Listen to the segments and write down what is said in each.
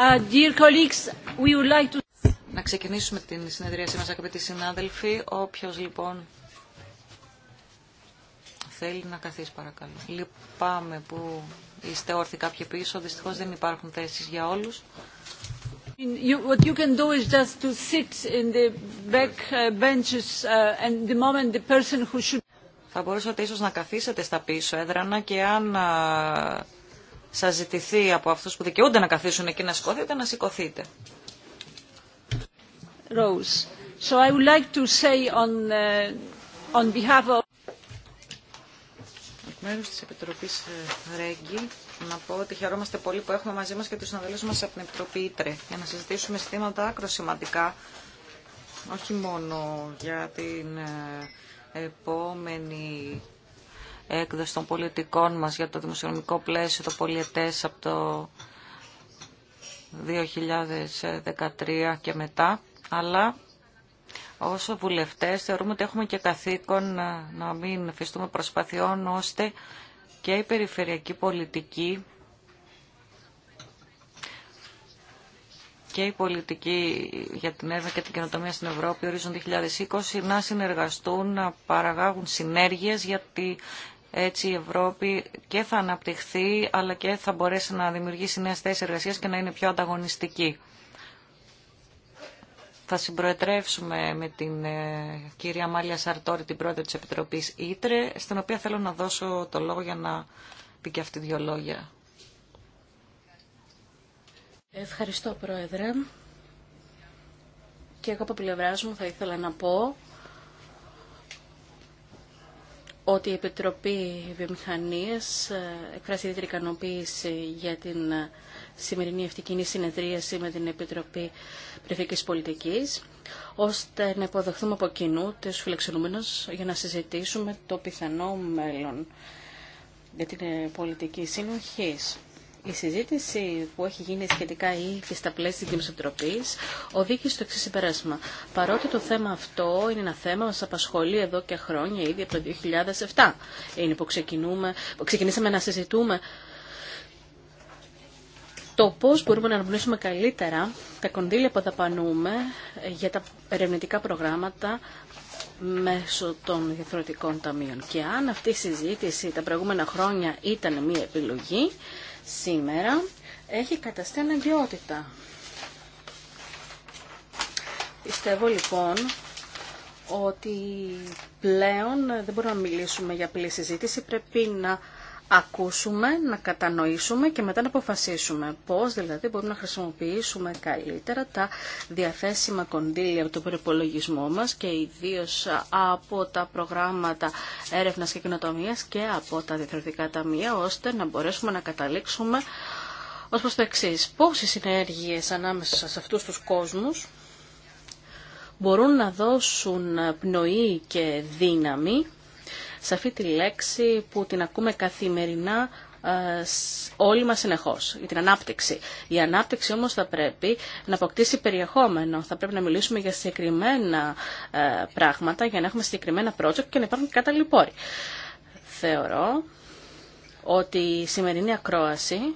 Uh, να ξεκινήσουμε την συνεδρίαση μας, αγαπητοί συνάδελφοι. Όποιος λοιπόν θέλει να καθίσει παρακαλώ. Λυπάμαι που είστε όρθιοι κάποιοι πίσω. Δυστυχώς δεν υπάρχουν θέσεις για όλους. Θα μπορούσατε ίσως να καθίσετε στα πίσω έδρανα και αν uh, σας ζητηθεί από αυτούς που δικαιούνται να καθίσουν εκεί να σηκωθείτε, να σηκωθείτε. Rose. So I would like to say on, uh, on behalf of... Εκ της Επιτροπής ε, Ρέγγι, να πω ότι χαιρόμαστε πολύ που έχουμε μαζί μας και τους συναδέλφους μας από την Επιτροπή Ήτρε για να συζητήσουμε στήματα άκρο σημαντικά, όχι μόνο για την ε, επόμενη έκδοση των πολιτικών μας για το δημοσιονομικό πλαίσιο, το πολιετές από το 2013 και μετά, αλλά όσο βουλευτές θεωρούμε ότι έχουμε και καθήκον να μην φυστούμε προσπαθειών ώστε και η περιφερειακή πολιτική και η πολιτική για την έρευνα και την καινοτομία στην Ευρώπη ορίζον 2020 να συνεργαστούν, να παραγάγουν συνέργειες γιατί έτσι η Ευρώπη και θα αναπτυχθεί αλλά και θα μπορέσει να δημιουργήσει νέες θέσεις εργασίας και να είναι πιο ανταγωνιστική. Θα συμπροετρεύσουμε με την ε, κυρία Μάλια Σαρτόρη, την πρόεδρο της Επιτροπής Ήτρε, στην οποία θέλω να δώσω το λόγο για να πει και αυτή δύο λόγια. Ευχαριστώ, Πρόεδρε. Και εγώ από πλευρά μου θα ήθελα να πω ότι η Επιτροπή Βιομηχανία ε, εκφράσει ιδιαίτερη ικανοποίηση για την ε, σημερινή αυτή κοινή συνεδρίαση με την Επιτροπή Περιφερειακής Πολιτικής, ώστε να υποδεχθούμε από κοινού τους φιλεξενούμενους για να συζητήσουμε το πιθανό μέλλον για την ε, πολιτική συνοχής. Η συζήτηση που έχει γίνει σχετικά ή και στα πλαίσια της Επιτροπής οδήγησε στο εξή συμπέρασμα. Παρότι το θέμα αυτό είναι ένα θέμα που μας απασχολεί εδώ και χρόνια, ήδη από το 2007. Είναι που, ξεκινήσαμε να συζητούμε το πώς μπορούμε να αναπνεύσουμε καλύτερα τα κονδύλια που δαπανούμε για τα ερευνητικά προγράμματα μέσω των διαφορετικών ταμείων. Και αν αυτή η συζήτηση τα προηγούμενα χρόνια ήταν μια επιλογή, σήμερα έχει καταστεί αναγκαιότητα. Πιστεύω λοιπόν ότι πλέον δεν μπορούμε να μιλήσουμε για απλή συζήτηση, πρέπει να ακούσουμε, να κατανοήσουμε και μετά να αποφασίσουμε πώς δηλαδή μπορούμε να χρησιμοποιήσουμε καλύτερα τα διαθέσιμα κονδύλια από τον προπολογισμό μας και ιδίως από τα προγράμματα έρευνας και κοινοτομίας και από τα διευθυντικά ταμεία ώστε να μπορέσουμε να καταλήξουμε ως προς το εξής. Πώς οι συνέργειες ανάμεσα σε αυτούς τους κόσμους μπορούν να δώσουν πνοή και δύναμη σε αυτή τη λέξη που την ακούμε καθημερινά ε, όλοι μας συνεχώς, για την ανάπτυξη. Η ανάπτυξη όμως θα πρέπει να αποκτήσει περιεχόμενο. Θα πρέπει να μιλήσουμε για συγκεκριμένα ε, πράγματα, για να έχουμε συγκεκριμένα project και να υπάρχουν κατάλληλοι πόροι. Θεωρώ ότι η σημερινή ακρόαση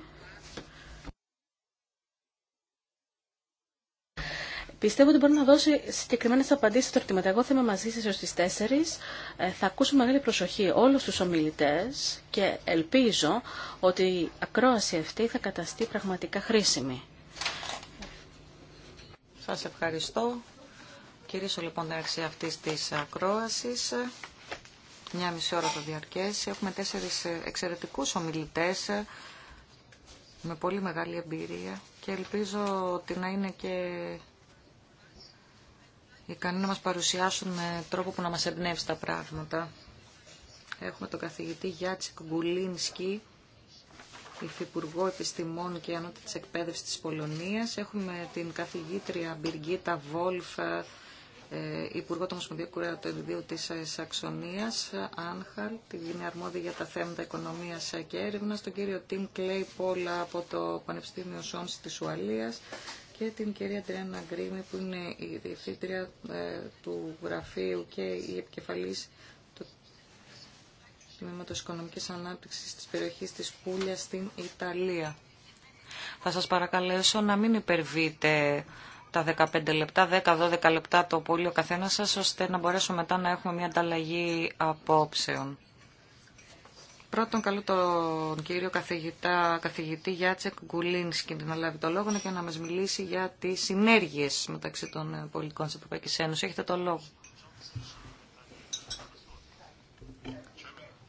Πιστεύω ότι μπορεί να δώσει συγκεκριμένε απαντήσει στο ερωτήματα. Εγώ θα είμαι μαζί σα στι τι 4. Θα ακούσω μεγάλη προσοχή όλου του ομιλητέ και ελπίζω ότι η ακρόαση αυτή θα καταστεί πραγματικά χρήσιμη. Σα ευχαριστώ. Κυρίσω λοιπόν την αξία αυτή τη ακρόαση, Μια μισή ώρα θα διαρκέσει. Έχουμε τέσσερι εξαιρετικού ομιλητέ με πολύ μεγάλη εμπειρία και ελπίζω ότι να είναι και ικανοί να μας παρουσιάσουν με τρόπο που να μας εμπνεύσει τα πράγματα. Έχουμε τον καθηγητή Γιάτση Κουγκουλίνσκι, υφυπουργό επιστημών και ανώτη της εκπαίδευσης της Πολωνίας. Έχουμε την καθηγήτρια Μπιργκίτα Βόλφ, ε, Υπουργό του Ομοσπονδίου Κουρατοδίου της Σαξονίας, Άνχαλ, τη Γίνη Αρμόδη για τα θέματα οικονομίας και έρευνα, τον κύριο Τιμ Κλέι Πόλα από το Πανεπιστήμιο Σόνση της Ουαλίας, και την κυρία Τριάννα Γκρίμη που είναι η διευθύντρια ε, του γραφείου και η επικεφαλής του Τμήματος Οικονομικής Ανάπτυξης της περιοχής της Πούλια στην Ιταλία. Θα σας παρακαλέσω να μην υπερβείτε τα 15 λεπτά, 10-12 λεπτά το πολύ ο καθένας σας, ώστε να μπορέσουμε μετά να έχουμε μια ανταλλαγή απόψεων. Πρώτον, καλώ τον κύριο καθηγητά, καθηγητή Γιάτσεκ Γκουλίνσκι να λάβει το λόγο και να μα μιλήσει για τις συνέργειες μεταξύ των πολιτικών τη Ευρωπαϊκή Ένωση. Έχετε το λόγο.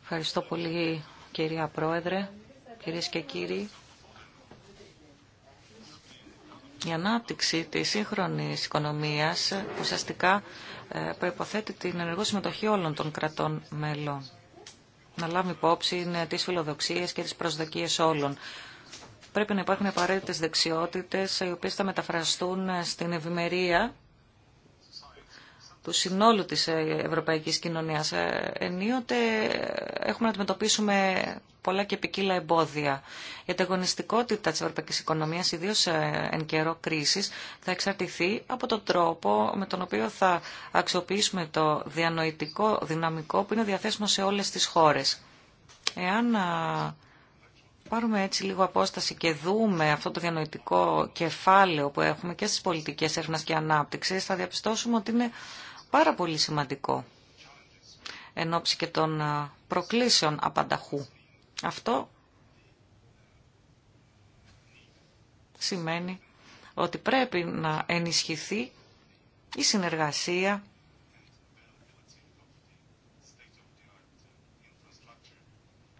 Ευχαριστώ πολύ κυρία Πρόεδρε, κύριε και κύριοι. Η ανάπτυξη της σύγχρονης οικονομίας ουσιαστικά ε, προϋποθέτει την ενεργό συμμετοχή όλων των κρατών μελών να λάβουμε υπόψη ε, τις φιλοδοξίες και τις προσδοκίες όλων. Πρέπει να υπάρχουν απαραίτητε δεξιότητες οι οποίες θα μεταφραστούν ε, στην ευημερία του συνόλου της ε, ευρωπαϊκής κοινωνίας. Ε, ενίοτε ε, έχουμε να αντιμετωπίσουμε πολλά και ποικίλα εμπόδια. Η ανταγωνιστικότητα της ευρωπαϊκής οικονομίας, ιδίως εν καιρό κρίσης, θα εξαρτηθεί από τον τρόπο με τον οποίο θα αξιοποιήσουμε το διανοητικό δυναμικό που είναι διαθέσιμο σε όλες τις χώρες. Εάν πάρουμε έτσι λίγο απόσταση και δούμε αυτό το διανοητικό κεφάλαιο που έχουμε και στις πολιτικές έρευνας και ανάπτυξης, θα διαπιστώσουμε ότι είναι Πάρα πολύ σημαντικό εν ώψη και των ε, προκλήσεων απανταχού. Αυτό σημαίνει ότι πρέπει να ενισχυθεί η συνεργασία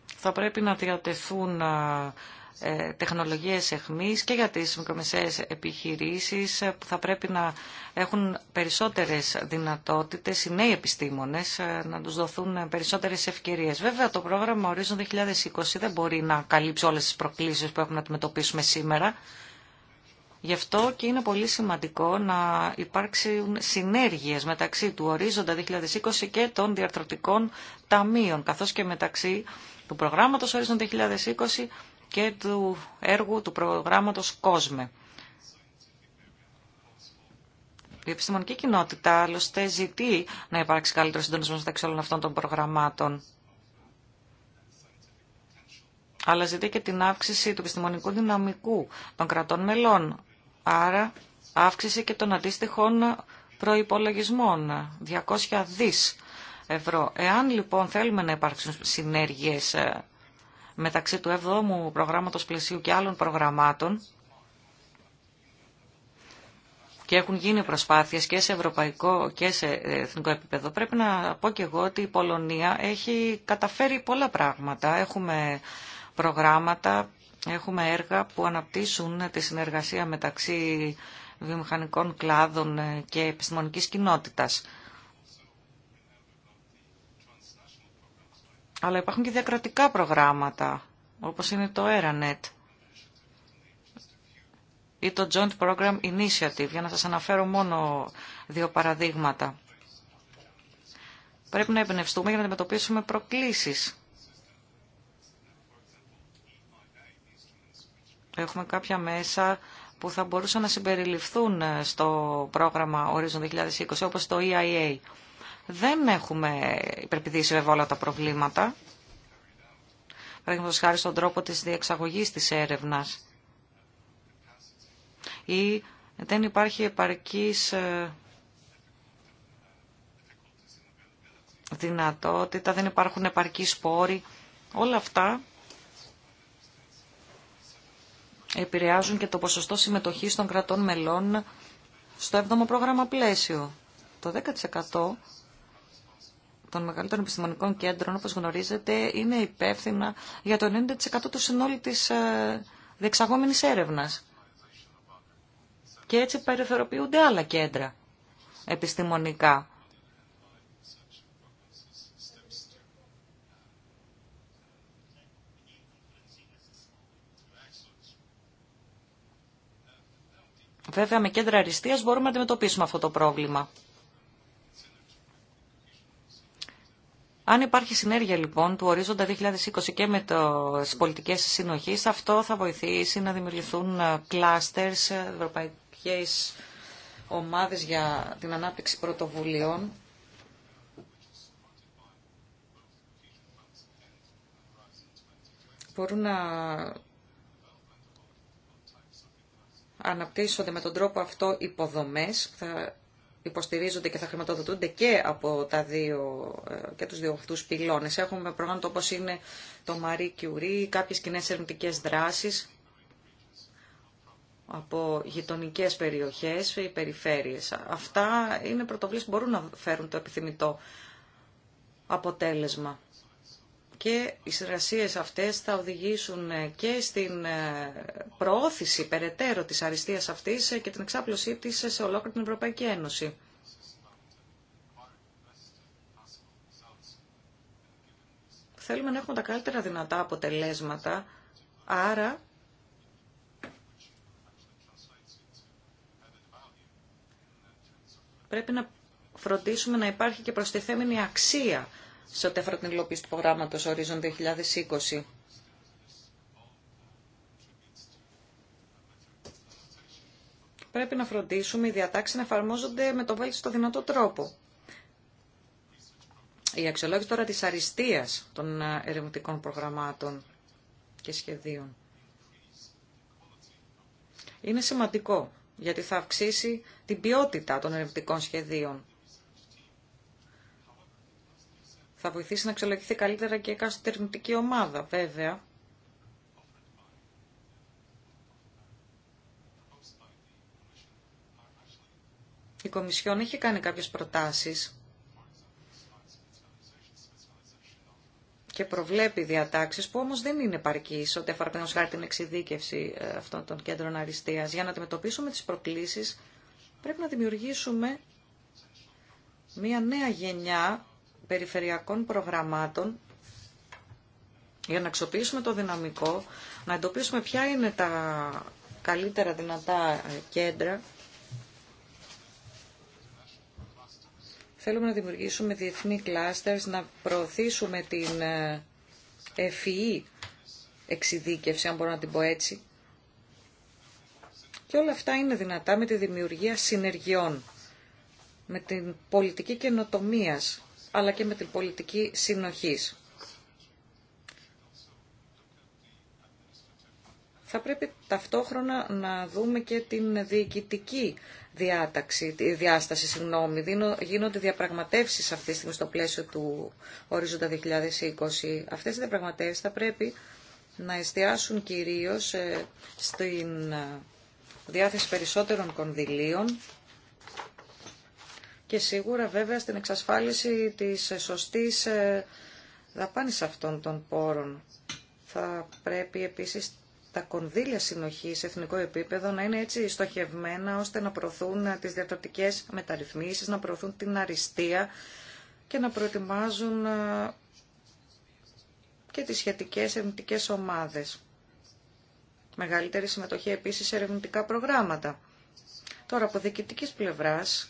θα πρέπει να διατεθούν ε, ε, τεχνολογίες εχμής και για τις μικρομεσαίες επιχειρήσεις ε, που θα πρέπει να έχουν περισσότερες δυνατότητες οι νέοι επιστήμονες ε, να τους δοθούν περισσότερες ευκαιρίες. Βέβαια το πρόγραμμα Horizon 2020 δεν μπορεί να καλύψει όλες τις προκλήσεις που έχουμε να αντιμετωπίσουμε σήμερα. Γι' αυτό και είναι πολύ σημαντικό να υπάρξουν συνέργειες μεταξύ του ορίζοντα 2020 και των διαρθρωτικών ταμείων, καθώς και μεταξύ του προγράμματος ορίζοντα 2020 και του έργου του προγράμματος COSME. Η επιστημονική κοινότητα άλλωστε ζητεί να υπάρξει καλύτερο συντονισμό μεταξύ όλων αυτών των προγραμμάτων. Αλλά ζητεί και την αύξηση του επιστημονικού δυναμικού των κρατών μελών. Άρα αύξηση και των αντίστοιχων προϋπολογισμών, 200 δις ευρώ. Εάν λοιπόν θέλουμε να υπάρξουν συνέργειες ε, μεταξύ του 7ου προγράμματος πλαισίου και άλλων προγραμμάτων και έχουν γίνει προσπάθειες και σε ευρωπαϊκό και σε εθνικό επίπεδο. Πρέπει να πω και εγώ ότι η Πολωνία έχει καταφέρει πολλά πράγματα. Έχουμε προγράμματα, έχουμε έργα που αναπτύσσουν τη συνεργασία μεταξύ βιομηχανικών κλάδων και επιστημονικής κοινότητας. Αλλά υπάρχουν και διακρατικά προγράμματα, όπως είναι το ERANET ή το Joint Program Initiative, για να σας αναφέρω μόνο δύο παραδείγματα. Πρέπει να εμπνευστούμε για να αντιμετωπίσουμε προκλήσεις. Έχουμε κάποια μέσα που θα μπορούσαν να συμπεριληφθούν στο πρόγραμμα Horizon 2020, όπως το EIA δεν έχουμε υπερπηδήσει βέβαια όλα τα προβλήματα. Παραδείγματο χάρη στον τρόπο της διεξαγωγής της έρευνας. Ή δεν υπάρχει επαρκής ε, δυνατότητα, δεν υπάρχουν επαρκή σπόροι. Όλα αυτά επηρεάζουν και το ποσοστό συμμετοχής των κρατών μελών στο 7ο πρόγραμμα πλαίσιο. Το 10% των μεγαλύτερων επιστημονικών κέντρων, όπως γνωρίζετε, είναι υπεύθυνα για το 90% του συνόλου της ε, διεξαγόμενης έρευνας. Και έτσι περιφεροποιούνται άλλα κέντρα επιστημονικά. Βέβαια με κέντρα αριστείας μπορούμε να αντιμετωπίσουμε αυτό το πρόβλημα. Αν υπάρχει συνέργεια λοιπόν του ορίζοντα 2020 και με τις πολιτικές συνοχής, αυτό θα βοηθήσει να δημιουργηθούν ε, κλάστερς, ευρωπαϊκές ομάδες για την ανάπτυξη πρωτοβουλειών. Μπορούν να αναπτύσσονται με τον τρόπο αυτό υποδομές που θα υποστηρίζονται και θα χρηματοδοτούνται και από τα δύο, ε, και τους δύο αυτούς πυλώνες. Έχουμε προγράμματα όπως είναι το Marie Curie, κάποιες κοινέ ερευνητικέ δράσεις από γειτονικέ περιοχές ή περιφέρειες. Αυτά είναι πρωτοβουλίες που μπορούν να φέρουν το επιθυμητό αποτέλεσμα και οι συνεργασίες αυτές θα οδηγήσουν ε, και στην ε, προώθηση περαιτέρω της αριστείας αυτής ε, και την εξάπλωσή της σε ολόκληρη την Ευρωπαϊκή Ένωση. Θέλουμε να έχουμε τα καλύτερα δυνατά αποτελέσματα, άρα πρέπει να φροντίσουμε να υπάρχει και προστιθέμενη αξία σε ό,τι αφορά την υλοποίηση του προγράμματος Horizon 2020. Πρέπει να φροντίσουμε οι διατάξεις να εφαρμόζονται με το βέλτιστο δυνατό τρόπο. Η αξιολόγηση τώρα της αριστείας των ερευνητικών προγραμμάτων και σχεδίων είναι σημαντικό γιατί θα αυξήσει την ποιότητα των ερευνητικών σχεδίων θα βοηθήσει να αξιολογηθεί καλύτερα και η εκάστοτε ομάδα, βέβαια. Η Κομισιόν έχει κάνει κάποιες προτάσεις και προβλέπει διατάξεις που όμως δεν είναι παρκείς ό,τι αφορά χάρη την εξειδίκευση ε, αυτών των κέντρων αριστείας. Για να αντιμετωπίσουμε τις προκλήσεις πρέπει να δημιουργήσουμε μια νέα γενιά περιφερειακών προγραμμάτων για να αξιοποιήσουμε το δυναμικό, να εντοπίσουμε ποια είναι τα καλύτερα δυνατά κέντρα. Θέλουμε να δημιουργήσουμε διεθνή κλάστερς, να προωθήσουμε την ευφυή e e εξειδίκευση, αν μπορώ να την πω έτσι. Και όλα αυτά είναι δυνατά με τη δημιουργία συνεργειών, με την πολιτική καινοτομίας, αλλά και με την πολιτική συνοχής. Θα πρέπει ταυτόχρονα να δούμε και την διοικητική διάταξη, διάσταση, συγγνώμη. Γίνονται διαπραγματεύσεις αυτή τη στιγμή στο πλαίσιο του ορίζοντα 2020. Αυτές οι διαπραγματεύσεις θα πρέπει να εστιάσουν κυρίως ε, στην ε, διάθεση περισσότερων κονδυλίων και σίγουρα βέβαια στην εξασφάλιση της σωστής ε, δαπάνης αυτών των πόρων. Θα πρέπει επίσης τα κονδύλια συνοχή σε εθνικό επίπεδο να είναι έτσι στοχευμένα ώστε να προωθούν ε, τις διατροπτικές μεταρρυθμίσεις, να προωθούν την αριστεία και να προετοιμάζουν ε, και τις σχετικές ερευνητικές ομάδες. Μεγαλύτερη συμμετοχή επίσης σε ερευνητικά προγράμματα. Τώρα από διοικητικής πλευράς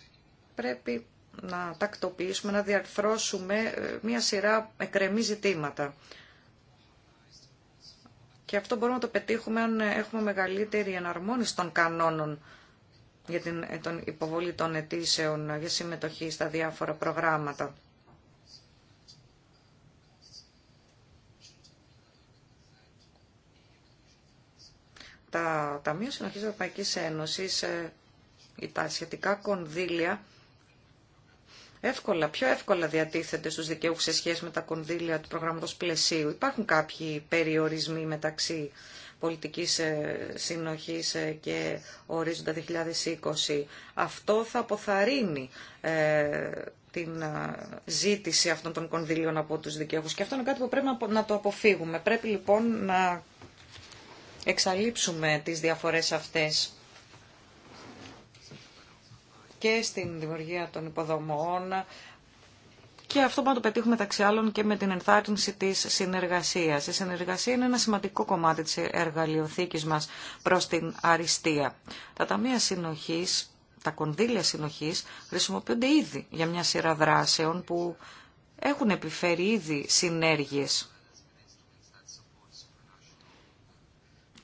πρέπει να τακτοποιήσουμε, να διαρθρώσουμε ε, μία σειρά εκρεμή ζητήματα. Και αυτό μπορούμε να το πετύχουμε αν έχουμε μεγαλύτερη εναρμόνιση των κανόνων για την ε, τον υποβολή των αιτήσεων για συμμετοχή στα διάφορα προγράμματα. Τα Ταμεία Συνοχής Ευρωπαϊκής Ένωσης, ε, τα σχετικά κονδύλια, εύκολα, πιο εύκολα διατίθεται στους δικαιούχους σε σχέση με τα κονδύλια του προγράμματος πλαισίου. Υπάρχουν κάποιοι περιορισμοί μεταξύ πολιτικής ε, συνοχής ε, και ορίζοντα 2020. Αυτό θα αποθαρρύνει ε, την ζήτηση αυτών των κονδύλιων από τους δικαιούχους. Και αυτό είναι κάτι που πρέπει να το αποφύγουμε. Πρέπει λοιπόν να εξαλείψουμε τις διαφορές αυτές και στην δημιουργία των υποδομών και αυτό που το πετύχουμε μεταξύ άλλων και με την ενθάρρυνση της συνεργασίας. Η συνεργασία είναι ένα σημαντικό κομμάτι της εργαλειοθήκης μας προς την αριστεία. Τα ταμεία συνοχής, τα κονδύλια συνοχής χρησιμοποιούνται ήδη για μια σειρά δράσεων που έχουν επιφέρει ήδη συνέργειες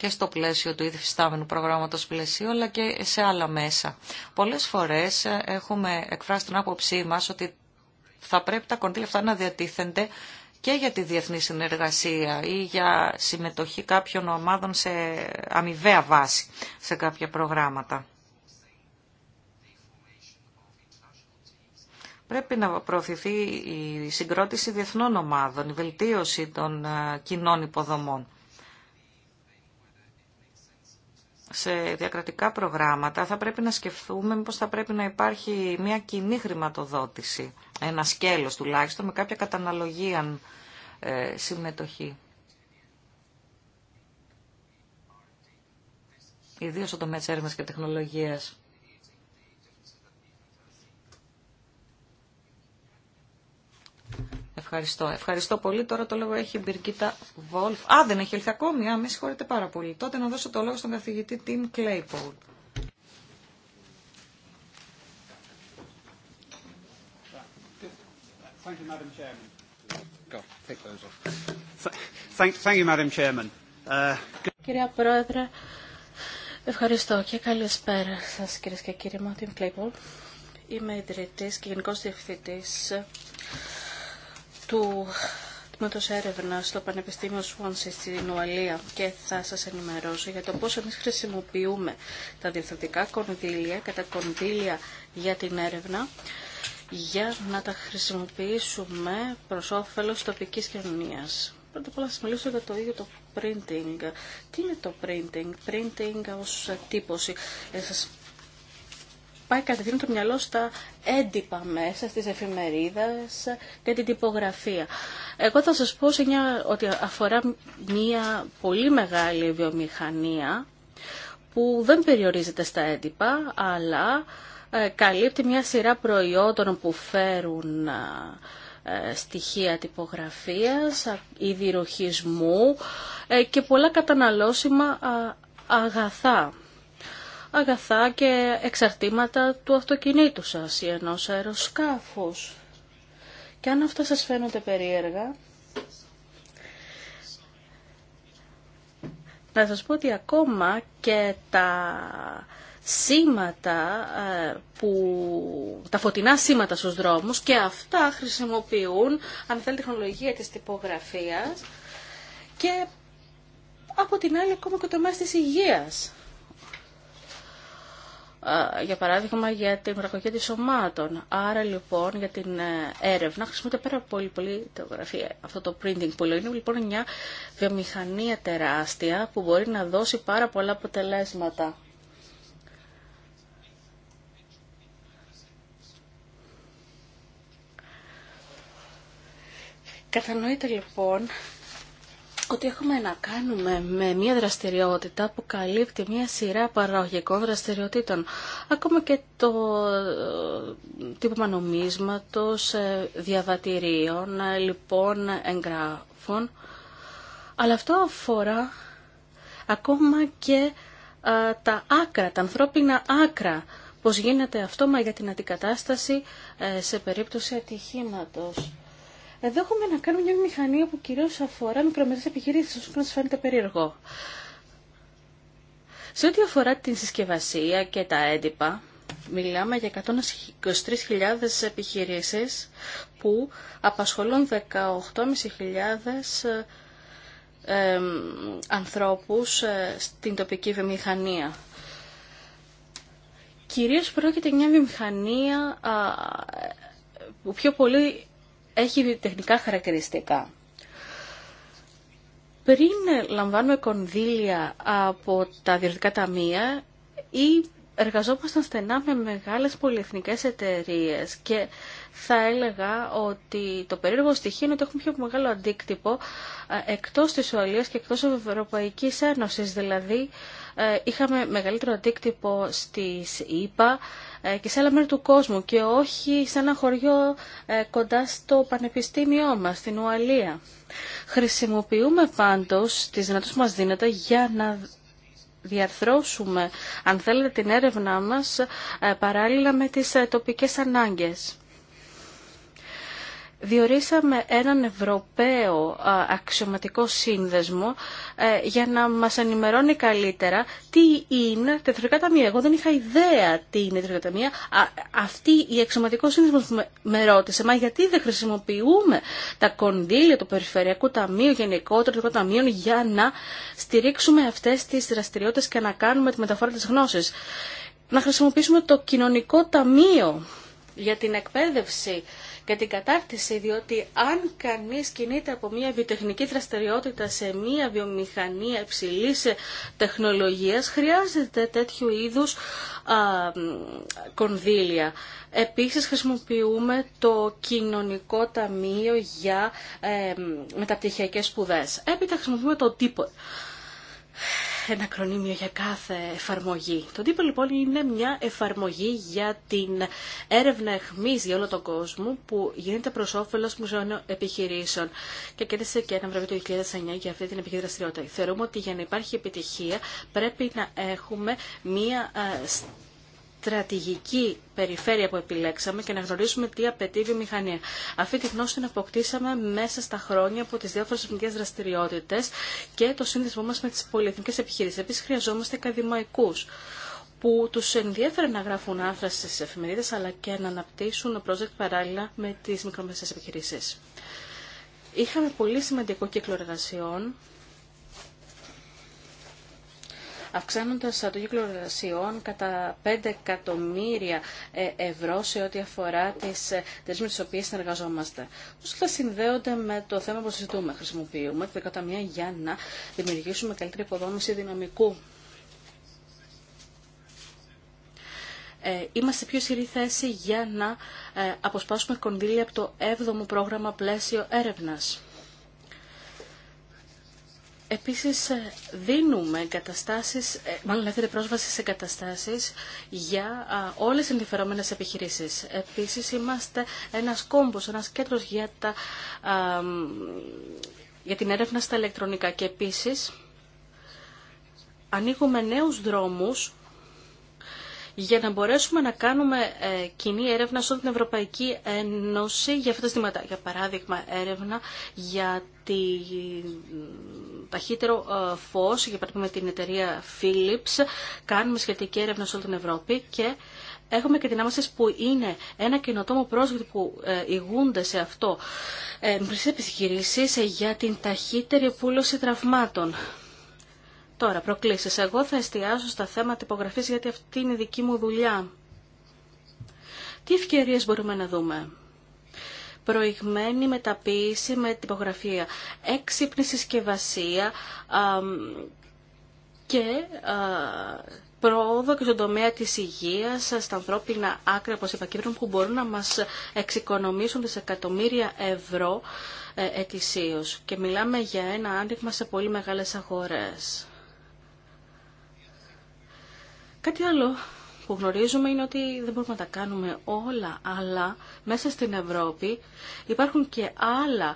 και στο πλαίσιο του ήδη φυστάμενου προγράμματος πλαισίου, αλλά και σε άλλα μέσα. Πολλές φορές ε, έχουμε εκφράσει την άποψή μας ότι θα πρέπει τα κονδύλια αυτά να διατίθενται και για τη διεθνή συνεργασία ή για συμμετοχή κάποιων ομάδων σε αμοιβαία βάση σε κάποια προγράμματα. Πρέπει να προωθηθεί η συγκρότηση διεθνών ομάδων, η βελτίωση των ε, κοινών υποδομών. σε διακρατικά προγράμματα θα πρέπει να σκεφτούμε μήπως θα πρέπει να υπάρχει μια κοινή χρηματοδότηση, ένα σκέλος τουλάχιστον με κάποια καταναλογία ε, συμμετοχή. Ιδίως στον τομέα της έρευνας και τεχνολογίας. Ευχαριστώ. Ευχαριστώ πολύ. Τώρα το λόγο έχει η Μπυργκίτα Βόλφ. Α, δεν έχει έλθει ακόμη. Α, με συγχωρείτε πάρα πολύ. Τότε να δώσω το λόγο στον καθηγητή Τιμ Κλέιπολ. Uh, Κυρία Πρόεδρε, ευχαριστώ και καλησπέρα σας κυρίες και κύριοι Είμαι ιδρυτής και γενικός διευθυντής του Τμήματος Έρευνα στο Πανεπιστήμιο Σουάνση στην Ουαλία και θα σας ενημερώσω για το πώς εμείς χρησιμοποιούμε τα διευθυντικά κονδύλια και τα κονδύλια για την έρευνα για να τα χρησιμοποιήσουμε προς όφελος τοπικής κοινωνίας. Πρώτα απ' όλα σας μιλήσω για το ίδιο το printing. Τι είναι το printing, printing ως τύπωση. Ε, σας πάει κατευθείαν το μυαλό στα έντυπα μέσα, στις εφημερίδες και την τυπογραφία. Εγώ θα σας πω σε ότι αφορά μια πολύ μεγάλη βιομηχανία που δεν περιορίζεται στα έντυπα, αλλά ε, καλύπτει μια σειρά προϊόντων που φέρουν ε, στοιχεία τυπογραφίας, ιδιροχισμού ε, και πολλά καταναλώσιμα αγαθά αγαθά και εξαρτήματα του αυτοκινήτου σας ή ενός αεροσκάφους. Και αν αυτά σας φαίνονται περίεργα, να σας πω ότι ακόμα και τα σήματα ε, που τα φωτεινά σήματα στους δρόμους και αυτά χρησιμοποιούν αν θέλει τεχνολογία της τυπογραφίας και από την άλλη ακόμα και το μέσο της υγείας για παράδειγμα για την παραγωγή της σωμάτων. Άρα λοιπόν για την ε, έρευνα χρησιμοποιείται πέρα από πολύ πολύ τεογραφία. Αυτό το printing που λέω λοιπόν, είναι λοιπόν μια βιομηχανία τεράστια που μπορεί να δώσει πάρα πολλά αποτελέσματα. Κατανοείται λοιπόν ότι έχουμε να κάνουμε με μια δραστηριότητα που καλύπτει μια σειρά παραγωγικών δραστηριοτήτων. Ακόμα και το ε, τύπο νομίσματος, ε, διαβατηρίων, ε, λοιπόν εγγράφων. Αλλά αυτό αφορά ακόμα και τα άκρα, τα ανθρώπινα άκρα. Πώς γίνεται αυτό, μα για την αντικατάσταση σε περίπτωση ατυχήματος. Εδώ έχουμε να κάνουμε μια μηχανία που κυρίως αφορά μικρομεσαίες επιχειρήσει όσο να σα φαίνεται περίεργο. Σε ό,τι αφορά την συσκευασία και τα έντυπα, μιλάμε για 123.000 επιχειρήσεις που απασχολούν 18.500 ε, ανθρώπους ε, στην τοπική βιομηχανία. Κυρίως πρόκειται για μια βιομηχανία που πιο πολύ έχει τεχνικά χαρακτηριστικά. Πριν λαμβάνουμε κονδύλια από τα διευθυντικά ταμεία ή εργαζόμασταν στενά με μεγάλες πολυεθνικές εταιρείες και θα έλεγα ότι το περίεργο στοιχείο είναι ότι έχουμε πιο μεγάλο αντίκτυπο ε, εκτός της Ουαλίας και εκτός της Ευρωπαϊκής Ένωσης. Δηλαδή, ε, είχαμε μεγαλύτερο αντίκτυπο στις ΙΠΑ ε, και σε άλλα μέρη του κόσμου και όχι σε ένα χωριό ε, κοντά στο πανεπιστήμιό μας, στην Ουαλία. Χρησιμοποιούμε πάντως τις δυνατότητες μας δύνατα για να διαρθρώσουμε, αν θέλετε, την έρευνά μας παράλληλα με τις τοπικές ανάγκες διορίσαμε έναν Ευρωπαίο αξιωματικό σύνδεσμο για να μας ενημερώνει καλύτερα τι είναι τα ταμεία. Εγώ δεν είχα ιδέα τι είναι τα ταμεία. Αυτή η αξιωματικό σύνδεσμο που με ρώτησε, μα γιατί δεν χρησιμοποιούμε τα κονδύλια του Περιφερειακού Ταμείου, γενικότερα των ταμείων, για να στηρίξουμε αυτές τις δραστηριότητες και να κάνουμε τη μεταφορά της γνώσης. Να χρησιμοποιήσουμε το κοινωνικό ταμείο για την εκπαίδευση για την κατάρτιση, διότι αν κανείς κινείται από μια βιοτεχνική δραστηριότητα σε μια βιομηχανία υψηλής ε, τεχνολογίας, χρειάζεται τέτοιου είδους κονδύλια. Επίσης χρησιμοποιούμε το κοινωνικό ταμείο για ε, μεταπτυχιακές σπουδές. Έπειτα χρησιμοποιούμε το τύπο ένα ακρονίμιο για κάθε εφαρμογή. Το τύπο λοιπόν είναι μια εφαρμογή για την έρευνα εχμής για όλο τον κόσμο που γίνεται προ όφελο μουσεών επιχειρήσεων και κέρδισε και ένα βραβείο το 2009 για αυτή την επιχειρηματικότητα. δραστηριότητα. Θεωρούμε ότι για να υπάρχει επιτυχία πρέπει να έχουμε μια ε, στρατηγική περιφέρεια που επιλέξαμε και να γνωρίσουμε τι απαιτεί η βιομηχανία. Αυτή τη γνώση την αποκτήσαμε μέσα στα χρόνια από τι διάφορε εθνικέ δραστηριότητε και το σύνδεσμό μα με τι πολυεθνικέ επιχειρήσει. Επίση, χρειαζόμαστε ακαδημαϊκού που του ενδιαφέρει να γράφουν άρθρα στι εφημερίδες αλλά και να αναπτύσσουν project παράλληλα με τι μικρομεσαίε επιχειρήσει. Είχαμε πολύ σημαντικό κύκλο εργασιών αυξάνοντας το κύκλο εργασιών κατά 5 εκατομμύρια ε, ευρώ σε ό,τι αφορά τις εταιρείε με τις οποίες συνεργαζόμαστε. Πώς θα συνδέονται με το θέμα που συζητούμε, χρησιμοποιούμε τη δεκαταμία για να δημιουργήσουμε καλύτερη υποδόμηση δυναμικού ε, είμαστε πιο σειρή θέση για να ε, αποσπάσουμε κονδύλια από το 7ο πρόγραμμα πλαίσιο έρευνας. Επίσης ε, δίνουμε καταστάσεις, ε, μάλλον πρόσβαση σε καταστάσεις για όλες τις ενδιαφερόμενες επιχειρήσεις. Επίσης είμαστε ένας κόμπος, ένας κέντρος για, τα, για την έρευνα στα ηλεκτρονικά και επίσης ανοίγουμε νέους δρόμους για να μπορέσουμε να κάνουμε ε, κοινή έρευνα σε όλη την Ευρωπαϊκή Ένωση για αυτά τα ζητήματα. Για παράδειγμα, έρευνα για τη ταχύτερο ε, φως, για παράδειγμα την εταιρεία Philips, κάνουμε σχετική έρευνα σε όλη την Ευρώπη και έχουμε και άμεση που είναι ένα καινοτόμο πρόσβητο που ε, ηγούνται σε αυτό. Ε, επιχειρήσεις για την ταχύτερη πούλωση τραυμάτων. Τώρα, προκλήσεις. Εγώ θα εστιάσω στα θέματα υπογραφής γιατί αυτή είναι η δική μου δουλειά. Τι ευκαιρίες μπορούμε να δούμε. Προηγμένη μεταποίηση με τυπογραφία, έξυπνη συσκευασία και α, πρόοδο και στον τομέα της υγείας, στα ανθρώπινα άκρα, όπως είπα, που μπορούν να μας εξοικονομήσουν δισεκατομμύρια ευρώ ε, ετησίως. Και μιλάμε για ένα άνοιγμα σε πολύ μεγάλες αγορές. Κάτι άλλο που γνωρίζουμε είναι ότι δεν μπορούμε να τα κάνουμε όλα, αλλά μέσα στην Ευρώπη υπάρχουν και άλλα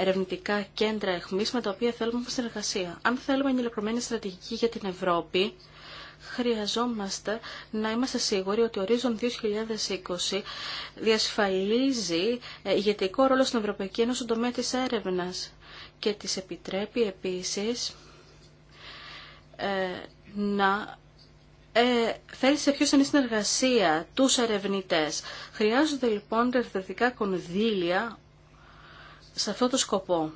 ερευνητικά κέντρα εχμής με τα οποία θέλουμε συνεργασία. Αν θέλουμε μια στρατηγική για την Ευρώπη, χρειαζόμαστε να είμαστε σίγουροι ότι ο Horizon 2020 διασφαλίζει ε, ηγετικό ρόλο στην Ευρωπαϊκή Ένωση στον τομέα της έρευνας και της επιτρέπει επίσης ε, να ε, θέλει σε πιο είναι συνεργασία τους ερευνητές. Χρειάζονται λοιπόν ερευνητικά κονδύλια σε αυτό το σκοπό.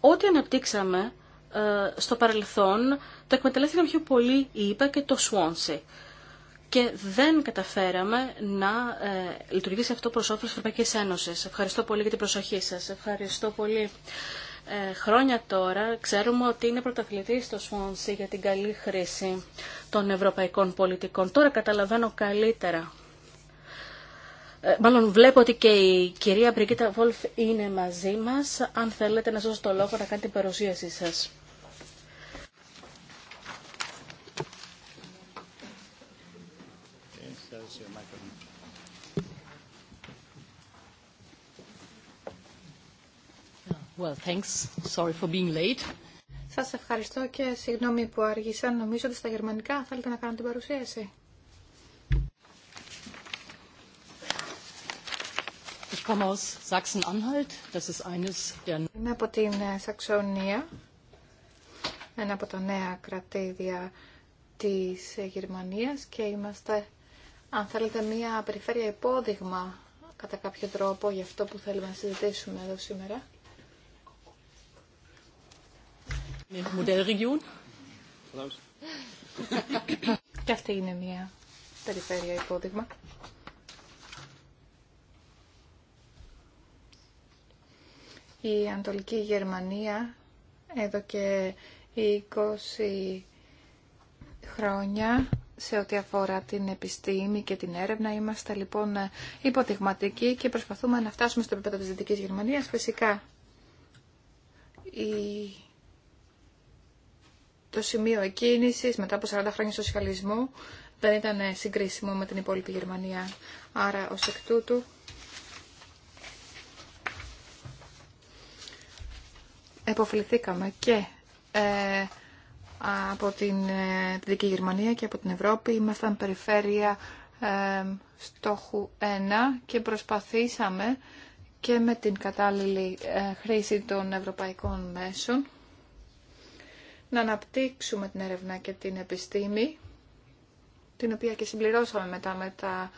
Ό,τι αναπτύξαμε ε, στο παρελθόν, το εκμεταλλεύτηκαν πιο πολύ η και το Σουόνσι. Και δεν καταφέραμε να ε, λειτουργήσει αυτό προς όφελος της Ευρωπαϊκή Ένωση. Ευχαριστώ πολύ για την προσοχή σας. Ευχαριστώ πολύ. Ε, χρόνια τώρα ξέρουμε ότι είναι πρωταθλητή στο Σουόνσι για την καλή χρήση των ευρωπαϊκών πολιτικών. Τώρα καταλαβαίνω καλύτερα. Ε, μάλλον βλέπω ότι και η κυρία Μπριγκίτα Βόλφ είναι μαζί μας. Αν θέλετε να σας δώσω το λόγο να κάνετε την παρουσίασή σας. Σας ευχαριστώ και συγγνώμη που άργησα. Νομίζω ότι στα γερμανικά θέλετε να κάνετε την παρουσίαση. Είμαι από την ε, Σαξονία, ένα από τα νέα κρατήδια της ε, Γερμανίας και είμαστε, αν θέλετε, μια περιφέρεια υπόδειγμα κατά κάποιο τρόπο για αυτό που θέλουμε να συζητήσουμε εδώ σήμερα. Και αυτή είναι μια περιφέρεια υπόδειγμα. Η Ανατολική Γερμανία εδώ και 20 χρόνια σε ό,τι αφορά την επιστήμη και την έρευνα. Είμαστε λοιπόν υποδειγματικοί και προσπαθούμε να φτάσουμε στο επίπεδο της Δυτικής Γερμανίας. Φυσικά η το σημείο εκκίνησης μετά από 40 χρόνια σοσιαλισμού δεν ήταν συγκρίσιμο με την υπόλοιπη Γερμανία. Άρα ως εκ τούτου εποφεληθήκαμε και ε, από την ε, Δική Γερμανία και από την Ευρώπη. Ήμασταν περιφέρεια ε, στόχου 1 και προσπαθήσαμε και με την κατάλληλη ε, χρήση των ευρωπαϊκών μέσων να αναπτύξουμε την έρευνα και την επιστήμη, την οποία και συμπληρώσαμε μετά με τα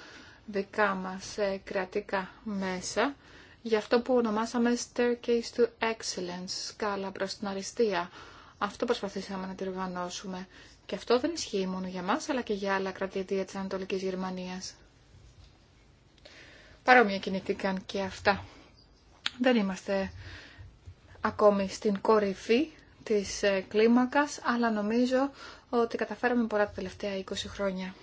δικά μας ε, κρατικά μέσα, για αυτό που ονομάσαμε Staircase to Excellence, σκάλα προς την αριστεία. Αυτό προσπαθήσαμε να διοργανώσουμε. Και αυτό δεν ισχύει μόνο για μας, αλλά και για άλλα κρατήτια της Ανατολικής Γερμανίας. Παρόμοια κινηθήκαν και αυτά. Δεν είμαστε ακόμη στην κορυφή της ε, κλίμακας, αλλά νομίζω ότι καταφέραμε πολλά τα τελευταία 20 χρόνια.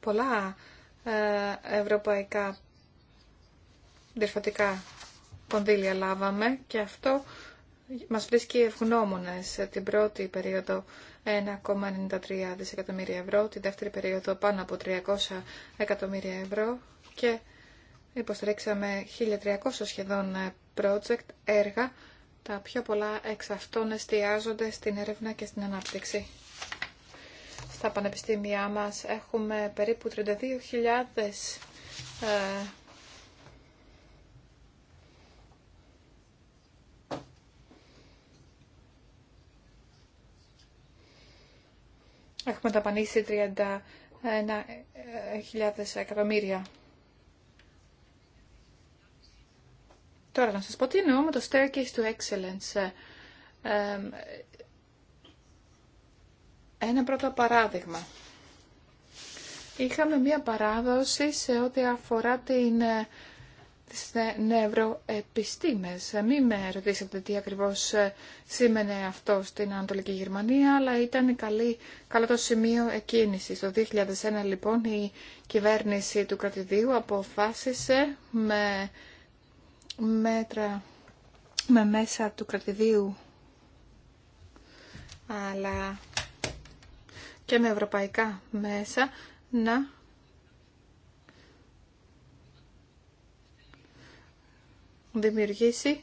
Πολλά ε, ευρωπαϊκά διερφωτικά κονδύλια λάβαμε και αυτό μας βρίσκει ευγνώμονες την πρώτη περίοδο 1,93 δισεκατομμύρια ευρώ, την δεύτερη περίοδο πάνω από 300 εκατομμύρια ευρώ και Υποστηρίξαμε 1.300 σχεδόν ε, project, έργα. Τα πιο πολλά εξ αυτών εστιάζονται στην έρευνα και στην ανάπτυξη. Στα πανεπιστήμια μας έχουμε περίπου 32.000 ε, Έχουμε ταπανίσει 31.000 ε, εκατομμύρια Τώρα να σας πω τι εννοώ με το Staircase to Excellence. Ε, ένα πρώτο παράδειγμα. Είχαμε μία παράδοση σε ό,τι αφορά την, ε, τις νευροεπιστήμες. Ε, Μην με ρωτήσετε τι ακριβώς σήμαινε αυτό στην Ανατολική Γερμανία, αλλά ήταν καλή, καλό το σημείο εκκίνησης. Το 2001 λοιπόν η κυβέρνηση του κρατηδίου αποφάσισε με μέτρα με μέσα του κρατηδίου αλλά και με ευρωπαϊκά μέσα να δημιουργήσει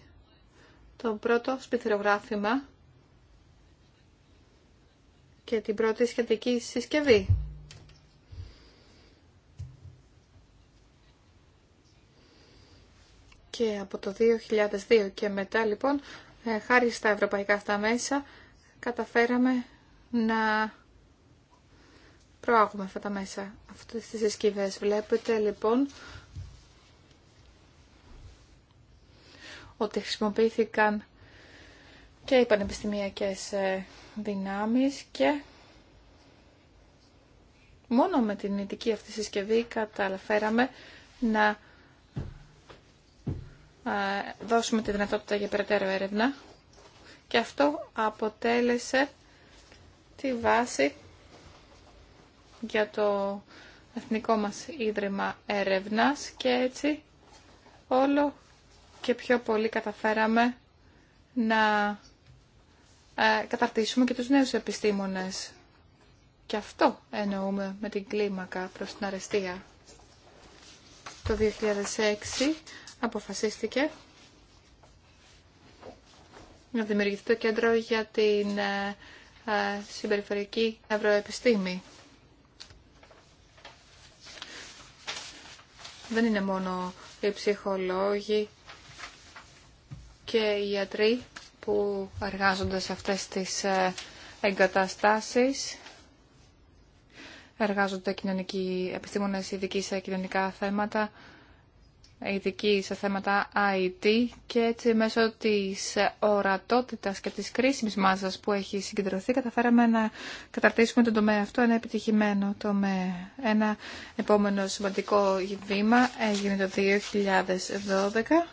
το πρώτο σπιθρογράφημα και την πρώτη σχετική συσκευή. Και από το 2002 και μετά λοιπόν, ε, χάρη στα ευρωπαϊκά αυτά μέσα, καταφέραμε να προάγουμε αυτά τα μέσα, αυτές τις συσκευές. Βλέπετε λοιπόν ότι χρησιμοποιήθηκαν και οι πανεπιστημιακές ε, δυνάμεις και μόνο με την ειδική αυτή συσκευή καταλαφέραμε να δώσουμε τη δυνατότητα για περαιτέρω έρευνα και αυτό αποτέλεσε τη βάση για το Εθνικό μας Ίδρυμα Έρευνας και έτσι όλο και πιο πολύ καταφέραμε να ε, καταρτήσουμε και τους νέους επιστήμονες. Και αυτό εννοούμε με την κλίμακα προς την αρεστία. Το 2006 αποφασίστηκε να δημιουργηθεί το κέντρο για την ε, ε, συμπεριφορική ευρωεπιστήμη. Δεν είναι μόνο οι ψυχολόγοι και οι ιατροί που εργάζονται σε αυτές τις ε, εγκαταστάσεις. Εργάζονται κοινωνικοί επιστήμονες ειδικοί σε κοινωνικά θέματα ειδική σε θέματα IT και έτσι μέσω της ορατότητας και της κρίσιμης μάζας που έχει συγκεντρωθεί καταφέραμε να καταρτήσουμε τον τομέα αυτό ένα επιτυχημένο τομέα. Ένα επόμενο σημαντικό βήμα έγινε το 2012.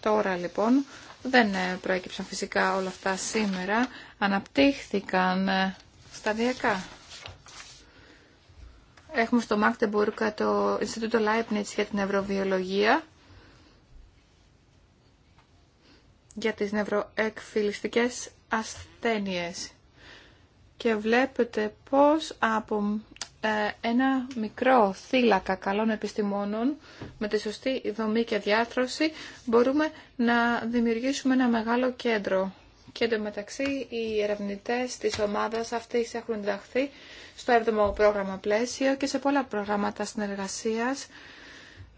Τώρα λοιπόν δεν προέκυψαν φυσικά όλα αυτά σήμερα, αναπτύχθηκαν σταδιακά. Έχουμε στο Μάκτεμπουργκ το Ινστιτούτο Λάιπνιτς για την νευροβιολογία για τις νευροεκφυλιστικές ασθένειες. Και βλέπετε πώς από ε, ένα μικρό θύλακα καλών επιστημόνων με τη σωστή δομή και διάρθρωση μπορούμε να δημιουργήσουμε ένα μεγάλο κέντρο. Και εντωμεταξύ οι ερευνητές της ομάδας αυτής έχουν ενταχθεί στο 7ο πρόγραμμα πλαίσιο και σε πολλά προγράμματα συνεργασίας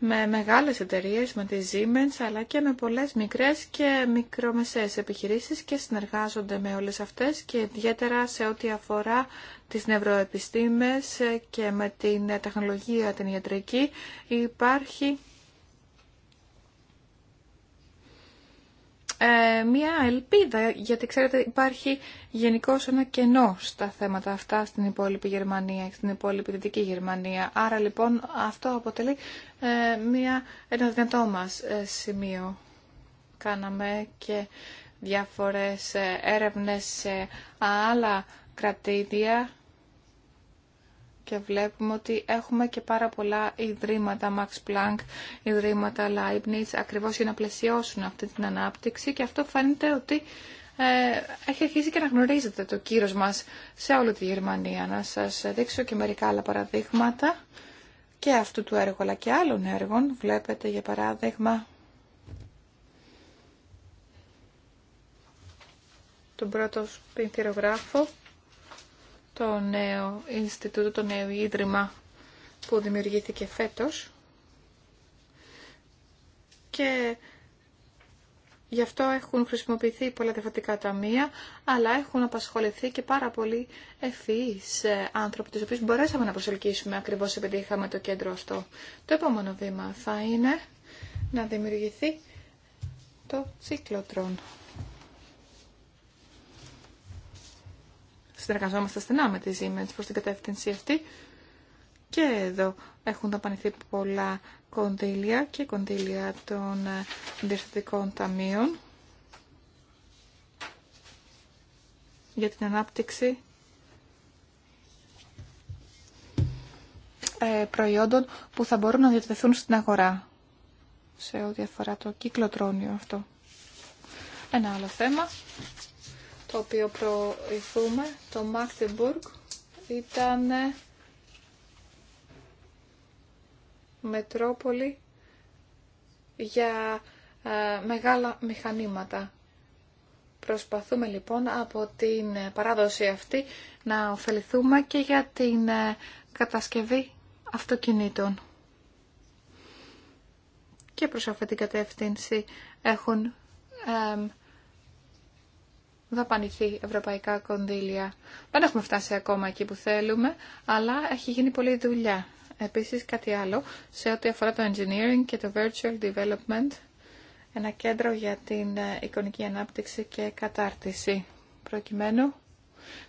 με μεγάλες εταιρείες, με τη Siemens, αλλά και με πολλές μικρές και μικρομεσαίες επιχειρήσεις και συνεργάζονται με όλες αυτές και ιδιαίτερα σε ό,τι αφορά τις νευροεπιστήμες και με την τεχνολογία την ιατρική υπάρχει ε, μια ελπίδα, γιατί ξέρετε υπάρχει γενικώ ένα κενό στα θέματα αυτά στην υπόλοιπη Γερμανία στην υπόλοιπη Δυτική Γερμανία. Άρα λοιπόν αυτό αποτελεί ε, μια, ένα δυνατό μας ε, σημείο. Κάναμε και διάφορες ε, έρευνες σε άλλα κρατήδια και βλέπουμε ότι έχουμε και πάρα πολλά ιδρύματα Max Planck, ιδρύματα Leibniz, ακριβώς για να πλαισιώσουν αυτή την ανάπτυξη και αυτό φαίνεται ότι ε, έχει αρχίσει και να γνωρίζετε το κύρος μας σε όλη τη Γερμανία. Να σας δείξω και μερικά άλλα παραδείγματα και αυτού του έργου αλλά και άλλων έργων. Βλέπετε για παράδειγμα τον πρώτο πινθυρογράφο το νέο Ινστιτούτο, το νέο Ίδρυμα που δημιουργήθηκε φέτος και γι' αυτό έχουν χρησιμοποιηθεί πολλά διαφορετικά ταμεία, αλλά έχουν απασχοληθεί και πάρα πολλοί ευφυείς ε, άνθρωποι, τους οποίους μπορέσαμε να προσελκύσουμε ακριβώς επειδή είχαμε το κέντρο αυτό. Το επόμενο βήμα θα είναι να δημιουργηθεί το τσίκλοτρον. συνεργαζόμαστε στενά με τη Siemens προς την κατεύθυνση αυτή. Και εδώ έχουν δαπανηθεί πολλά κονδύλια και κονδύλια των ε, διευθυντικών ταμείων για την ανάπτυξη ε, προϊόντων που θα μπορούν να διατεθούν στην αγορά σε ό,τι αφορά το κυκλοτρόνιο αυτό. Ένα άλλο θέμα το οποίο προηθούμε, το Magdeburg, ήταν μετρόπολη για ε, μεγάλα μηχανήματα. Προσπαθούμε λοιπόν από την παράδοση αυτή να ωφεληθούμε και για την ε, κατασκευή αυτοκινήτων. Και προς αυτή την κατεύθυνση έχουν ε, δαπανηθεί ευρωπαϊκά κονδύλια. Δεν έχουμε φτάσει ακόμα εκεί που θέλουμε, αλλά έχει γίνει πολλή δουλειά. Επίσης κάτι άλλο, σε ό,τι αφορά το engineering και το virtual development, ένα κέντρο για την ε, εικονική ανάπτυξη και κατάρτιση, προκειμένου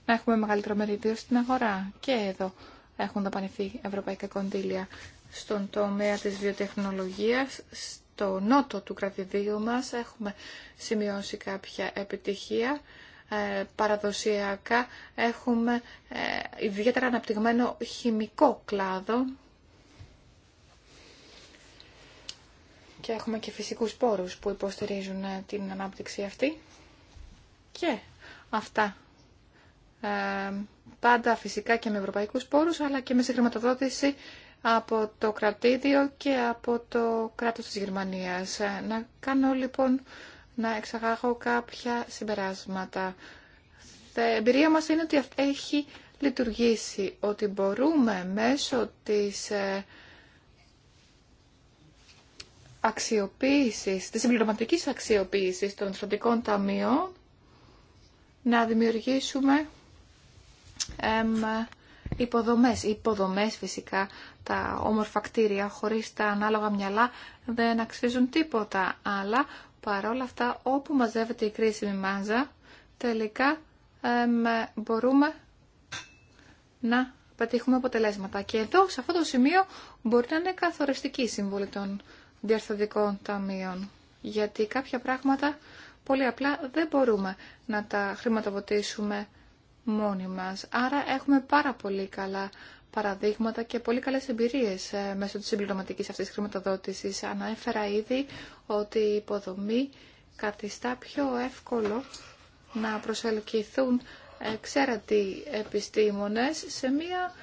να έχουμε μεγαλύτερο μερίδιο στην αγορά. Και εδώ έχουν δαπανηθεί ευρωπαϊκά κονδύλια στον τομέα της βιοτεχνολογίας, το νότο του κρατηδίου μας έχουμε σημειώσει κάποια επιτυχία. Ε, παραδοσιακά έχουμε ε, ιδιαίτερα αναπτυγμένο χημικό κλάδο και έχουμε και φυσικούς πόρους που υποστηρίζουν ε, την ανάπτυξη αυτή και αυτά ε, πάντα φυσικά και με ευρωπαϊκούς πόρους αλλά και με συγχρηματοδότηση από το κρατήδιο και από το κράτος της Γερμανίας. Ε, να κάνω λοιπόν να εξαγάγω κάποια συμπεράσματα. Η εμπειρία μας είναι ότι έχει λειτουργήσει, ότι μπορούμε μέσω της ε, αξιοποίησης, της συμπληρωματικής αξιοποίησης των στρατικών ταμείων να δημιουργήσουμε υποδομές. υποδομές φυσικά, τα όμορφα κτίρια χωρίς τα ανάλογα μυαλά δεν αξίζουν τίποτα. Αλλά παρόλα αυτά όπου μαζεύεται η κρίσιμη μάζα τελικά μπορούμε να πετύχουμε αποτελέσματα. Και εδώ σε αυτό το σημείο μπορεί να είναι καθοριστική η σύμβολη των διαρθωτικών ταμείων. Γιατί κάποια πράγματα πολύ απλά δεν μπορούμε να τα χρηματοδοτήσουμε μόνοι μας. Άρα έχουμε πάρα πολύ καλά παραδείγματα και πολύ καλές εμπειρίες ε, μέσω της συμπληρωματικής αυτής της χρηματοδότησης. Αναέφερα ήδη ότι η υποδομή καθιστά πιο εύκολο να προσελκυθούν εξαίρετοι επιστήμονες σε, μια,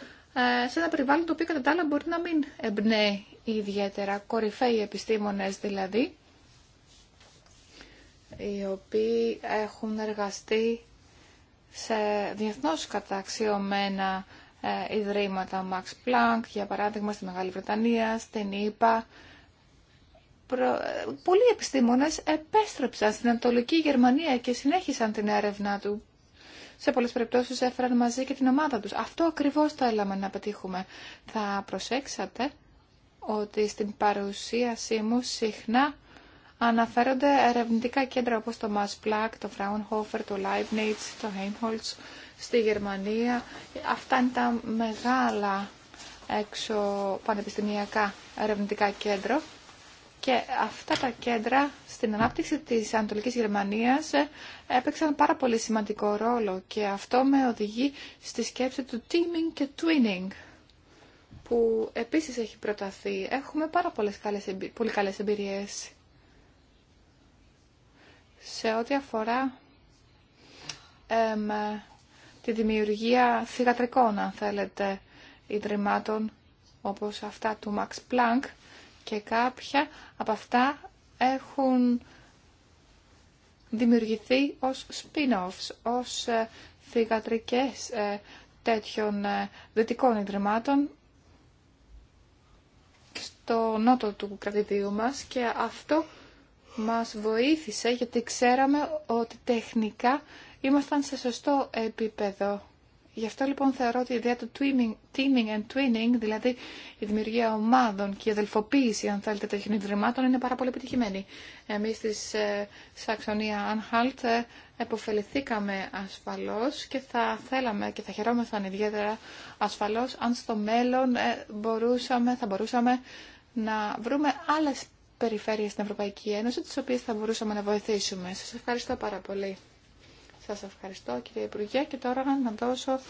ε, σε ένα περιβάλλον το οποίο κατά τα άλλα μπορεί να μην εμπνέει ιδιαίτερα κορυφαίοι επιστήμονες δηλαδή οι οποίοι έχουν εργαστεί σε διεθνώς καταξιωμένα ε, ιδρύματα Max Planck, για παράδειγμα στη Μεγάλη Βρετανία, στην ΗΠΑ. Ε, πολλοί επιστήμονες επέστρεψαν στην Ανατολική Γερμανία και συνέχισαν την έρευνα του. Σε πολλές περιπτώσεις έφεραν μαζί και την ομάδα τους. Αυτό ακριβώς θέλαμε να πετύχουμε. Θα προσέξατε ότι στην παρουσίασή μου συχνά αναφέρονται ερευνητικά κέντρα όπως το Max Planck, το Fraunhofer, το Leibniz, το Heinholz στη Γερμανία. Αυτά είναι τα μεγάλα έξω πανεπιστημιακά ερευνητικά κέντρα και αυτά τα κέντρα στην ανάπτυξη της Ανατολικής Γερμανίας έπαιξαν πάρα πολύ σημαντικό ρόλο και αυτό με οδηγεί στη σκέψη του teaming και twinning που επίσης έχει προταθεί. Έχουμε πάρα πολλές καλές, πολύ καλές εμπειρίες σε ό,τι αφορά τη δημιουργία θηγατρικών, αν θέλετε, ιδρυμάτων όπως αυτά του Max Planck και κάποια από αυτά έχουν δημιουργηθεί ως spin-offs, ως ε, θηγατρικές ε, τέτοιων ε, δυτικών ιδρυμάτων στο νότο του κρατηδίου μας και αυτό μας βοήθησε γιατί ξέραμε ότι τεχνικά ήμασταν σε σωστό επίπεδο. Γι' αυτό λοιπόν θεωρώ ότι η ιδέα του teaming, and twinning, δηλαδή η δημιουργία ομάδων και η αδελφοποίηση, αν θέλετε, των ιδρυμάτων, είναι πάρα πολύ επιτυχημένη. Εμείς στη ε, Σαξονία Ανχάλτ ε, εποφεληθήκαμε ασφαλώς και θα θέλαμε και θα χαιρόμασταν ιδιαίτερα ασφαλώς αν στο μέλλον ε, μπορούσαμε, θα μπορούσαμε να βρούμε άλλες περιφέρειες στην Ευρωπαϊκή Ένωση, τις οποίες θα μπορούσαμε να βοηθήσουμε. Σας ευχαριστώ πάρα πολύ. Σας ευχαριστώ κύριε Υπουργέ και τώρα να δώσω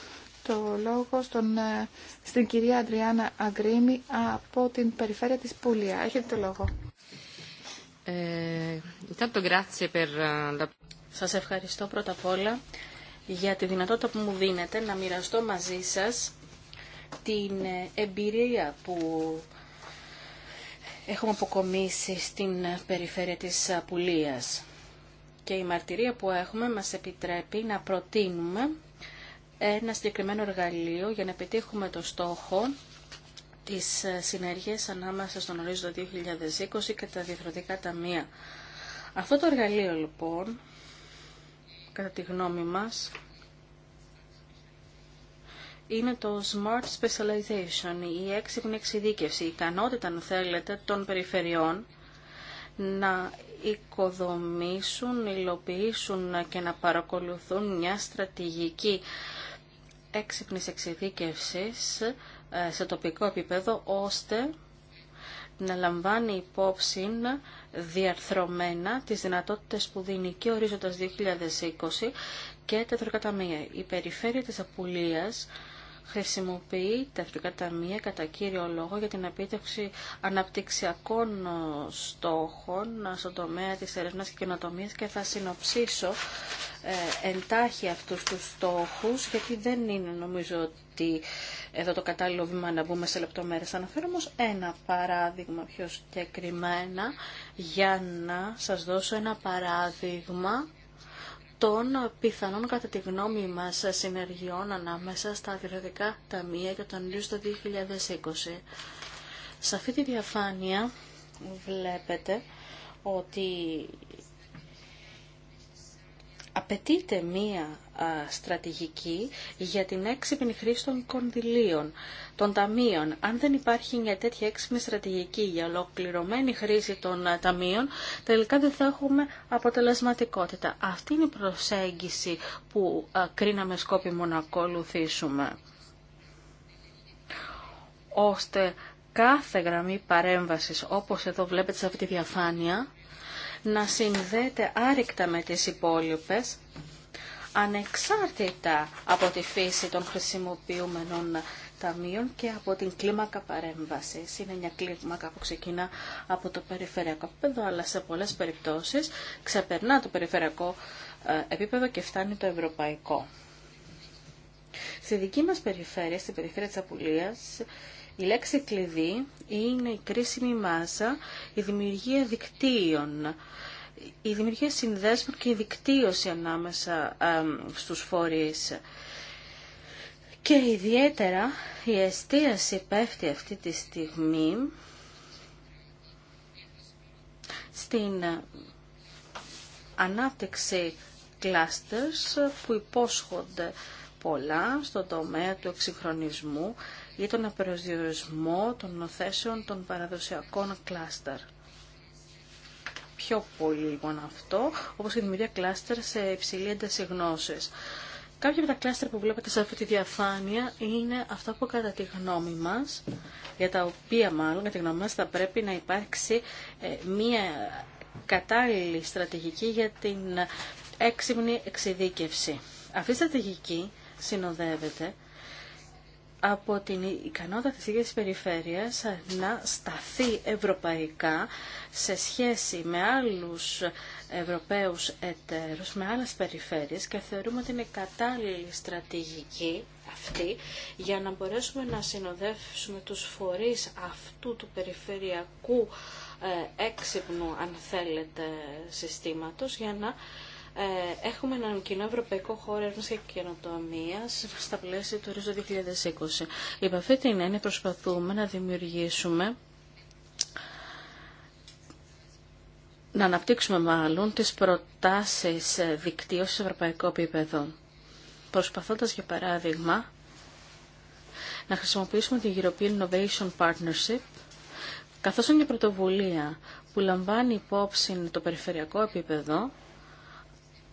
το λόγο στον, ε, στην κυρία Αντριάννα Αγκρίμη από την περιφέρεια της Πούλια. Έχετε το λόγο. Ε, ε, σας ευχαριστώ πρώτα απ' όλα για τη δυνατότητα που μου δίνετε να μοιραστώ μαζί σας την εμπειρία που έχουμε αποκομίσει στην περιφέρεια της Απουλίας. Και η μαρτυρία που έχουμε μας επιτρέπει να προτείνουμε ένα συγκεκριμένο εργαλείο για να πετύχουμε το στόχο της συνεργίας ανάμεσα στον ορίζοντα 2020 και τα διεθνωτικά ταμεία. Αυτό το εργαλείο λοιπόν, κατά τη γνώμη μας, είναι το Smart Specialization, η έξυπνη εξειδίκευση, η ικανότητα, αν θέλετε, των περιφερειών να οικοδομήσουν, υλοποιήσουν και να παρακολουθούν μια στρατηγική έξυπνης εξειδίκευσης ε, σε τοπικό επίπεδο, ώστε να λαμβάνει υπόψη διαρθρωμένα τις δυνατότητες που δίνει και ορίζοντας 2020 και τα Η περιφέρεια της Απουλίας χρησιμοποιεί τα κατά μία, κατά κύριο λόγο για την επίτευξη αναπτυξιακών ε, στόχων ε, στον τομέα της έρευνας και καινοτομίας και θα συνοψίσω ε, εντάχει αυτούς τους στόχους γιατί δεν είναι νομίζω ότι εδώ το κατάλληλο βήμα να μπούμε σε λεπτομέρειες. Αναφέρω όμως ένα παράδειγμα πιο συγκεκριμένα για να σας δώσω ένα παράδειγμα των πιθανών κατά τη γνώμη μας συνεργειών ανάμεσα στα αγροτικά ταμεία και τον Ιούς το 2020. Σε αυτή τη διαφάνεια βλέπετε ότι απαιτείται μία στρατηγική για την έξυπνη χρήση των κονδυλίων, των ταμείων. Αν δεν υπάρχει μια τέτοια έξυπνη στρατηγική για ολοκληρωμένη χρήση των ταμείων, τελικά δεν θα έχουμε αποτελεσματικότητα. Αυτή είναι η προσέγγιση που κρίναμε σκόπιμο να ακολουθήσουμε. Ώστε κάθε γραμμή παρέμβασης, όπως εδώ βλέπετε σε αυτή τη διαφάνεια, να συνδέεται άρρηκτα με τις υπόλοιπες, ανεξάρτητα από τη φύση των χρησιμοποιούμενων ταμείων και από την κλίμακα παρέμβαση. Είναι μια κλίμακα που ξεκινά από το περιφερειακό επίπεδο, αλλά σε πολλές περιπτώσεις ξεπερνά το περιφερειακό ε, επίπεδο και φτάνει το ευρωπαϊκό. Στη δική μας περιφέρεια, στην περιφέρεια της Απουλίας, η λέξη κλειδί είναι η κρίσιμη μάζα, η δημιουργία δικτύων, η δημιουργία συνδέσμων και η δικτύωση ανάμεσα στους φορείς. Και ιδιαίτερα η εστίαση πέφτει αυτή τη στιγμή στην ανάπτυξη κλάστερς που υπόσχονται πολλά στον τομέα του εξυγχρονισμού ή τον απεριορισμό των θέσεων των παραδοσιακών κλάστερ. Πιο πολύ λοιπόν αυτό, όπως η τον απεριορισμο των νοθέσεων των παραδοσιακων κλαστερ πιο κλάστερ σε υψηλή ένταση γνώσης. Κάποια από τα κλάστερ που βλέπετε σε αυτή τη διαφάνεια είναι αυτά που κατά τη γνώμη μας, για τα οποία μάλλον κατά τη γνώμη μας θα πρέπει να υπάρξει ε, μία κατάλληλη στρατηγική για την έξυπνη εξειδίκευση. Αυτή η στρατηγική συνοδεύεται από την ικανότητα της ίδιας περιφέρειας να σταθεί ευρωπαϊκά σε σχέση με άλλους ευρωπαίους εταίρους, με άλλες περιφέρειες και θεωρούμε ότι είναι κατάλληλη στρατηγική αυτή για να μπορέσουμε να συνοδεύσουμε τους φορείς αυτού του περιφερειακού ε, έξυπνου, αν θέλετε, συστήματος για να ε, έχουμε έναν κοινό ευρωπαϊκό χώρο έρευνα και καινοτομία στα πλαίσια του ΡΙΖΟ 2020. Υπ' αυτή την έννοια προσπαθούμε να δημιουργήσουμε να αναπτύξουμε μάλλον τις προτάσεις ε, δικτύωσης σε ευρωπαϊκό επίπεδο. Προσπαθώντας για παράδειγμα να χρησιμοποιήσουμε την European Innovation Partnership καθώς είναι μια πρωτοβουλία που λαμβάνει υπόψη το περιφερειακό επίπεδο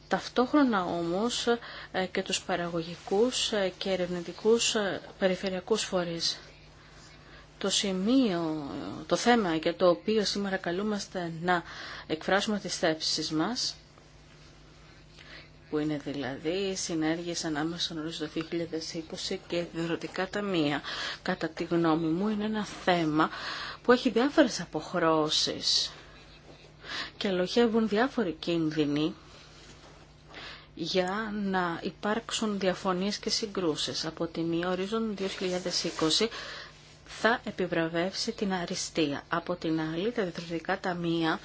Ταυτόχρονα όμως ε, και τους παραγωγικούς ε, και ερευνητικούς ε, περιφερειακούς φορείς. Το σημείο, το θέμα για το οποίο σήμερα καλούμαστε να εκφράσουμε τις θέψεις μας, που είναι δηλαδή οι συνέργειες ανάμεσα στον ορίζοντα 2020 και τα ταμεία, κατά τη γνώμη μου είναι ένα θέμα που έχει διάφορες αποχρώσεις και αλογεύουν διάφοροι κίνδυνοι για να υπάρξουν διαφωνίες και συγκρούσεις. Από τη μία ορίζον 2020 θα επιβραβεύσει την αριστεία. Από την άλλη, τα διευθυντικά ταμεία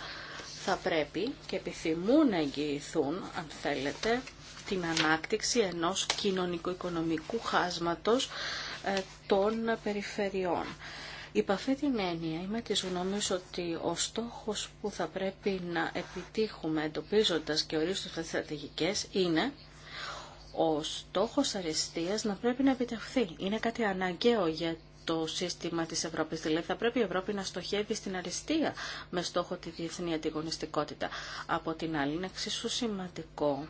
θα πρέπει και επιθυμούν να εγγυηθούν, αν θέλετε, την ανάκτηξη ενός κοινωνικο-οικονομικού χάσματος ε, των περιφερειών η αυτή την έννοια είμαι της γνώμης ότι ο στόχος που θα πρέπει να επιτύχουμε εντοπίζοντας και ορίζοντας τις στρατηγικές είναι ο στόχος αριστείας να πρέπει να επιτευχθεί. Είναι κάτι αναγκαίο για το σύστημα της Ευρώπης. Δηλαδή θα πρέπει η Ευρώπη να στοχεύει στην αριστεία με στόχο τη διεθνή αντιγωνιστικότητα. Από την άλλη είναι εξίσου σημαντικό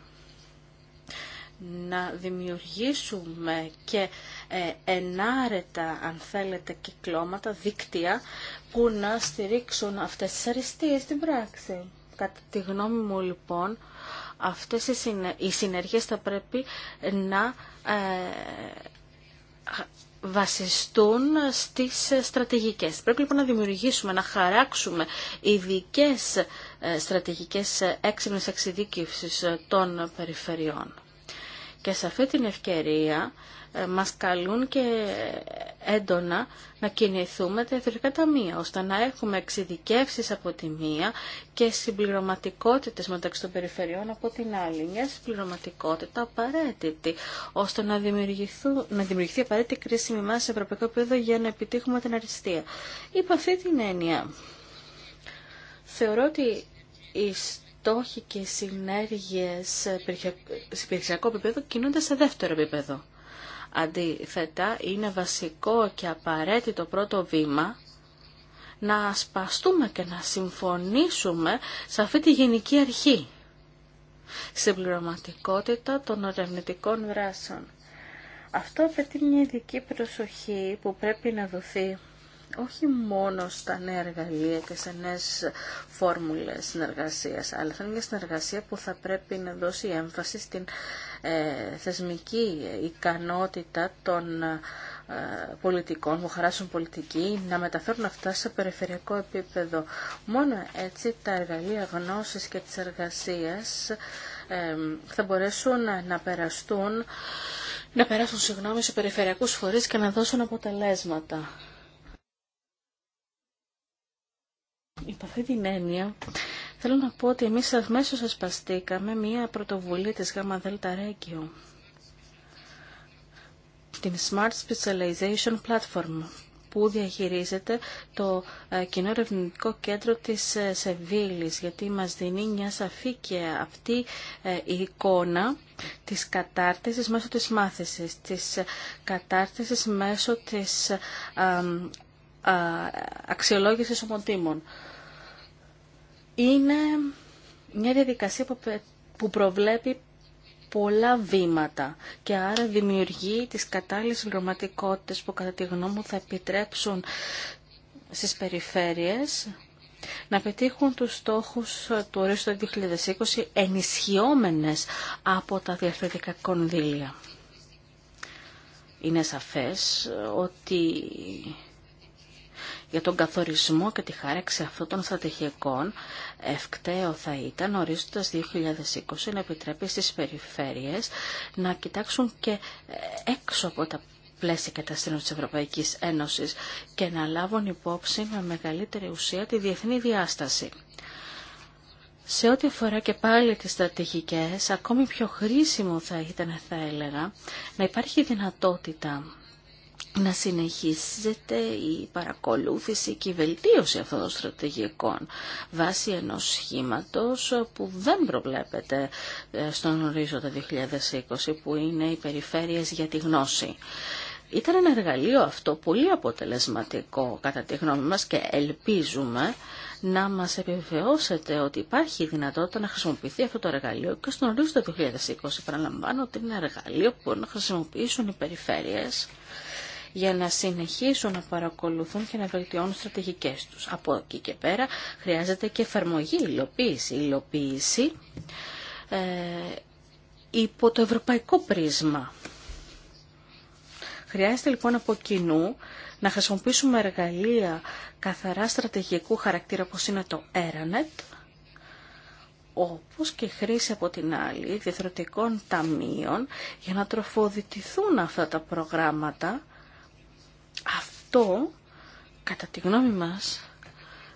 να δημιουργήσουμε και ε, ενάρετα, αν θέλετε, κυκλώματα, δίκτυα που να στηρίξουν αυτές τις αριστείες στην πράξη. Κατά τη γνώμη μου, λοιπόν, αυτές οι συνεργές θα πρέπει να ε, βασιστούν στις στρατηγικές. Πρέπει λοιπόν να δημιουργήσουμε, να χαράξουμε ειδικέ ε, στρατηγικές έξυπνες εξειδίκευσης των περιφερειών. Και σε αυτή την ευκαιρία ε, μας καλούν και έντονα να κινηθούμε τα ιδρυτικά ταμεία, ώστε να έχουμε εξειδικεύσεις από τη μία και συμπληρωματικότητες μεταξύ των περιφερειών από την άλλη. Μια συμπληρωματικότητα απαραίτητη, ώστε να, να δημιουργηθεί απαραίτητη κρίσιμη μάση σε ευρωπαϊκό επίπεδο για να επιτύχουμε την αριστεία. Υπό αυτή την έννοια, θεωρώ ότι στόχοι και οι συνέργειες σε υπηρεσιακό επίπεδο κινούνται σε δεύτερο επίπεδο. Αντίθετα, είναι βασικό και απαραίτητο πρώτο βήμα να ασπαστούμε και να συμφωνήσουμε σε αυτή τη γενική αρχή. Συμπληρωματικότητα των ερευνητικών δράσεων. Αυτό απαιτεί μια ειδική προσοχή που πρέπει να δοθεί όχι μόνο στα νέα εργαλεία και σε νέες φόρμουλες συνεργασίας, αλλά θα είναι μια συνεργασία που θα πρέπει να δώσει έμφαση στην ε, θεσμική ικανότητα των ε, πολιτικών που χαράσουν πολιτική να μεταφέρουν αυτά σε περιφερειακό επίπεδο. Μόνο έτσι τα εργαλεία γνώσης και της εργασίας ε, θα μπορέσουν να, να περαστούν να περάσουν συγγνώμη σε περιφερειακούς φορείς και να δώσουν αποτελέσματα. Υπ' αυτή την έννοια, θέλω να πω ότι εμείς αμέσως ασπαστήκαμε μία πρωτοβουλία της ΓΑΜΑ ΔΕΛΤΑ ΡΕΚΙΟ, την Smart Specialization Platform, που διαχειρίζεται το ε, Κοινό Ερευνητικό Κέντρο της ε, Σεβίλης, γιατί μας δίνει μια σαφή και αυτή η ε, εικόνα της κατάρτισης μέσω της μάθησης, της κατάρτισης μέσω της Αξιολόγηση ομοτήμων. Είναι μια διαδικασία που προβλέπει πολλά βήματα και άρα δημιουργεί τις κατάλληλες συγκροματικότητες που κατά τη γνώμη μου θα επιτρέψουν στις περιφέρειες να πετύχουν τους στόχους του ορίστου 2020 ενισχυόμενες από τα διαφορετικά κονδύλια. Είναι σαφές ότι για τον καθορισμό και τη χάραξη αυτών των στρατηγικών ευκταίο θα ήταν ορίζοντας 2020 να επιτρέπει στις περιφέρειες να κοιτάξουν και ε, έξω από τα πλαίσια καταστήνων της Ευρωπαϊκής Ένωσης και να λάβουν υπόψη με μεγαλύτερη ουσία τη διεθνή διάσταση. Σε ό,τι αφορά και πάλι τις στρατηγικές, ακόμη πιο χρήσιμο θα ήταν, θα έλεγα, να υπάρχει δυνατότητα να συνεχίζεται η παρακολούθηση και η βελτίωση αυτών των στρατηγικών βάσει ενός σχήματος που δεν προβλέπεται ε, στον ορίζοντα 2020 που είναι οι περιφέρειες για τη γνώση. Ήταν ένα εργαλείο αυτό πολύ αποτελεσματικό κατά τη γνώμη μας και ελπίζουμε να μας επιβεβαιώσετε ότι υπάρχει δυνατότητα να χρησιμοποιηθεί αυτό το εργαλείο και στον ορίζοντα 2020 παραλαμβάνω ότι είναι ένα εργαλείο που μπορούν να χρησιμοποιήσουν οι περιφέρειες για να συνεχίσουν να παρακολουθούν και να βελτιώνουν στρατηγικές τους. Από εκεί και πέρα χρειάζεται και εφαρμογή, υλοποίηση. Υλοποίηση ε, υπό το ευρωπαϊκό πρίσμα. Χρειάζεται λοιπόν από κοινού να χρησιμοποιήσουμε εργαλεία καθαρά στρατηγικού χαρακτήρα όπως είναι το Eranet, όπως και χρήση από την άλλη διευθυντικών ταμείων για να τροφοδοτηθούν αυτά τα προγράμματα αυτό, κατά τη γνώμη μας,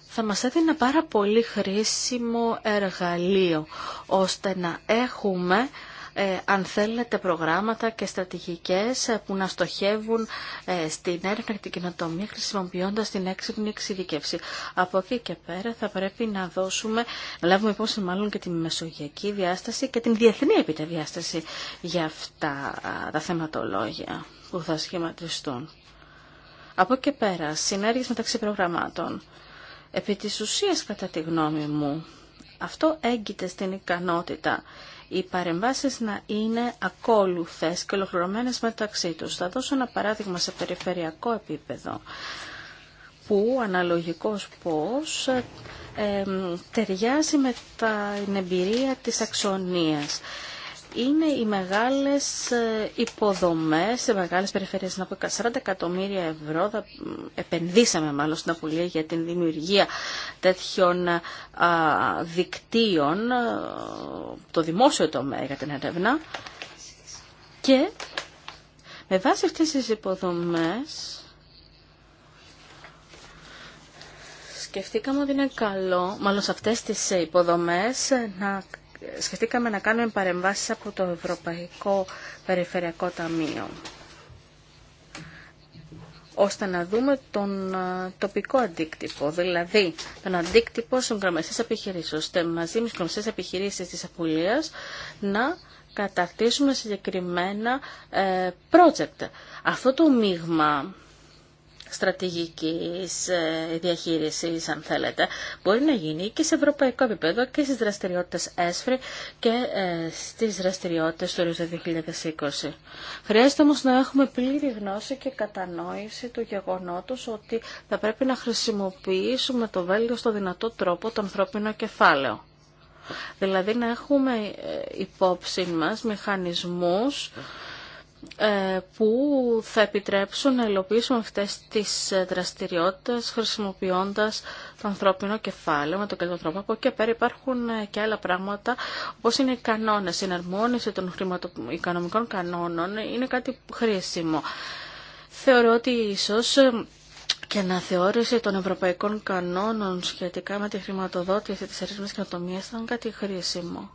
θα μας έδινε ένα πάρα πολύ χρήσιμο εργαλείο, ώστε να έχουμε ε, αν θέλετε, προγράμματα και στρατηγικές ε, που να στοχεύουν ε, στην έρευνα και την κοινοτομία χρησιμοποιώντας την έξυπνη εξειδικεύση. Από εκεί και πέρα θα πρέπει να δώσουμε, να λάβουμε υπόψη μάλλον και τη μεσογειακή διάσταση και την διεθνή επιτα διάσταση για αυτά τα θεματολόγια που θα σχηματιστούν. Από εκεί πέρα, συνέργειες μεταξύ προγραμμάτων. Επί της ουσίας, κατά τη γνώμη μου, αυτό έγκυται στην ικανότητα οι παρεμβάσεις να είναι ακόλουθες και ολοκληρωμένες μεταξύ τους. Θα δώσω ένα παράδειγμα σε περιφερειακό επίπεδο που αναλογικός πώς ε, ε, ταιριάζει με την εμπειρία της αξονίας είναι οι μεγάλες ε, υποδομές σε μεγάλες περιφερειές. Να πω 40 εκατομμύρια ευρώ θα επενδύσαμε μάλλον στην Απουλία για την δημιουργία τέτοιων ε, δικτύων, ε, το δημόσιο τομέα για την έρευνα και με βάση αυτές τις υποδομές σκεφτήκαμε ότι είναι καλό, μάλλον σε αυτές τις υποδομές, να σκεφτήκαμε να κάνουμε παρεμβάσεις από το Ευρωπαϊκό Περιφερειακό Ταμείο ώστε να δούμε τον ε, τοπικό αντίκτυπο, δηλαδή τον αντίκτυπο στους γραμμαστές επιχειρήσεις, ώστε μαζί με τις γραμμαστές επιχειρήσεις της Απουλίας να κατακτήσουμε συγκεκριμένα ε, project. Αυτό το μείγμα στρατηγικής ε, διαχείρισης, αν θέλετε, μπορεί να γίνει και σε ευρωπαϊκό επίπεδο και στις δραστηριότητες ΕΣΦΡΙ και ε, στις δραστηριότητες του ΡΙΖΑ 2020. Χρειάζεται όμως να έχουμε πλήρη γνώση και κατανόηση του γεγονότος ότι θα πρέπει να χρησιμοποιήσουμε το βέλιο στο δυνατό τρόπο το ανθρώπινο κεφάλαιο. Δηλαδή να έχουμε ε, υπόψη μας μηχανισμούς ε, που θα επιτρέψουν να υλοποιήσουμε αυτές τις ε, δραστηριότητες χρησιμοποιώντας το ανθρώπινο κεφάλαιο με τον καλύτερο τρόπο. Από εκεί πέρα υπάρχουν ε, και άλλα πράγματα όπως είναι οι κανόνες, η εναρμόνιση των οικονομικών κανόνων είναι κάτι χρήσιμο. Θεωρώ ότι ίσως και να θεώρησε των ευρωπαϊκών κανόνων σχετικά με τη χρηματοδότηση της αριθμής κοινοτομίας ήταν κάτι χρήσιμο,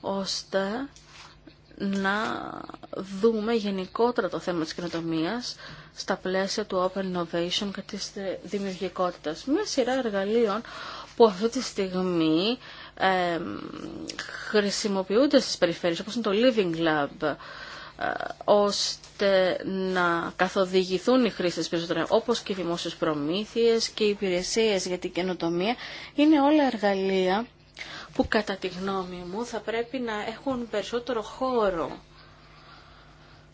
ώστε να δούμε γενικότερα το θέμα της καινοτομία στα πλαίσια του Open Innovation και της δημιουργικότητας. Μια σειρά εργαλείων που αυτή τη στιγμή χρησιμοποιούνται στις περιφέρειες, όπως είναι το Living Lab, ε, ώστε να καθοδηγηθούν οι χρήστες περισσότερο, όπως και οι δημόσιες προμήθειες και οι υπηρεσίες για την καινοτομία, είναι όλα εργαλεία που κατά τη γνώμη μου θα πρέπει να έχουν περισσότερο χώρο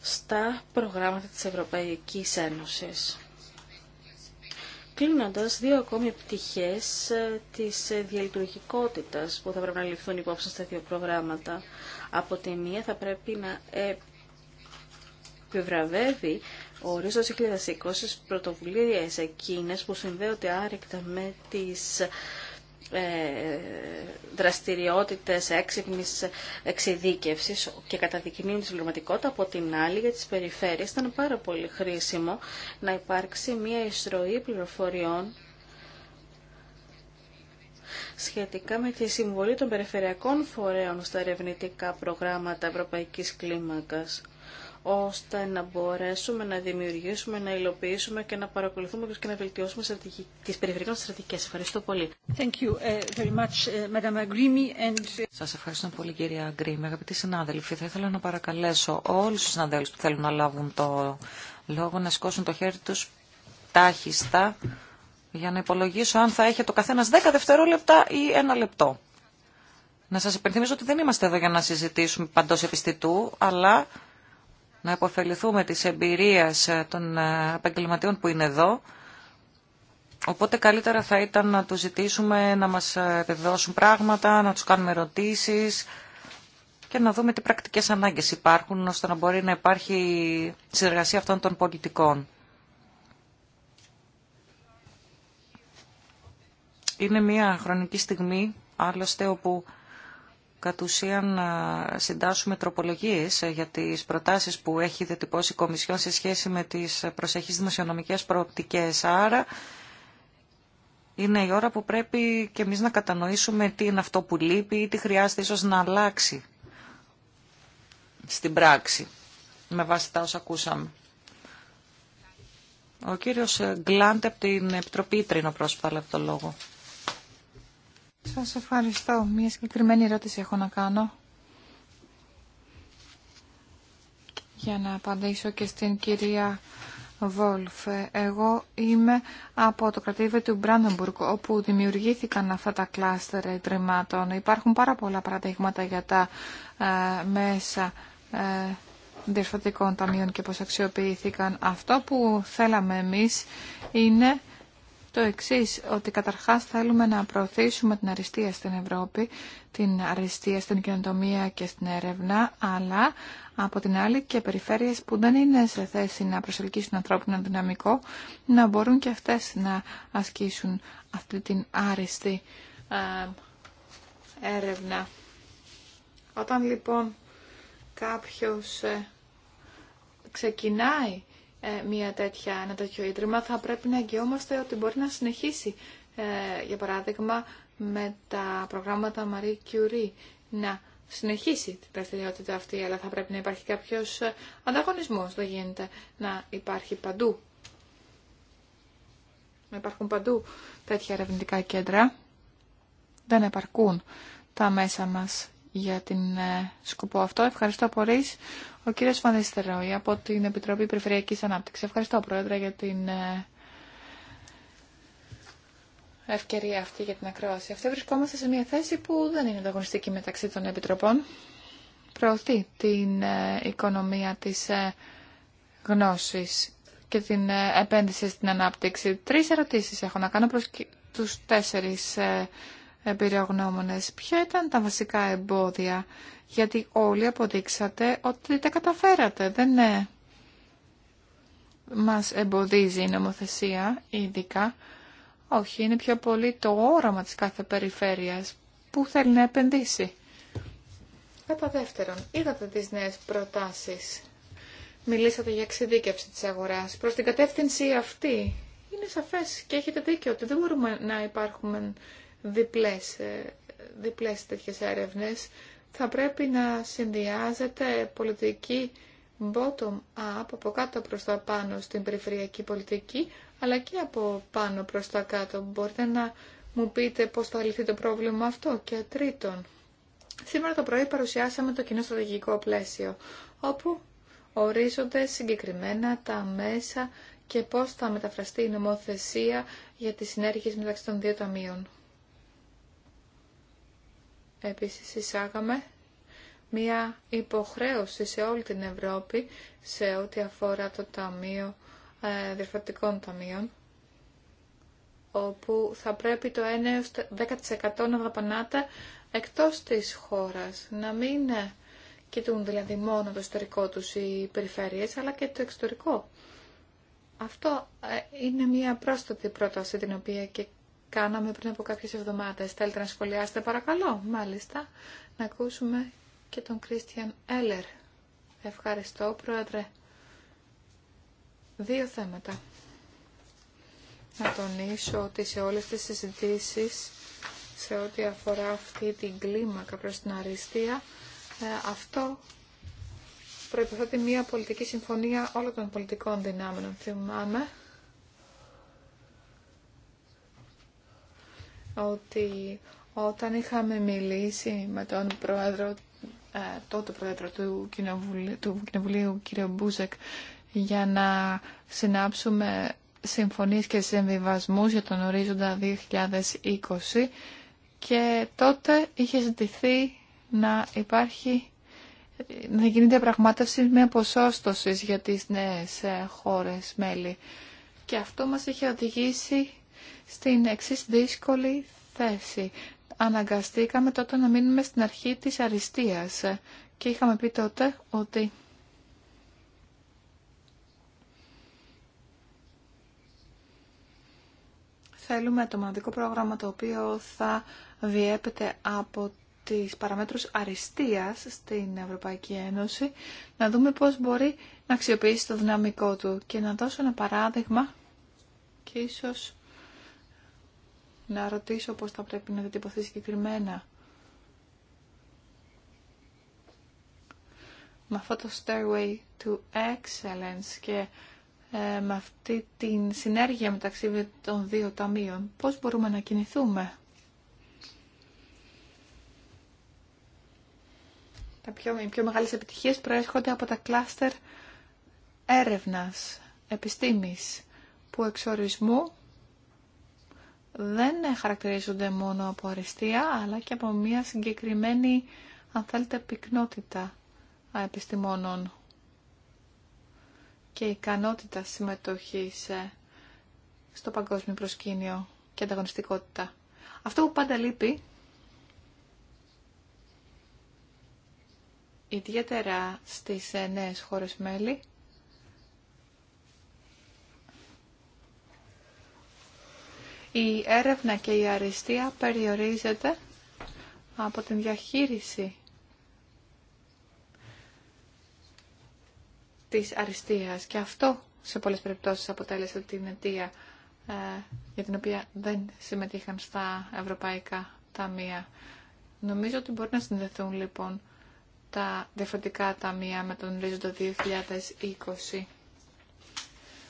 στα προγράμματα της Ευρωπαϊκής Ένωσης. Κλείνοντας, δύο ακόμη πτυχές ε, της ε, διαλειτουργικότητας που θα πρέπει να ληφθούν υπόψη στα δύο προγράμματα. Από τη μία θα πρέπει να επιβραβεύει ο ορίζοντας 2020 πρωτοβουλίες εκείνες που συνδέονται άρρηκτα με τις ε, δραστηριότητες έξυπνης εξειδίκευσης και καταδεικνύουν τη συμπληρωματικότητα από την άλλη για τις περιφέρειες ήταν πάρα πολύ χρήσιμο να υπάρξει μια ιστροή πληροφοριών σχετικά με τη συμβολή των περιφερειακών φορέων στα ερευνητικά προγράμματα ευρωπαϊκής κλίμακας ώστε να μπορέσουμε να δημιουργήσουμε, να υλοποιήσουμε και να παρακολουθούμε και να βελτιώσουμε τις μα στρατηγικέ. Ευχαριστώ πολύ. Uh, uh, uh, Σα ευχαριστώ πολύ κυρία Αγκρίμη. Αγαπητοί συνάδελφοι, θα ήθελα να παρακαλέσω όλου του συναδέλφου που θέλουν να λάβουν το λόγο να σηκώσουν το χέρι του τάχιστα για να υπολογίσω αν θα έχετε το καθένα 10 δευτερόλεπτα ή ένα λεπτό. Να σας υπενθυμίσω ότι δεν είμαστε εδώ για να συζητήσουμε παντός επιστητού, αλλά να υποφεληθούμε της εμπειρίας ε, των ε, επαγγελματιών που είναι εδώ. Οπότε καλύτερα θα ήταν να τους ζητήσουμε να μας ε, επιβεβαιώσουν πράγματα, να τους κάνουμε ερωτήσεις και να δούμε τι πρακτικές ανάγκες υπάρχουν ώστε να μπορεί να υπάρχει συνεργασία αυτών των πολιτικών. Είναι μια χρονική στιγμή, άλλωστε, όπου κατ' ουσίαν να συντάσσουμε τροπολογίες ε, για τις προτάσεις που έχει διατυπώσει η Κομισιόν σε σχέση με τις προσεχείς δημοσιονομικές προοπτικές. Άρα είναι η ώρα που πρέπει και εμείς να κατανοήσουμε τι είναι αυτό που λείπει ή τι χρειάζεται ίσως να αλλάξει στην πράξη με βάση τα όσα ακούσαμε. Ο κύριος Γκλάντ από την Επιτροπή Τρίνο πρόσφατα το λόγο. Σας ευχαριστώ. Μία συγκεκριμένη ερώτηση έχω να κάνω. Για να απαντήσω και στην κυρία Βόλφ. Εγώ είμαι από το κρατήριο του Μπράντεμπουργκ, όπου δημιουργήθηκαν αυτά τα κλάστερ ιδρυμάτων. Υπάρχουν πάρα πολλά παραδείγματα για τα ε, μέσα ε, διευθυντικών ταμείων και πώς αξιοποιήθηκαν. Αυτό που θέλαμε εμείς είναι το εξή ότι καταρχάς θέλουμε να προωθήσουμε την αριστεία στην Ευρώπη, την αριστεία στην κοινοτομία και στην έρευνα, αλλά από την άλλη και περιφέρειες που δεν είναι σε θέση να προσελκύσουν ανθρώπινο δυναμικό, να μπορούν και αυτές να ασκήσουν αυτή την άριστη έρευνα. Όταν λοιπόν κάποιος ε, ξεκινάει ε, μια τέτοια, ένα τέτοιο ίδρυμα, θα πρέπει να εγγυόμαστε ότι μπορεί να συνεχίσει, ε, για παράδειγμα, με τα προγράμματα Marie Curie, να συνεχίσει την δραστηριότητα αυτή, αλλά θα πρέπει να υπάρχει κάποιος ε, ανταγωνισμός, δεν γίνεται να υπάρχει παντού. Να υπάρχουν παντού τέτοια ερευνητικά κέντρα. Δεν επαρκούν τα μέσα μας για την ε, σκοπό αυτό. Ευχαριστώ πολύ. Ο κύριος Φανδίστεροι από την Επιτροπή Περιφερειακής Ανάπτυξης. Ευχαριστώ, Πρόεδρε, για την ε, ευκαιρία αυτή για την ακρόαση. Αυτή βρισκόμαστε σε μια θέση που δεν είναι ανταγωνιστική μεταξύ των Επιτροπών. Προωθεί την ε, οικονομία της γνώσης και την επένδυση στην ανάπτυξη. Τρεις ερωτήσεις έχω να κάνω προς τους τέσσερις εμπειρογνώμονες. Ποια ήταν τα βασικά εμπόδια, γιατί όλοι αποδείξατε ότι τα καταφέρατε, δεν ναι. Μας εμποδίζει η νομοθεσία, ειδικά. Όχι, είναι πιο πολύ το όραμα της κάθε περιφέρειας που θέλει να επενδύσει. Κατά δεύτερον, είδατε τις νέες προτάσεις. Μιλήσατε για εξειδίκευση της αγοράς. Προς την κατεύθυνση αυτή είναι σαφές και έχετε δίκιο ότι δεν μπορούμε να υπάρχουμε διπλές, ε, διπλές τέτοιες έρευνες. Θα πρέπει να συνδυάζεται πολιτική bottom-up, από κάτω προς τα πάνω στην περιφερειακή πολιτική, αλλά και από πάνω προς τα κάτω. Μπορείτε να μου πείτε πώς θα λυθεί το πρόβλημα αυτό. Και τρίτον, σήμερα το πρωί παρουσιάσαμε το κοινό στρατηγικό πλαίσιο, όπου ορίζονται συγκεκριμένα τα μέσα και πώς θα μεταφραστεί η νομοθεσία για τις συνέργειες μεταξύ των δύο ταμείων. Επίσης εισάγαμε μία υποχρέωση σε όλη την Ευρώπη σε ό,τι αφορά το Ταμείο ε, Διευθυντικών Ταμείων όπου θα πρέπει το 1-10% να δαπανάται εκτός της χώρας, να μην ε, κοιτούν δηλαδή μόνο το ιστορικό τους οι περιφέρειες, αλλά και το εξωτερικό. Αυτό ε, είναι μια πρόσθετη πρόταση την οποία και κάναμε πριν από κάποιες εβδομάδες. Θέλετε να σχολιάσετε παρακαλώ, μάλιστα, να ακούσουμε και τον Κρίστιαν Έλερ. Ευχαριστώ, Πρόεδρε. Δύο θέματα. Να τονίσω ότι σε όλες τις συζητήσεις, σε ό,τι αφορά αυτή την κλίμακα προς την αριστεία, ε, αυτό προϋποθέτει μια πολιτική συμφωνία όλων των πολιτικών δυνάμεων. Θυμάμαι ότι όταν είχαμε μιλήσει με τον πρόεδρο, ε, τότε πρόεδρο του Κοινοβουλίου, του Κοινοβουλίου κύριο Μπούζεκ, για να συνάψουμε συμφωνίες και συμβιβασμούς για τον ορίζοντα 2020 και τότε είχε ζητηθεί να υπάρχει να γίνει διαπραγμάτευση με ποσόστοση για τις νέες ε, χώρες μέλη. Και αυτό μας είχε οδηγήσει στην εξή δύσκολη θέση. Αναγκαστήκαμε τότε να μείνουμε στην αρχή της αριστείας και είχαμε πει τότε ότι θέλουμε το μοναδικό πρόγραμμα το οποίο θα διέπεται από τις παραμέτρους αριστείας στην Ευρωπαϊκή Ένωση, να δούμε πώς μπορεί να αξιοποιήσει το δυναμικό του. Και να δώσω ένα παράδειγμα και ίσως να ρωτήσω πώς θα πρέπει να διατυπωθεί συγκεκριμένα. Με αυτό το Stairway to Excellence και ε, με αυτή την συνέργεια μεταξύ των δύο ταμείων, πώς μπορούμε να κινηθούμε. Τα πιο, οι πιο μεγάλες επιτυχίες προέρχονται από τα κλάστερ έρευνας, επιστήμης, που ορισμού δεν χαρακτηρίζονται μόνο από αριστεία, αλλά και από μια συγκεκριμένη, αν θέλετε, πυκνότητα επιστημόνων και ικανότητα συμμετοχής ε, στο παγκόσμιο προσκήνιο και ανταγωνιστικότητα. Αυτό που πάντα λείπει, ιδιαίτερα στις ε, νέες χώρες μέλη, η έρευνα και η αριστεία περιορίζεται από την διαχείριση της αριστείας και αυτό σε πολλές περιπτώσεις αποτέλεσε την αιτία ε, για την οποία δεν συμμετείχαν στα ευρωπαϊκά ταμεία. Νομίζω ότι μπορεί να συνδεθούν λοιπόν τα διαφορετικά ταμεία με τον Ρίζοντο 2020.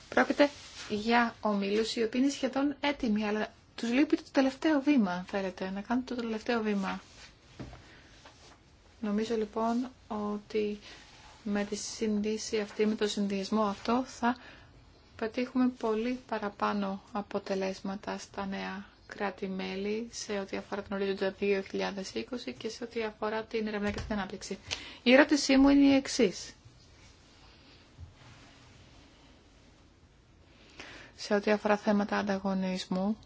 Πρόκειται για ομίλους οι οποίοι είναι σχεδόν έτοιμοι, αλλά τους λείπει το τελευταίο βήμα, θέλετε, να κάνετε το τελευταίο βήμα. Νομίζω λοιπόν ότι με τη συνδύση αυτή, με το συνδυασμό αυτό θα πετύχουμε πολύ παραπάνω αποτελέσματα στα νέα κράτη-μέλη σε ό,τι αφορά τον ορίζοντα 2020 και σε ό,τι αφορά την έρευνα και την ανάπτυξη. Η ερώτησή μου είναι η εξής. σε ό,τι αφορά θέματα ανταγωνισμού,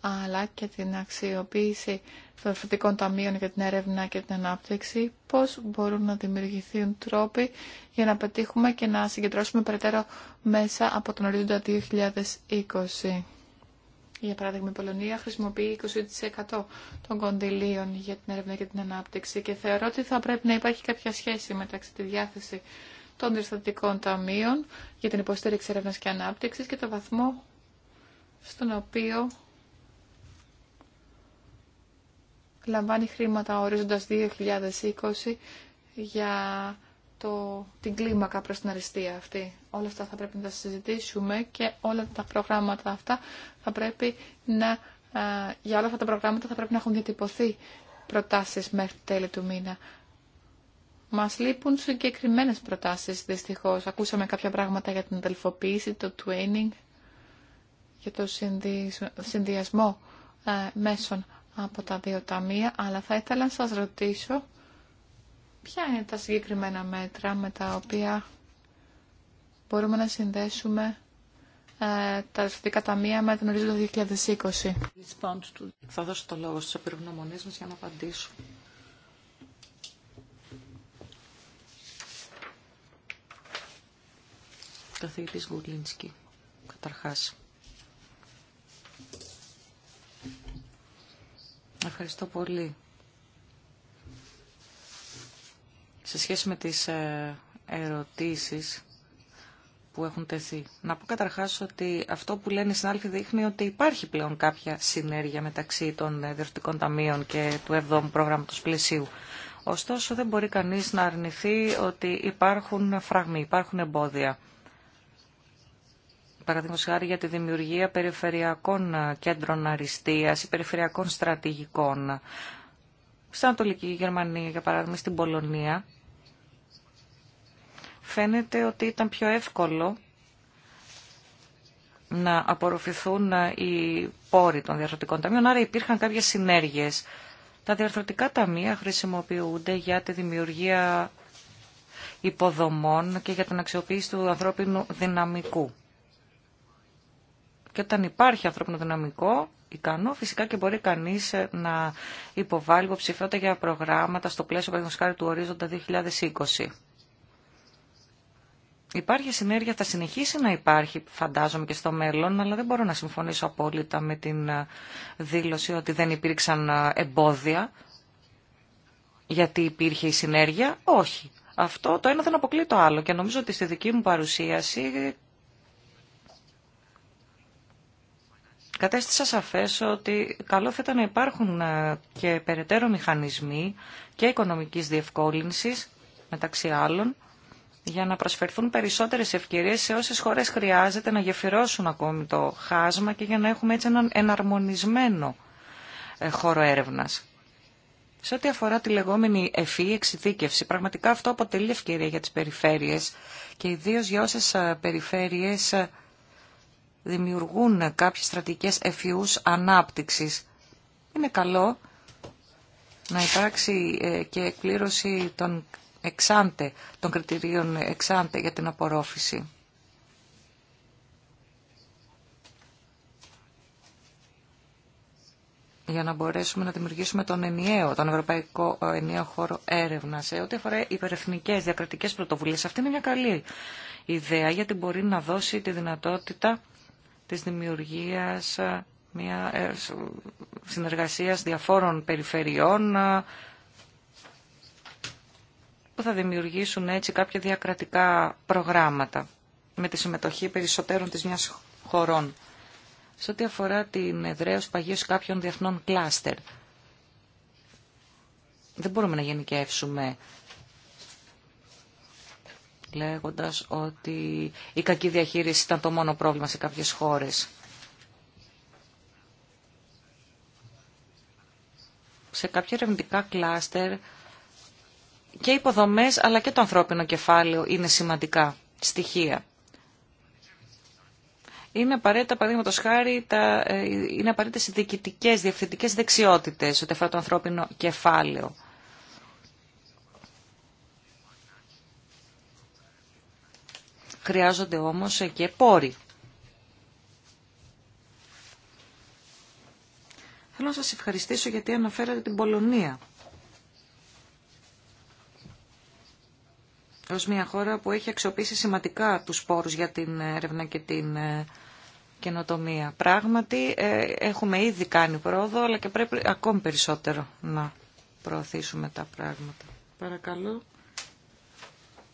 αλλά και την αξιοποίηση των φυτικών ταμείων για την έρευνα και την ανάπτυξη, πώς μπορούν να δημιουργηθούν τρόποι για να πετύχουμε και να συγκεντρώσουμε περαιτέρω μέσα από τον ορίζοντα 2020. Για παράδειγμα, η Πολωνία χρησιμοποιεί 20% των κοντιλίων για την έρευνα και την ανάπτυξη και θεωρώ ότι θα πρέπει να υπάρχει κάποια σχέση μεταξύ τη διάθεση των διαστατικών ταμείων για την υποστήριξη έρευνας και ανάπτυξης και το βαθμό στον οποίο λαμβάνει χρήματα ορίζοντας 2020 για το, την κλίμακα προς την αριστεία αυτή. Όλα αυτά θα πρέπει να τα συζητήσουμε και όλα τα προγράμματα αυτά θα πρέπει να, ε, για όλα αυτά τα προγράμματα θα πρέπει να έχουν διατυπωθεί προτάσεις μέχρι τέλη του μήνα. Μα λείπουν συγκεκριμένε προτάσει. Δυστυχώ. Ακούσαμε κάποια πράγματα για την αδελφοποίηση, το twinning, και το συνδυασμό ε, μέσων από τα δύο ταμεία, αλλά θα ήθελα να σας ρωτήσω ποια είναι τα συγκεκριμένα μέτρα με τα οποία μπορούμε να συνδέσουμε ε, τα δύο ταμεία με τον ορίζοντα 2020. Θα δώσω το λόγο στους επιρρογνωμονές μας για να απαντήσουν. καθηγητής Γκουλίνσκι, καταρχάς. Ευχαριστώ πολύ. Σε σχέση με τις ε, ερωτήσεις που έχουν τεθεί. Να πω καταρχάς ότι αυτό που λένε οι συνάδελφοι δείχνει ότι υπάρχει πλέον κάποια συνέργεια μεταξύ των διευθυντικών ταμείων και του 7ου πρόγραμματος πλαισίου. Ωστόσο δεν μπορεί κανείς να αρνηθεί ότι υπάρχουν φραγμοί, υπάρχουν εμπόδια παραδείγματος χάρη για τη δημιουργία περιφερειακών ε, κέντρων αριστείας ή περιφερειακών στρατηγικών. Στην Ανατολική Γερμανία, για παράδειγμα, στην Πολωνία, φαίνεται ότι ήταν πιο εύκολο να απορροφηθούν ε, οι πόροι των διαρθρωτικών ταμείων, άρα υπήρχαν κάποιες συνέργειες. Τα διαρθρωτικά ταμεία χρησιμοποιούνται για τη δημιουργία υποδομών και για την αξιοποίηση του ανθρώπινου δυναμικού. Και όταν υπάρχει ανθρώπινο δυναμικό ικανό, φυσικά και μπορεί κανεί ε, να υποβάλει υποψηφιότητα για προγράμματα στο πλαίσιο παραδείγματο του ορίζοντα 2020. Υπάρχει συνέργεια, θα συνεχίσει να υπάρχει φαντάζομαι και στο μέλλον, αλλά δεν μπορώ να συμφωνήσω απόλυτα με την ε, δήλωση ότι δεν υπήρξαν ε, εμπόδια γιατί υπήρχε η συνέργεια. Όχι. Αυτό το ένα δεν αποκλεί το άλλο και νομίζω ότι στη δική μου παρουσίαση κατέστησα σαφές ότι καλό θα ήταν να υπάρχουν ε, και περαιτέρω μηχανισμοί και οικονομικής διευκόλυνσης, μεταξύ άλλων, για να προσφερθούν περισσότερες ευκαιρίες σε όσες χώρες χρειάζεται να γεφυρώσουν ακόμη το χάσμα και για να έχουμε έτσι έναν εναρμονισμένο ε, χώρο έρευνας. Σε ό,τι αφορά τη λεγόμενη ευφυή εξειδίκευση, πραγματικά αυτό αποτελεί ευκαιρία για τις περιφέρειες και ιδίως για όσε ε, περιφέρειες δημιουργούν κάποιες στρατηγικές εφιούς ανάπτυξης. Είναι καλό να υπάρξει ε, και εκπλήρωση των, εξάντε, των κριτηρίων εξάντε για την απορρόφηση. για να μπορέσουμε να δημιουργήσουμε τον ενιαίο, τον ευρωπαϊκό ε, ενιαίο χώρο έρευνα. Σε ό,τι αφορά υπερεθνικέ διακρατικέ πρωτοβουλίε, αυτή είναι μια καλή ιδέα γιατί μπορεί να δώσει τη δυνατότητα της δημιουργίας ε, μια ε, συνεργασίας διαφόρων περιφερειών ε, που θα δημιουργήσουν έτσι κάποια διακρατικά προγράμματα με τη συμμετοχή περισσότερων της μιας χωρών. Σε ό,τι αφορά την εδραίωση παγίωση κάποιων διεθνών κλάστερ, δεν μπορούμε να γενικεύσουμε λέγοντας ότι η κακή διαχείριση ήταν το μόνο πρόβλημα σε κάποιες χώρες. Σε κάποια ερευνητικά κλάστερ και οι υποδομές αλλά και το ανθρώπινο κεφάλαιο είναι σημαντικά στοιχεία. Είναι απαραίτητα, παραδείγματο χάρη, τα, ε, είναι απαραίτητε οι διοικητικέ, διευθυντικέ δεξιότητε ό,τι αφορά το ανθρώπινο κεφάλαιο. Χρειάζονται όμως και πόροι. Θέλω να σας ευχαριστήσω γιατί αναφέρατε την Πολωνία. Ως μια χώρα που έχει αξιοποιήσει σημαντικά τους πόρους για την έρευνα και την ε, καινοτομία. Πράγματι ε, έχουμε ήδη κάνει πρόοδο αλλά και πρέπει ακόμη περισσότερο να προωθήσουμε τα πράγματα. Παρακαλώ.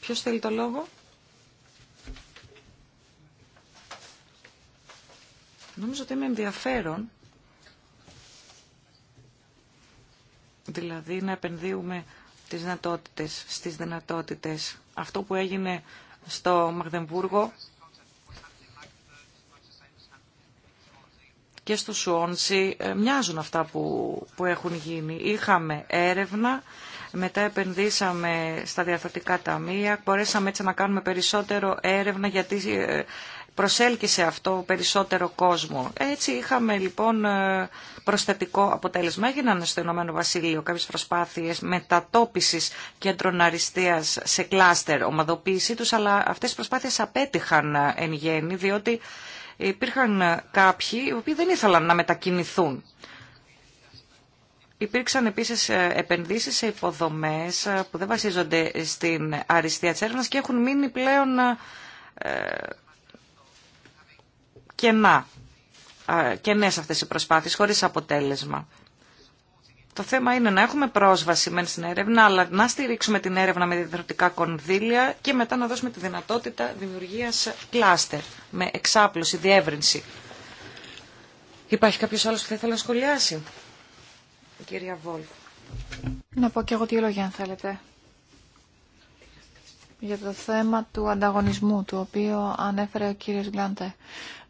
Ποιος θέλει το λόγο? Νομίζω ότι είναι ενδιαφέρον, δηλαδή να επενδύουμε τις δυνατότητες, στις δυνατότητες. Αυτό που έγινε στο Μαγδεμβούργο και στο Σουόνσι ε, μοιάζουν αυτά που, που έχουν γίνει. Είχαμε έρευνα, μετά επενδύσαμε στα διαθετικά ταμεία, μπορέσαμε έτσι να κάνουμε περισσότερο έρευνα γιατί προσέλκυσε αυτό περισσότερο κόσμο. Έτσι είχαμε λοιπόν ε, προσθετικό αποτέλεσμα. Έγιναν στο Ηνωμένο Βασίλειο κάποιες προσπάθειες μετατόπισης κέντρων αριστείας σε κλάστερ, ομαδοποίησή του, αλλά αυτέ οι προσπάθειε απέτυχαν ε, εν γέννη, διότι υπήρχαν ε, κάποιοι οι οποίοι δεν ήθελαν να μετακινηθούν. Υπήρξαν επίσης επενδύσεις σε υποδομές που δεν βασίζονται στην αριστεία της έρευνας και έχουν μείνει πλέον κενά, κενές αυτές οι προσπάθειες χωρίς αποτέλεσμα. Το θέμα είναι να έχουμε πρόσβαση μεν στην έρευνα, αλλά να στηρίξουμε την έρευνα με διδροτικά κονδύλια και μετά να δώσουμε τη δυνατότητα δημιουργίας κλάστερ με εξάπλωση, διεύρυνση. Υπάρχει κάποιος άλλος που θα ήθελε να σχολιάσει. Η κυρία Βόλφ. Να πω και εγώ δύο λόγια αν θέλετε για το θέμα του ανταγωνισμού, του οποίο ανέφερε ο κύριος Γκλάντε.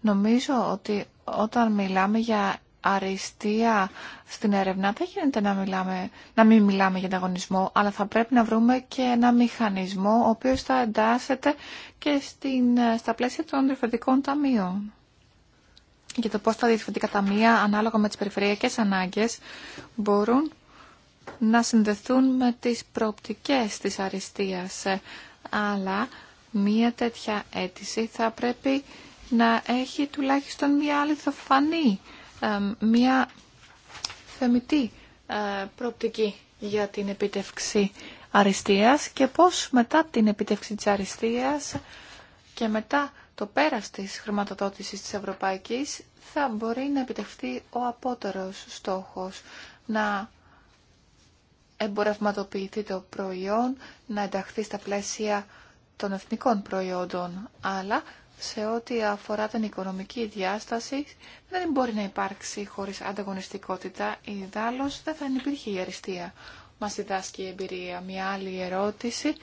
Νομίζω ότι όταν μιλάμε για αριστεία στην έρευνα, δεν γίνεται να, μιλάμε, να μην μιλάμε για ανταγωνισμό, αλλά θα πρέπει να βρούμε και ένα μηχανισμό ο οποίος θα εντάσσεται και στην, στα πλαίσια των διευθυντικών ταμείων. Για το πώς τα διευθυντικά ταμεία, ανάλογα με τις περιφερειακές ανάγκες, μπορούν να συνδεθούν με τις προοπτικές της αριστείας αλλά μία τέτοια αίτηση θα πρέπει να έχει τουλάχιστον μία αληθοφανή, μία θεμητή ε, προοπτική για την επίτευξη αριστείας και πώς μετά την επίτευξη της αριστείας και μετά το πέρας της χρηματοδότησης της Ευρωπαϊκής θα μπορεί να επιτευχθεί ο απότερος στόχος να εμπορευματοποιηθεί το προϊόν, να ενταχθεί στα πλαίσια των εθνικών προϊόντων, αλλά σε ό,τι αφορά την οικονομική διάσταση δεν μπορεί να υπάρξει χωρίς ανταγωνιστικότητα, ιδάλλως δεν θα υπήρχε η αριστεία. Μας διδάσκει η εμπειρία. Μια άλλη ερώτηση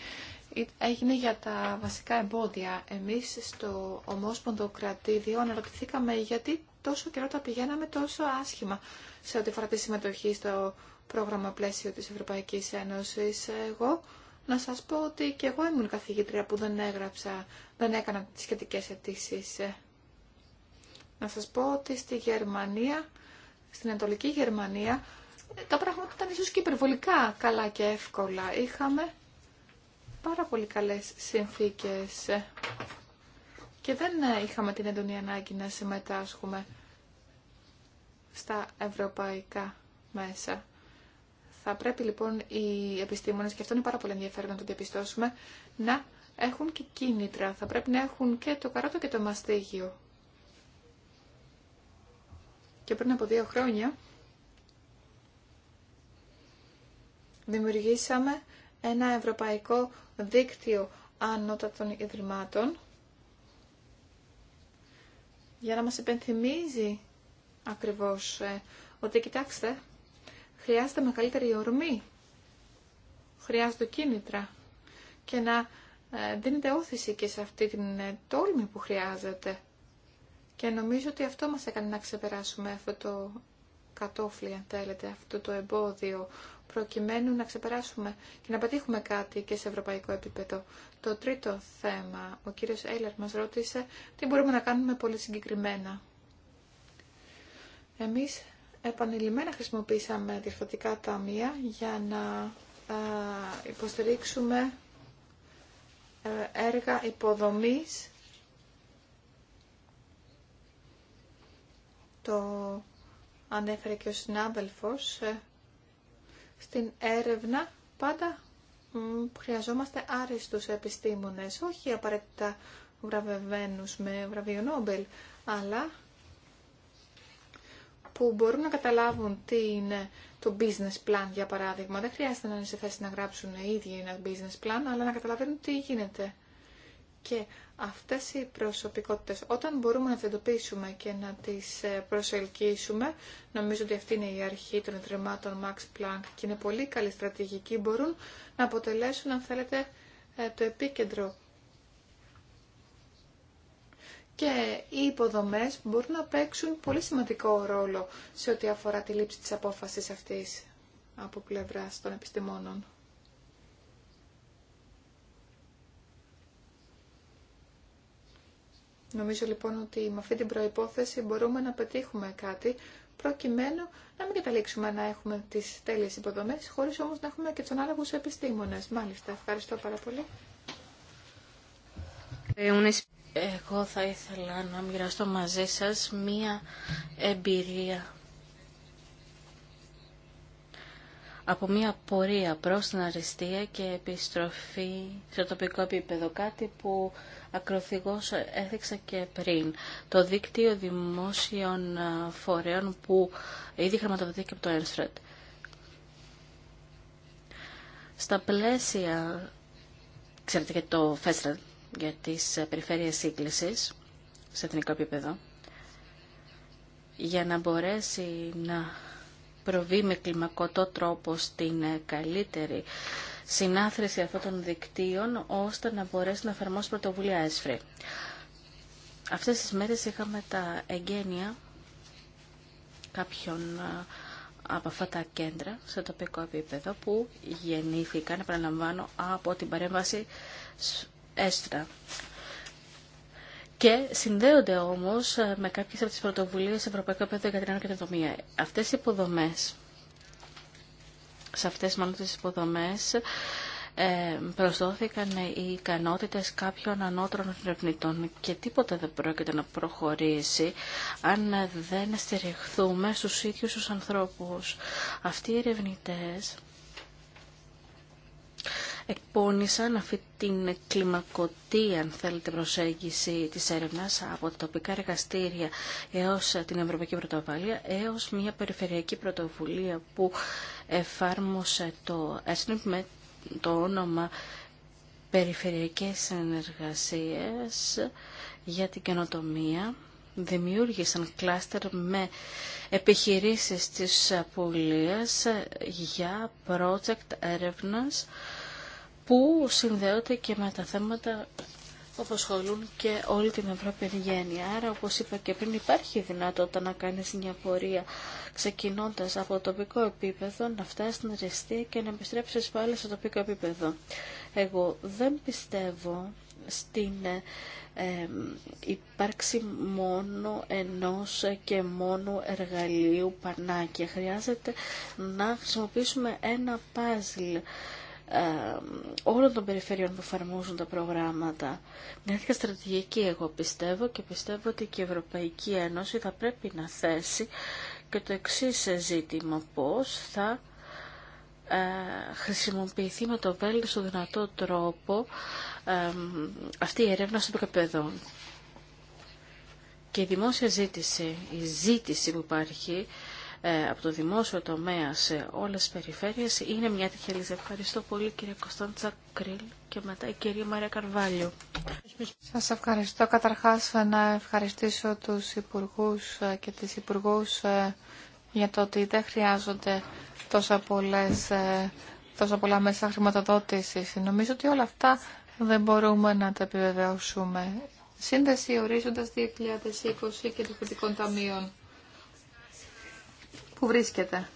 έγινε για τα βασικά εμπόδια. Εμείς στο Ομόσπονδο Κρατήδιο αναρωτηθήκαμε γιατί τόσο καιρό τα πηγαίναμε τόσο άσχημα σε ό,τι αφορά τη συμμετοχή στο πρόγραμμα πλαίσιο της Ευρωπαϊκής Ένωσης. Εγώ να σας πω ότι και εγώ ήμουν καθηγήτρια που δεν έγραψα, δεν έκανα τις σχετικές αιτήσει. Να σας πω ότι στη Γερμανία, στην Ανατολική Γερμανία, τα πράγματα ήταν ίσως και υπερβολικά καλά και εύκολα. Είχαμε πάρα πολύ καλές συνθήκες και δεν είχαμε την έντονη ανάγκη να συμμετάσχουμε στα ευρωπαϊκά μέσα. Θα πρέπει λοιπόν οι επιστήμονες, και αυτό είναι πάρα πολύ ενδιαφέρον να το διαπιστώσουμε, να έχουν και κίνητρα. Θα πρέπει να έχουν και το καρότο και το μαστίγιο. Και πριν από δύο χρόνια δημιουργήσαμε ένα ευρωπαϊκό δίκτυο ανώτατων ιδρυμάτων για να μας υπενθυμίζει ακριβώς ε, ότι κοιτάξτε Χρειάζεται μεγαλύτερη ορμή. Χρειάζονται κίνητρα. Και να ε, δίνετε όθηση και σε αυτή την ε, τόλμη που χρειάζεται. Και νομίζω ότι αυτό μας έκανε να ξεπεράσουμε αυτό το κατόφλι, αν θέλετε, αυτό το εμπόδιο, προκειμένου να ξεπεράσουμε και να πετύχουμε κάτι και σε ευρωπαϊκό επίπεδο. Το τρίτο θέμα, ο κύριος Έλλερ μας ρώτησε τι μπορούμε να κάνουμε πολύ συγκεκριμένα. Εμείς επανειλημμένα χρησιμοποίησαμε διαφορετικά ταμεία για να ε, υποστηρίξουμε ε, έργα υποδομής το ανέφερε και ο συνάδελφος ε, στην έρευνα πάντα χρειαζόμαστε άριστους επιστήμονες όχι απαραίτητα βραβευμένους με βραβείο Νόμπελ αλλά που μπορούν να καταλάβουν τι είναι το business plan, για παράδειγμα. Δεν χρειάζεται να είναι σε θέση να γράψουν οι ίδιοι ένα business plan, αλλά να καταλαβαίνουν τι γίνεται. Και αυτές οι προσωπικότητες, όταν μπορούμε να τις εντοπίσουμε και να τις ε, προσελκύσουμε, νομίζω ότι αυτή είναι η αρχή των ιδρυμάτων Max Planck και είναι πολύ καλή στρατηγική, μπορούν να αποτελέσουν, αν θέλετε, ε, το επίκεντρο και οι υποδομές μπορούν να παίξουν πολύ σημαντικό ρόλο σε ό,τι αφορά τη λήψη της απόφασης αυτής από πλευρά των επιστημόνων. Νομίζω λοιπόν ότι με αυτή την προϋπόθεση μπορούμε να πετύχουμε κάτι προκειμένου να μην καταλήξουμε να έχουμε τις τέλειες υποδομές χωρίς όμως να έχουμε και τους ανάλογους επιστήμονες. Μάλιστα, ευχαριστώ πάρα πολύ. Ε, εγώ θα ήθελα να μοιραστώ μαζί σας μία εμπειρία από μία πορεία προς την αριστεία και επιστροφή σε τοπικό επίπεδο, κάτι που ακροθυγώς έδειξα και πριν. Το δίκτυο δημόσιων φορέων που ήδη και από το Ένστρετ. Στα πλαίσια, ξέρετε και το Φέστρετ, για τις ε, περιφέρειες σύγκλησης σε εθνικό επίπεδο για να μπορέσει να προβεί με κλιμακωτό τρόπο στην ε, καλύτερη συνάθρηση αυτών των δικτύων ώστε να μπορέσει να εφαρμόσει πρωτοβουλία ΕΣΦΡΗ. Αυτές τις μέρες είχαμε τα εγγένεια κάποιων ε, από αυτά τα κέντρα σε τοπικό επίπεδο που γεννήθηκαν, επαναλαμβάνω, από την παρέμβαση έστρα. Και συνδέονται όμως ε, με κάποιες από τις πρωτοβουλίες Ευρωπαϊκού Επίπεδου για την Αυτές οι υποδομές, σε αυτές μάλλον τις υποδομές, ε, προσδόθηκαν οι ικανότητες κάποιων ανώτερων ερευνητών και τίποτα δεν πρόκειται να προχωρήσει αν δεν στηριχθούμε στους ίδιους τους ανθρώπους. Αυτοί οι ερευνητές εκπώνησαν αυτή την κλιμακωτή, αν θέλετε, προσέγγιση της έρευνας από τα τοπικά εργαστήρια έως την Ευρωπαϊκή Πρωτοβουλία, έως μια περιφερειακή πρωτοβουλία που εφάρμοσε το ΕΣΝΙΠ με το όνομα Περιφερειακές Συνεργασίες για την Καινοτομία δημιούργησαν κλάστερ με επιχειρήσεις της απολίας για project έρευνας που συνδέονται και με τα θέματα που απασχολούν και όλη την Ευρώπη εν γέννη. Άρα, όπως είπα και πριν, υπάρχει δυνατότητα να κάνεις μια πορεία ξεκινώντας από τοπικό επίπεδο, να φτάσεις στην αριστεία και να επιστρέψεις πάλι στο τοπικό επίπεδο. Εγώ δεν πιστεύω στην ε, υπάρξη μόνο ενός και μόνο εργαλείου πανάκια. Χρειάζεται να χρησιμοποιήσουμε ένα παζλ ε, όλων των περιφερειών που εφαρμόζουν τα προγράμματα. Μια τέτοια στρατηγική εγώ πιστεύω και πιστεύω ότι και η Ευρωπαϊκή Ένωση θα πρέπει να θέσει και το εξή ζήτημα πώς θα ε, χρησιμοποιηθεί με το βέλτιστο δυνατό τρόπο ε, αυτή η ερεύνα των προκαπαιδών. Και η δημόσια ζήτηση, η ζήτηση που υπάρχει ε, από το δημόσιο τομέα σε όλε τι περιφέρειε. είναι μια τυχελή Ευχαριστώ πολύ κύριε Κωνσταντζα Κρίλ και μετά η κυρία Μαρία Καρβάλιο. Σα ευχαριστώ Καταρχά να ευχαριστήσω του υπουργού ε, και τι υπουργού ε, για το ότι δεν χρειάζονται τόσα, πολλές, τόσα πολλά μέσα χρηματοδότηση. Νομίζω ότι όλα αυτά δεν μπορούμε να τα επιβεβαιώσουμε. Σύνδεση ορίζοντας 2020 και των παιδικών ταμείων που βρίσκεται.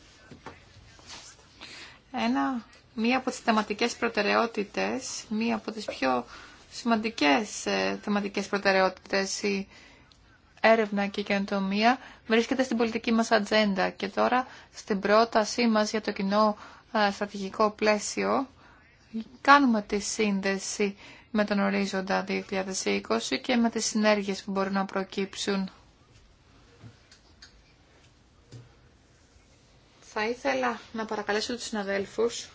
Ένα, μία από τις θεματικές προτεραιότητες, μία από τις πιο σημαντικές ε, θεματικές προτεραιότητες η έρευνα και η καινοτομία βρίσκεται στην πολιτική μας ατζέντα και τώρα στην πρότασή μας για το κοινό ε, στρατηγικό πλαίσιο κάνουμε τη σύνδεση με τον ορίζοντα 2020 και με τις συνέργειες που μπορούν να προκύψουν Θα ήθελα να παρακαλέσω τους συναδέλφους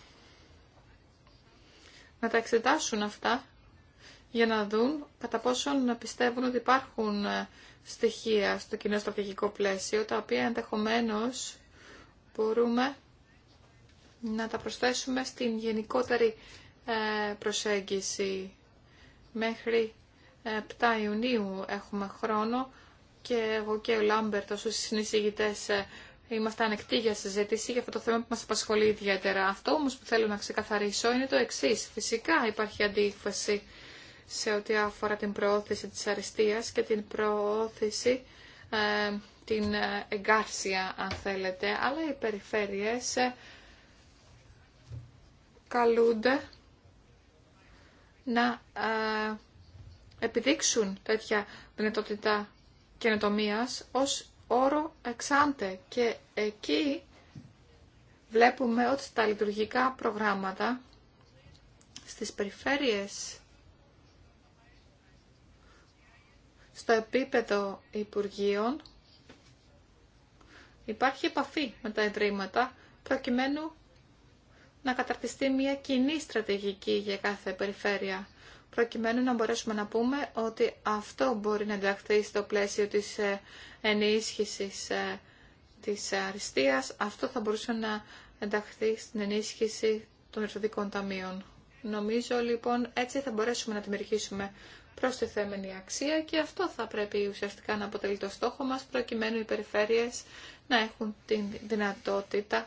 να τα εξετάσουν αυτά για να δουν κατά πόσον να πιστεύουν ότι υπάρχουν ε, στοιχεία στο κοινό στρατηγικό πλαίσιο, τα οποία ενδεχομένως μπορούμε να τα προσθέσουμε στην γενικότερη ε, προσέγγιση. Μέχρι 7 ε, Ιουνίου έχουμε χρόνο και εγώ και ο Λάμπερτ όσοι συνεισηγητές είμαστε ανεκτοί για συζήτηση για αυτό το θέμα που μας απασχολεί ιδιαίτερα. Αυτό όμως που θέλω να ξεκαθαρίσω είναι το εξή. Φυσικά υπάρχει αντίφαση σε ό,τι αφορά την προώθηση της αριστείας και την προώθηση ε, την ε, εγκάρσια, αν θέλετε, αλλά οι περιφέρειες ε, καλούνται να επιδείξουν τέτοια δυνατότητα καινοτομία ως όρο εξάντε και εκεί βλέπουμε ότι τα λειτουργικά προγράμματα στις περιφέρειες στο επίπεδο Υπουργείων υπάρχει επαφή με τα ιδρύματα προκειμένου να καταρτιστεί μια κοινή στρατηγική για κάθε περιφέρεια προκειμένου να μπορέσουμε να πούμε ότι αυτό μπορεί να ενταχθεί στο πλαίσιο της ε, ενίσχυσης ε, της αριστείας, αυτό θα μπορούσε να ενταχθεί στην ενίσχυση των ερωτικών ταμείων. Νομίζω λοιπόν έτσι θα μπορέσουμε να δημιουργήσουμε προστιθέμενη αξία και αυτό θα πρέπει ουσιαστικά να αποτελεί το στόχο μας προκειμένου οι περιφέρειες να έχουν την δυνατότητα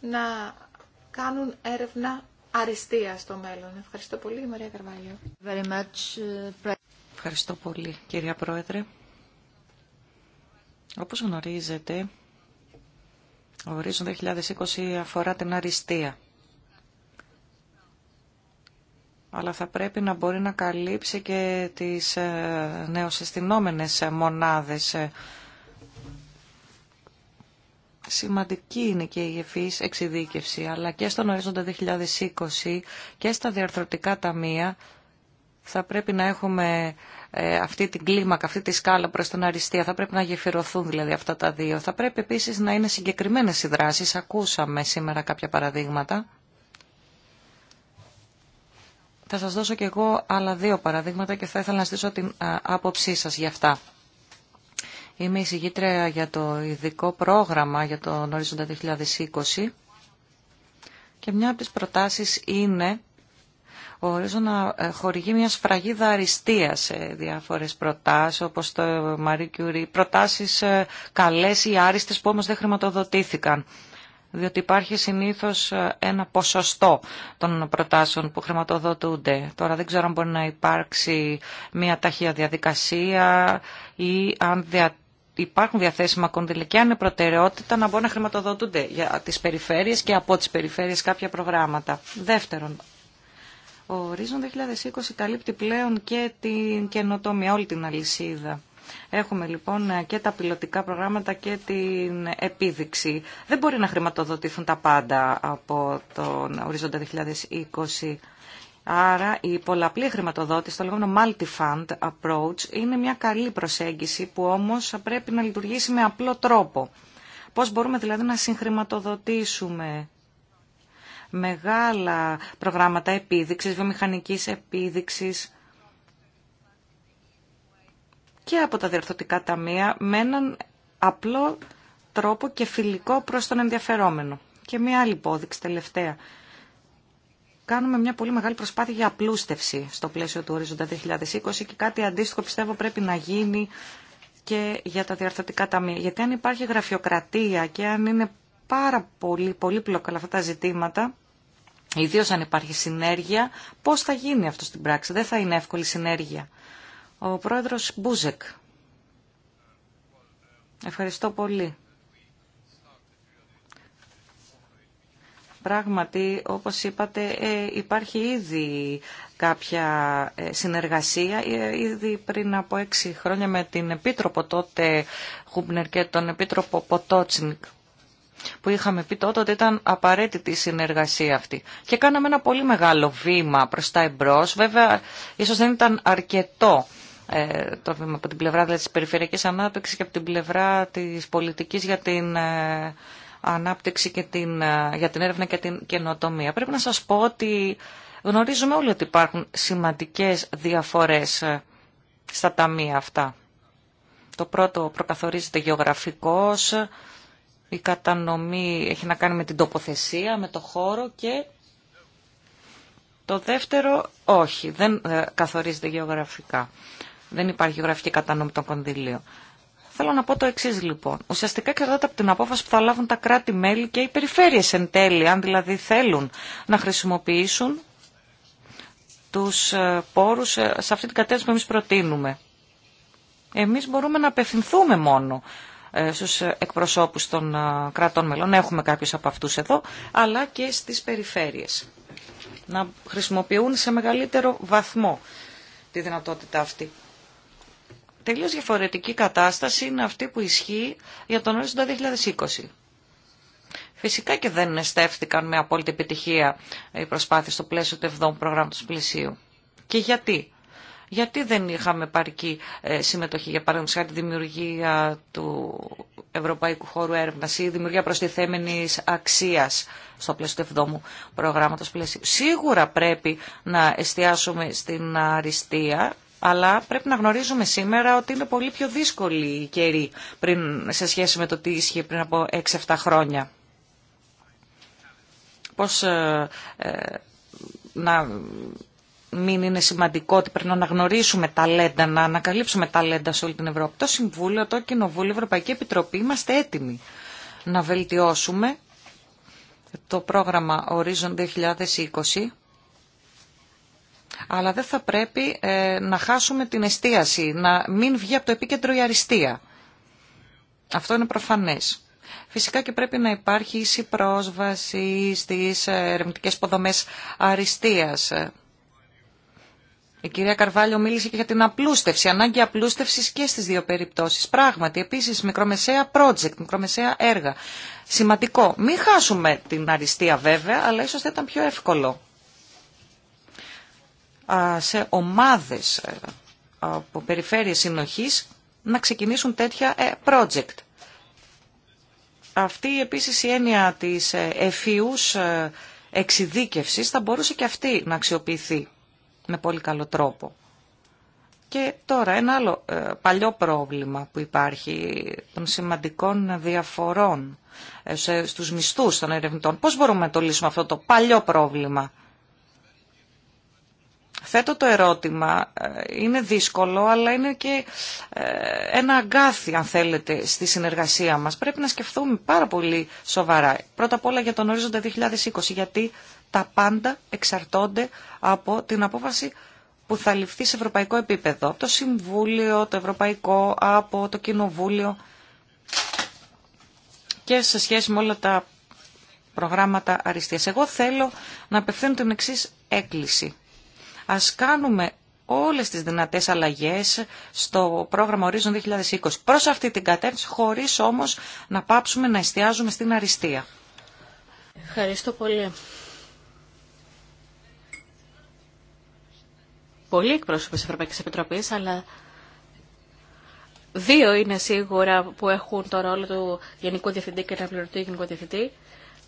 να κάνουν έρευνα αριστεία στο μέλλον. Ευχαριστώ πολύ, Μαρία Καρβάλιο. Very much. Uh, Ευχαριστώ πολύ, κυρία Πρόεδρε. Όπως γνωρίζετε, ο ορίζον 2020 αφορά την αριστεία. Αλλά θα πρέπει να μπορεί να καλύψει και τις ε, νεοσυστηνόμενες ε, μονάδες ε, Σημαντική είναι και η ευφύης εξειδίκευση, αλλά και στον ορίζοντα 2020 και στα διαρθρωτικά ταμεία θα πρέπει να έχουμε ε, αυτή την κλίμακα, αυτή τη σκάλα προς τον αριστεία. Θα πρέπει να γεφυρωθούν δηλαδή αυτά τα δύο. Θα πρέπει επίσης να είναι συγκεκριμένες οι δράσεις. Ακούσαμε σήμερα κάποια παραδείγματα. Θα σας δώσω και εγώ άλλα δύο παραδείγματα και θα ήθελα να στήσω την άποψή σας για αυτά. Είμαι εισηγήτρια για το ειδικό πρόγραμμα για τον ορίζοντα 2020 και μια από τις προτάσεις είναι ο ορίζονα χορηγεί μια σφραγίδα αριστεία σε διάφορες προτάσεις όπως το Marie Curie, προτάσεις ε, καλές ή άριστες που όμως δεν χρηματοδοτήθηκαν διότι υπάρχει συνήθως ε, ένα ποσοστό των προτάσεων που χρηματοδοτούνται. Τώρα δεν ξέρω αν μπορεί να υπάρξει μια ταχεία διαδικασία ή αν δια υπάρχουν διαθέσιμα κονδύλια και είναι προτεραιότητα να μπορούν να χρηματοδοτούνται για τις περιφέρειες και από τις περιφέρειες κάποια προγράμματα. Δεύτερον, ο Ορίζον 2020 καλύπτει πλέον και την καινοτομία, όλη την αλυσίδα. Έχουμε λοιπόν και τα πιλωτικά προγράμματα και την επίδειξη. Δεν μπορεί να χρηματοδοτηθούν τα πάντα από τον Ορίζοντα 2020. Άρα η πολλαπλή χρηματοδότηση, το λεγόμενο multi-fund approach, είναι μια καλή προσέγγιση που όμως πρέπει να λειτουργήσει με απλό τρόπο. Πώς μπορούμε δηλαδή να συγχρηματοδοτήσουμε μεγάλα προγράμματα επίδειξης, βιομηχανικής επίδειξης και από τα διορθωτικά ταμεία με έναν απλό τρόπο και φιλικό προς τον ενδιαφερόμενο. Και μια άλλη υπόδειξη τελευταία κάνουμε μια πολύ μεγάλη προσπάθεια για απλούστευση στο πλαίσιο του ορίζοντα 2020 και κάτι αντίστοιχο πιστεύω πρέπει να γίνει και για τα διαρθρωτικά ταμεία. Γιατί αν υπάρχει γραφειοκρατία και αν είναι πάρα πολύ πολύπλοκα αυτά τα ζητήματα, ιδίω αν υπάρχει συνέργεια, πώς θα γίνει αυτό στην πράξη. Δεν θα είναι εύκολη συνέργεια. Ο πρόεδρος Μπούζεκ. Ευχαριστώ πολύ. Πράγματι, όπως είπατε, ε, υπάρχει ήδη κάποια ε, συνεργασία. Ε, ήδη πριν από έξι χρόνια με την Επίτροπο τότε Χούμπνερ και τον Επίτροπο Ποτότσινγκ που είχαμε πει τότε ότι ήταν απαραίτητη η συνεργασία αυτή. Και κάναμε ένα πολύ μεγάλο βήμα προς τα εμπρός. Βέβαια, ίσως δεν ήταν αρκετό το βήμα από την πλευρά δηλαδή, της περιφερειακής ανάπτυξης και από την πλευρά της πολιτικής για την ανάπτυξη και την, ε, για την έρευνα και την καινοτομία. Πρέπει να σας πω ότι γνωρίζουμε όλοι ότι υπάρχουν σημαντικές διαφορές ε, στα ταμεία αυτά. Το πρώτο προκαθορίζεται γεωγραφικός, η κατανομή έχει να κάνει με την τοποθεσία, με το χώρο και το δεύτερο όχι, δεν ε, καθορίζεται γεωγραφικά. Δεν υπάρχει γεωγραφική κατανομή των κονδυλίων. Θέλω να πω το εξή λοιπόν. Ουσιαστικά εξαρτάται από την απόφαση που θα λάβουν τα κράτη-μέλη και οι περιφέρειες εν τέλει, αν δηλαδή θέλουν να χρησιμοποιήσουν τους ε, πόρους ε, σε αυτή την κατεύθυνση που εμείς προτείνουμε. Εμείς μπορούμε να απευθυνθούμε μόνο ε, στους εκπροσώπους των κρατών μελών, έχουμε κάποιου από αυτού εδώ, αλλά και στι περιφέρειες. Να χρησιμοποιούν σε μεγαλύτερο βαθμό τη δυνατότητα αυτή. Τελείως διαφορετική κατάσταση είναι αυτή που ισχύει για τον ορίζοντα 2020. Φυσικά και δεν εστεύτηκαν με απόλυτη επιτυχία οι προσπάθειες στο πλαίσιο του 7ου προγράμματος πλαισίου. Και γιατί. Γιατί δεν είχαμε παρκή ε, συμμετοχή, για παράδειγμα, τη δημιουργία του Ευρωπαϊκού Χώρου Έρευνα ή δημιουργία προστιθέμενης αξίας στο πλαίσιο του 7ου προγράμματο πλαισίου. Σίγουρα πρέπει να εστιάσουμε στην αριστεία αλλά πρέπει να γνωρίζουμε σήμερα ότι είναι πολύ πιο δύσκολη η καιρή πριν, σε σχέση με το τι ίσχυε πριν από 6-7 χρόνια. Πώς ε, ε, να μην είναι σημαντικό ότι πρέπει να αναγνωρίσουμε ταλέντα, να ανακαλύψουμε ταλέντα σε όλη την Ευρώπη. Το Συμβούλιο, το Κοινοβούλιο, η Ευρωπαϊκή Επιτροπή είμαστε έτοιμοι να βελτιώσουμε το πρόγραμμα Horizon 2020 αλλά δεν θα πρέπει ε, να χάσουμε την εστίαση, να μην βγει από το επίκεντρο η αριστεία. Αυτό είναι προφανές. Φυσικά και πρέπει να υπάρχει ίση πρόσβαση στις ε, ερευνητικές υποδομές αριστείας. Η κυρία Καρβάλιο μίλησε και για την απλούστευση, ανάγκη απλούστευσης και στις δύο περιπτώσεις. Πράγματι, επίσης μικρομεσαία project, μικρομεσαία έργα. Σημαντικό. Μην χάσουμε την αριστεία βέβαια, αλλά ίσως θα ήταν πιο εύκολο σε ομάδες ε, από περιφέρειες συνοχής να ξεκινήσουν τέτοια ε, project. Αυτή επίσης η έννοια της ε, εφιούς εξειδίκευσης θα μπορούσε και αυτή να αξιοποιηθεί με πολύ καλό τρόπο. Και τώρα ένα άλλο παλιό πρόβλημα που υπάρχει των σημαντικών διαφορών στους μισθούς των ερευνητών. Πώς μπορούμε να το λύσουμε αυτό το παλιό πρόβλημα Θέτω το ερώτημα, ε, είναι δύσκολο, αλλά είναι και ε, ένα αγκάθι, αν θέλετε, στη συνεργασία μας. Πρέπει να σκεφτούμε πάρα πολύ σοβαρά. Πρώτα απ' όλα για τον ορίζοντα 2020, γιατί τα πάντα εξαρτώνται από την απόφαση που θα ληφθεί σε ευρωπαϊκό επίπεδο. Από το Συμβούλιο, το Ευρωπαϊκό, από το Κοινοβούλιο και σε σχέση με όλα τα προγράμματα αριστείας. Εγώ θέλω να απευθύνω την εξής έκκληση. Ας κάνουμε όλες τις δυνατές αλλαγές στο πρόγραμμα Horizon 2020 προς αυτή την κατεύθυνση, χωρίς όμως να πάψουμε να εστιάζουμε στην αριστεία. Ευχαριστώ πολύ. Πολλοί εκπρόσωποι της Ευρωπαϊκής Επιτροπής, αλλά δύο είναι σίγουρα που έχουν το ρόλο του Γενικού Διευθυντή και Αναπληρωτή Γενικού Διευθυντή.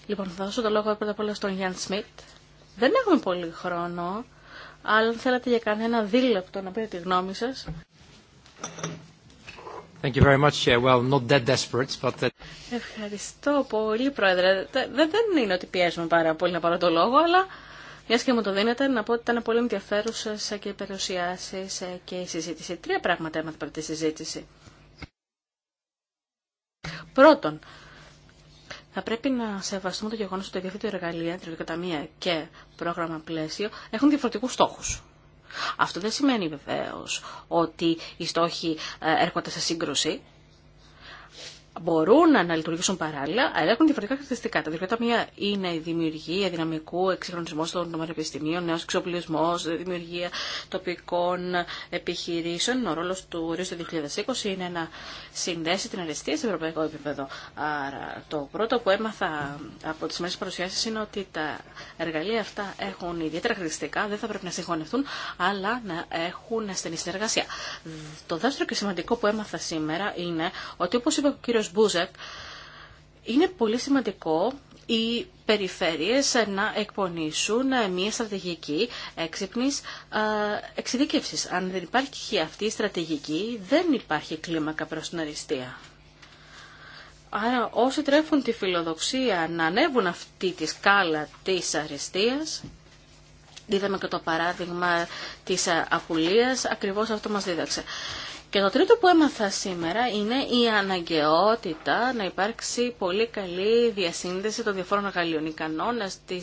Λοιπόν, θα δώσω το λόγο πρώτα απ' όλα στον Γιάνν Σμιτ. Δεν έχουμε πολύ χρόνο. Αλλά αν θέλετε για κανένα δίλεπτο να πείτε τη γνώμη σας. Thank you very much. Well, not that desperate, but that... Ευχαριστώ πολύ, Πρόεδρε. Δεν είναι ότι πιέζουμε πάρα πολύ να πάρω το λόγο, αλλά μια και μου το δίνετε, να πω ότι ήταν πολύ ενδιαφέρουσε και οι περιουσιάσει ε, και η συζήτηση. Τρία πράγματα έμαθα από τη συζήτηση. Πρώτον, θα πρέπει να σεβαστούμε το γεγονό ότι τα εργαλεία, τριωτικοταμεία και πρόγραμμα πλαίσιο έχουν διαφορετικού στόχου. Αυτό δεν σημαίνει βεβαίω ότι οι στόχοι ε, έρχονται σε σύγκρουση μπορούν να λειτουργήσουν παράλληλα, αλλά έχουν διαφορετικά χαρακτηριστικά. Τα διαφορετικά μια είναι η δημιουργία δυναμικού, εξυγχρονισμό των πανεπιστημίων, νέο εξοπλισμό, δημιουργία τοπικών επιχειρήσεων. Ο ρόλο του ορίου 2020 είναι να συνδέσει την αριστεία σε ευρωπαϊκό επίπεδο. Άρα, το πρώτο που έμαθα από τι μέρε παρουσιάσει είναι ότι τα εργαλεία αυτά έχουν ιδιαίτερα χαρακτηριστικά, δεν θα πρέπει να συγχωνευτούν, αλλά να έχουν στενή συνεργασία. Το δεύτερο και σημαντικό που έμαθα σήμερα είναι ότι, όπω είπε ο κύριο Μπούζεκ, είναι πολύ σημαντικό οι περιφέρειες να εκπονήσουν μια στρατηγική έξυπνης εξειδίκευσης. Αν δεν υπάρχει αυτή η στρατηγική, δεν υπάρχει κλίμακα προς την αριστεία. Άρα όσοι τρέφουν τη φιλοδοξία να ανέβουν αυτή τη σκάλα της αριστείας, είδαμε και το παράδειγμα της ε, απουλίας, ακριβώς αυτό μας δίδαξε. Και το τρίτο που έμαθα σήμερα είναι η αναγκαιότητα να υπάρξει πολύ καλή διασύνδεση των διαφόρων εργαλείων. Οι κανόνε τη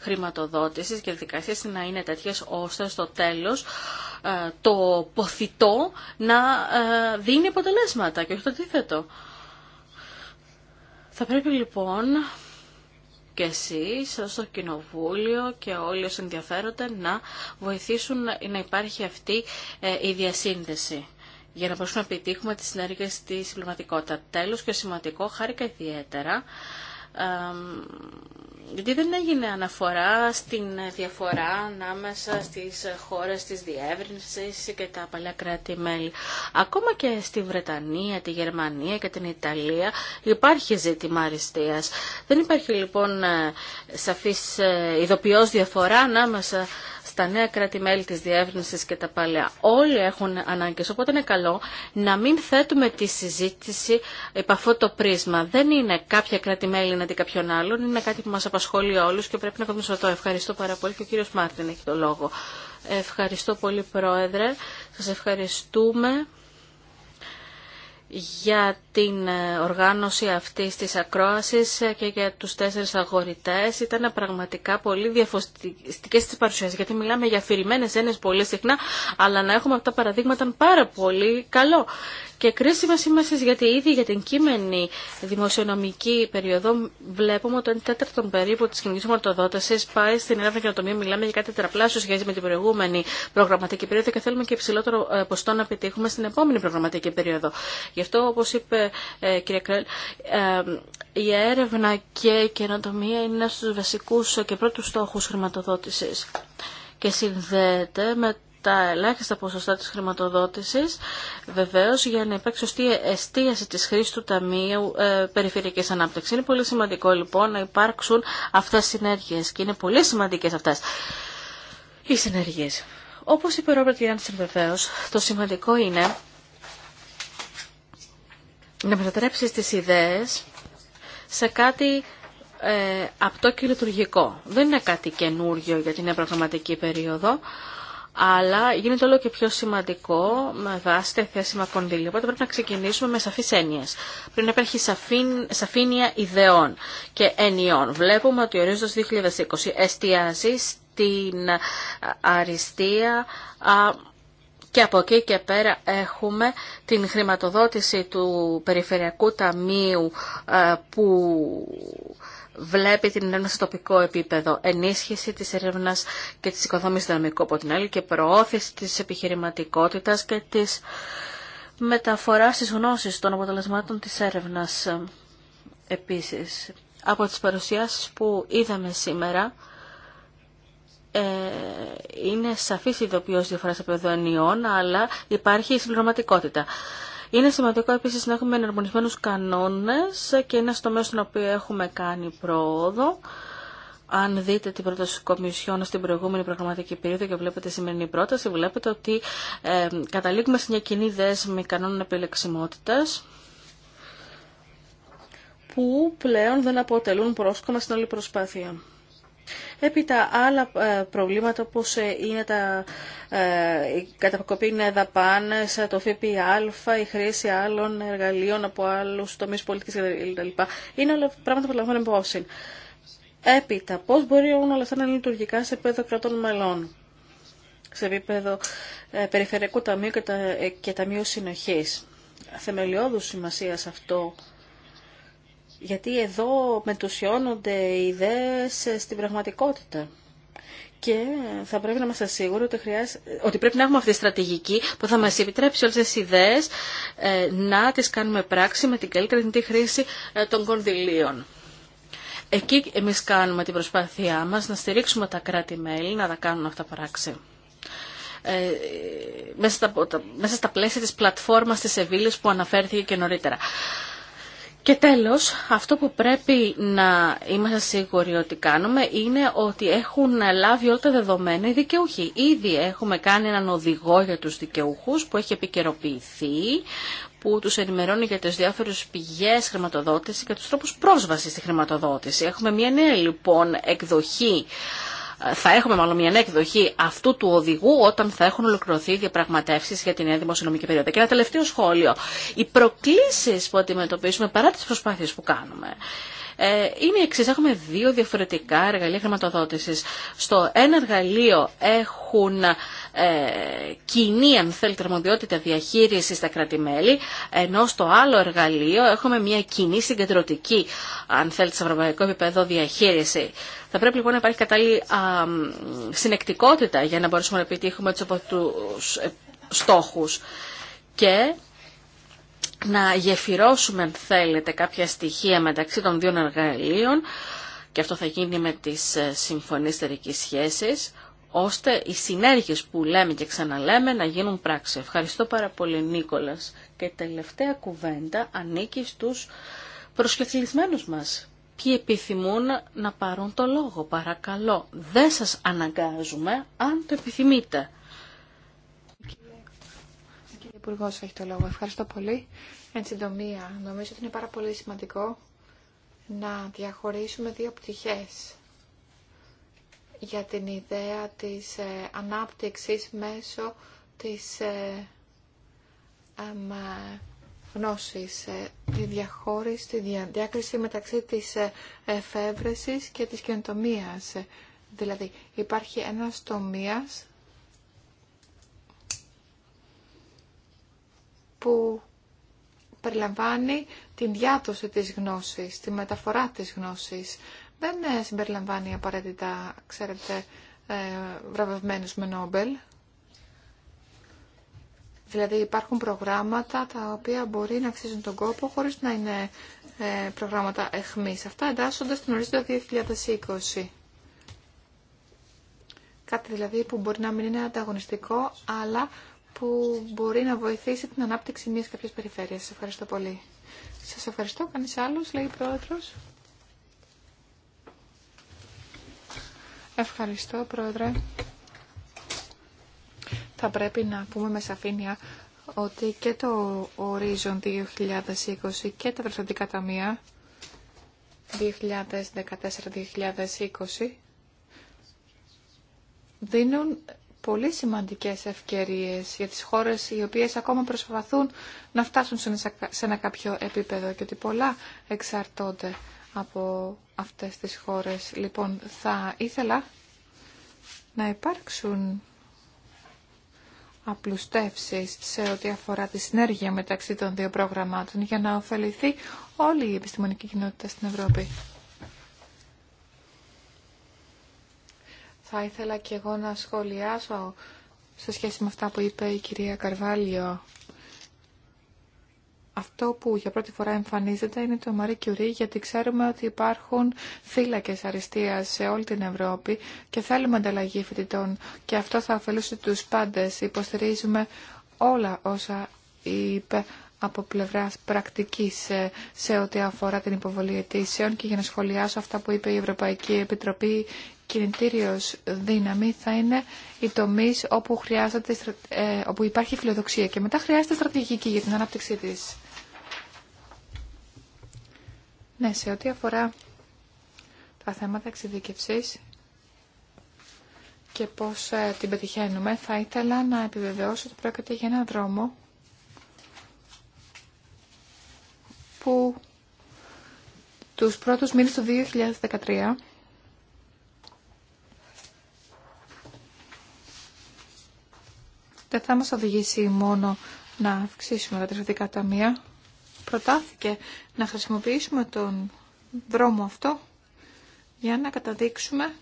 χρηματοδότηση και δικασία να είναι τέτοιε ώστε στο τέλο ε, το ποθητό να ε, δίνει αποτελέσματα και όχι το αντίθετο. Θα πρέπει λοιπόν και εσείς στο Κοινοβούλιο και όλοι όσοι ενδιαφέρονται να βοηθήσουν να υπάρχει αυτή ε, η διασύνδεση για να μπορούμε να επιτύχουμε τις συνέργειες στη συμπληρωματικότητα. Τέλος και σημαντικό, χάρηκα ιδιαίτερα, γιατί δεν έγινε αναφορά στην διαφορά ανάμεσα στις χώρες της διεύρυνσης και τα παλιά κράτη-μέλη. Ακόμα και στη Βρετανία, τη Γερμανία και την Ιταλία υπάρχει ζήτημα αριστείας. Δεν υπάρχει λοιπόν ε, σαφής ε, ειδοποιώς διαφορά ανάμεσα τα νέα κράτη-μέλη της διεύρυνσης και τα παλαιά. Όλοι έχουν ανάγκες, οπότε είναι καλό να μην θέτουμε τη συζήτηση υπ' αυτό το πρίσμα. Δεν είναι κάποια κράτη-μέλη αντί κάποιον άλλον, είναι κάτι που μας απασχολεί όλους και πρέπει να το Ευχαριστώ πάρα πολύ και ο κύριος Μάρτιν έχει το λόγο. Ευχαριστώ πολύ Πρόεδρε, σας ευχαριστούμε για την ε, οργάνωση αυτή της ακρόασης ε, και για τους τέσσερις αγορητές ήταν πραγματικά πολύ διαφωστικές τις παρουσιάσεις γιατί μιλάμε για αφηρημένες έννοιες πολύ συχνά αλλά να έχουμε αυτά τα παραδείγματα πάρα πολύ καλό και κρίσιμα είμαστε, γιατί ήδη για την κείμενη δημοσιονομική περίοδο βλέπουμε ότι ένα τέταρτο περίπου τη κοινωνική μορτοδότηση πάει στην έρευνα καινοτομία. Μιλάμε για κάτι τετραπλάσιο σχέση με την προηγούμενη προγραμματική περίοδο και θέλουμε και υψηλότερο ε, ποστό να επιτύχουμε στην επόμενη προγραμματική περίοδο. Γι' αυτό, όπω είπε ε, κύριε Κρέλ, η έρευνα και η καινοτομία είναι ένα στους βασικούς και πρώτους στόχους χρηματοδότησης και συνδέεται με τα ελάχιστα ποσοστά της χρηματοδότησης, βεβαίως για να υπάρξει σωστή εστίαση της χρήσης του Ταμείου ε, Περιφερειακής Ανάπτυξης. Είναι πολύ σημαντικό λοιπόν να υπάρξουν αυτές οι συνέργειες και είναι πολύ σημαντικές αυτές οι συνέργειες. Όπως είπε ο Ρόμπερτ Γιάννης βεβαίως, το σημαντικό είναι να μετατρέψεις τις ιδέες σε κάτι ε, απτό και λειτουργικό. Δεν είναι κάτι καινούργιο για την προγραμματική περίοδο, αλλά γίνεται όλο και πιο σημαντικό με βάση τη θέσιμα κονδύλια. Οπότε πρέπει να ξεκινήσουμε με σαφείς έννοιες. Πρέπει να υπάρχει σαφήνεια ιδεών και ενιών. Βλέπουμε ότι ο ορίζοντας 2020 εστιάζει στην αριστεία και από εκεί και πέρα έχουμε την χρηματοδότηση του Περιφερειακού Ταμείου ε, που βλέπει την ένωση τοπικό επίπεδο, ενίσχυση της έρευνα και της οικοδόμησης δυναμικού από την άλλη και προώθηση της επιχειρηματικότητας και της μεταφοράς της γνώσης των αποτελεσμάτων της έρευνας επίσης. Από τις παρουσιάσεις που είδαμε σήμερα, ε, είναι σαφής σε διαφοράς επιδονιών, αλλά υπάρχει η συμπληρωματικότητα. Είναι σημαντικό επίσης να έχουμε εναρμονισμένους κανόνες και στο τομέα στον οποίο έχουμε κάνει πρόοδο. Αν δείτε την πρόταση Κομισιόν στην προηγούμενη προγραμματική περίοδο και βλέπετε σημερινή πρόταση, βλέπετε ότι ε, καταλήγουμε σε μια κοινή δέσμη κανόνων επιλεξιμότητας που πλέον δεν αποτελούν πρόσκομα στην όλη προσπάθεια. Έπειτα άλλα ε, προβλήματα όπως ε, είναι τα ε, καταποκοπήν δαπάνες, το ΦΠΑ, η χρήση άλλων εργαλείων από άλλους τομείς πολιτικής κλπ. Είναι όλα πράγματα που λαμβάνουν υπόψη. Έπειτα, πώς μπορεί όλα αυτά να είναι λειτουργικά σε επίπεδο κρατών μελών, σε επίπεδο Περιφερειακού Ταμείου και Ταμείου Συνοχής. Θεμελιώδους σημασία αυτό γιατί εδώ μετουσιώνονται οι ιδέες στην πραγματικότητα. Και θα πρέπει να είμαστε σίγουροι ότι, χρειάζεται, ότι πρέπει να έχουμε αυτή τη στρατηγική που θα μας επιτρέψει όλες τις ιδέες ε, να τις κάνουμε πράξη με την καλύτερη δυνατή χρήση ε, των κονδυλίων. Εκεί εμείς κάνουμε την προσπάθειά μας να στηρίξουμε τα κράτη-μέλη να τα κάνουν αυτά πράξη. Ε, μέσα, στα, μέσα στα πλαίσια της πλατφόρμας της Εβίλης που αναφέρθηκε και νωρίτερα. Και τέλος, αυτό που πρέπει να είμαστε σίγουροι ότι κάνουμε είναι ότι έχουν λάβει όλα τα δεδομένα οι δικαιούχοι. Ήδη έχουμε κάνει έναν οδηγό για τους δικαιούχους που έχει επικαιροποιηθεί, που τους ενημερώνει για τις διάφορες πηγές χρηματοδότηση και τους τρόπους πρόσβασης στη χρηματοδότηση. Έχουμε μια νέα λοιπόν εκδοχή θα έχουμε μάλλον μια νέα εκδοχή αυτού του οδηγού όταν θα έχουν ολοκληρωθεί οι διαπραγματεύσει για την νέα δημοσιονομική περίοδο. Και ένα τελευταίο σχόλιο. Οι προκλήσει που αντιμετωπίζουμε παρά τι προσπάθειε που κάνουμε ε, είναι εξή. Έχουμε δύο διαφορετικά εργαλεία χρηματοδότηση. Στο ένα εργαλείο έχουν ε, κοινή, αν θέλετε, αρμοδιότητα διαχείριση στα κράτη-μέλη, ενώ στο άλλο εργαλείο έχουμε μια κοινή συγκεντρωτική, αν θέλετε, σε ευρωπαϊκό επίπεδο διαχείριση. Θα πρέπει λοιπόν να υπάρχει κατάλληλη συνεκτικότητα για να μπορέσουμε να επιτύχουμε του ε, στόχους. Και να γεφυρώσουμε αν θέλετε κάποια στοιχεία μεταξύ των δύο εργαλείων και αυτό θα γίνει με τις ε, συμφωνίες σχέσεις, ώστε οι συνέργειες που λέμε και ξαναλέμε να γίνουν πράξη. Ευχαριστώ πάρα πολύ Νίκολας. Και η τελευταία κουβέντα ανήκει στους προσκεκλισμένους μας. Ποιοι επιθυμούν να πάρουν το λόγο, παρακαλώ. Δεν σας αναγκάζουμε αν το επιθυμείτε. Ευχαριστώ πολύ. Εν συντομία, νομίζω ότι είναι πάρα πολύ σημαντικό να διαχωρίσουμε δύο πτυχές για την ιδέα της ε, ανάπτυξης μέσω της ε, ε, γνώσης, τη διαχώρηση, τη διάκριση μεταξύ της εφεύρεσης και της καινοτομίας. Δηλαδή υπάρχει ένας τομίας που περιλαμβάνει την διάδοση της γνώσης, τη μεταφορά της γνώσης. Δεν ε, συμπεριλαμβάνει απαραίτητα, ξέρετε, ε, βραβευμένους με Νόμπελ. Δηλαδή υπάρχουν προγράμματα τα οποία μπορεί να αξίζουν τον κόπο χωρίς να είναι ε, προγράμματα εχμής. Αυτά εντάσσονται στην ορίζοντα 2020. Κάτι δηλαδή που μπορεί να μην είναι ανταγωνιστικό, αλλά που μπορεί να βοηθήσει την ανάπτυξη μιας κάποιας περιφέρειας. Σας ευχαριστώ πολύ. Σας ευχαριστώ. Κανείς άλλος, λέει η Πρόεδρος. Ευχαριστώ, Πρόεδρε. Θα πρέπει να πούμε με σαφήνεια ότι και το Horizon 2020 και τα δραστηριοτικα ταμεια Ταμεία 2014-2020 δίνουν πολύ σημαντικές ευκαιρίες για τις χώρες οι οποίες ακόμα προσπαθούν να φτάσουν σε ένα κάποιο επίπεδο και ότι πολλά εξαρτώνται από αυτές τις χώρες. Λοιπόν, θα ήθελα να υπάρξουν απλουστεύσεις σε ό,τι αφορά τη συνέργεια μεταξύ των δύο προγραμμάτων για να ωφεληθεί όλη η επιστημονική κοινότητα στην Ευρώπη. Θα ήθελα και εγώ να σχολιάσω σε σχέση με αυτά που είπε η κυρία Καρβάλιο. Αυτό που για πρώτη φορά εμφανίζεται είναι το Marie Curie, γιατί ξέρουμε ότι υπάρχουν θύλακες αριστείας σε όλη την Ευρώπη και θέλουμε ανταλλαγή φοιτητών και αυτό θα ωφελούσε τους πάντες. Υποστηρίζουμε όλα όσα είπε από πλευράς πρακτικής ε, σε ό,τι αφορά την υποβολή αιτήσεων και για να σχολιάσω αυτά που είπε η Ευρωπαϊκή Επιτροπή κινητήριος δύναμη θα είναι οι τομείς όπου, χρειάζεται, ε, όπου υπάρχει φιλοδοξία και μετά χρειάζεται στρατηγική για την ανάπτυξή της. Ναι, σε ό,τι αφορά τα θέματα εξειδικευσής και πώς ε, την πετυχαίνουμε, θα ήθελα να επιβεβαιώσω ότι πρόκειται για έναν δρόμο που τους πρώτους μήνες του 2013 δεν θα μας οδηγήσει μόνο να αυξήσουμε τα τριφωτικά ταμεία. Προτάθηκε να χρησιμοποιήσουμε τον δρόμο αυτό για να καταδείξουμε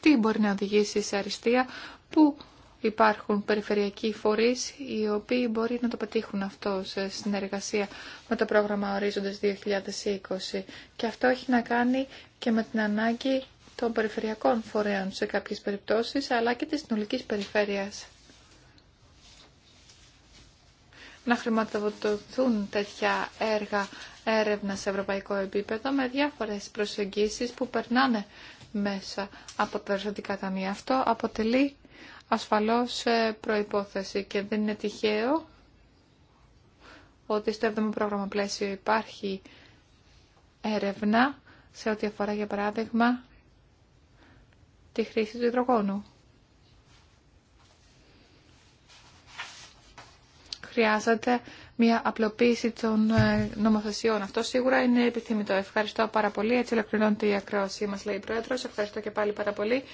τι μπορεί να οδηγήσει σε αριστεία, που υπάρχουν περιφερειακοί φορείς οι οποίοι μπορεί να το πετύχουν αυτό σε συνεργασία με το πρόγραμμα Ορίζοντας 2020. Και αυτό έχει να κάνει και με την ανάγκη των περιφερειακών φορέων σε κάποιες περιπτώσεις, αλλά και της συνολικής περιφέρειας. Να χρηματοδοτηθούν τέτοια έργα έρευνα σε ευρωπαϊκό επίπεδο με διάφορες προσεγγίσεις που περνάνε μέσα από τα περιφερειακά ταμεία. Αυτό αποτελεί ασφαλώς ε, προϋπόθεση και δεν είναι τυχαίο ότι στο 7ο πρόγραμμα πλαίσιο υπάρχει έρευνα σε ό,τι αφορά για παράδειγμα τη χρήση του υδρογόνου. Χρειάζεται μια απλοποίηση των ε, νομοθεσιών. Αυτό σίγουρα είναι επιθυμητό. Ευχαριστώ πάρα πολύ. Έτσι ολοκληρώνεται η ακρόαση μας, λέει η Πρόεδρο. Ευχαριστώ και πάλι πάρα πολύ.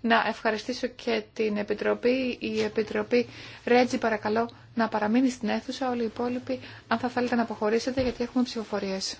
Να ευχαριστήσω και την Επιτροπή. Η Επιτροπή Ρέτζι παρακαλώ να παραμείνει στην αίθουσα. Όλοι οι υπόλοιποι, αν θα θέλετε να αποχωρήσετε, γιατί έχουμε ψηφοφορίες.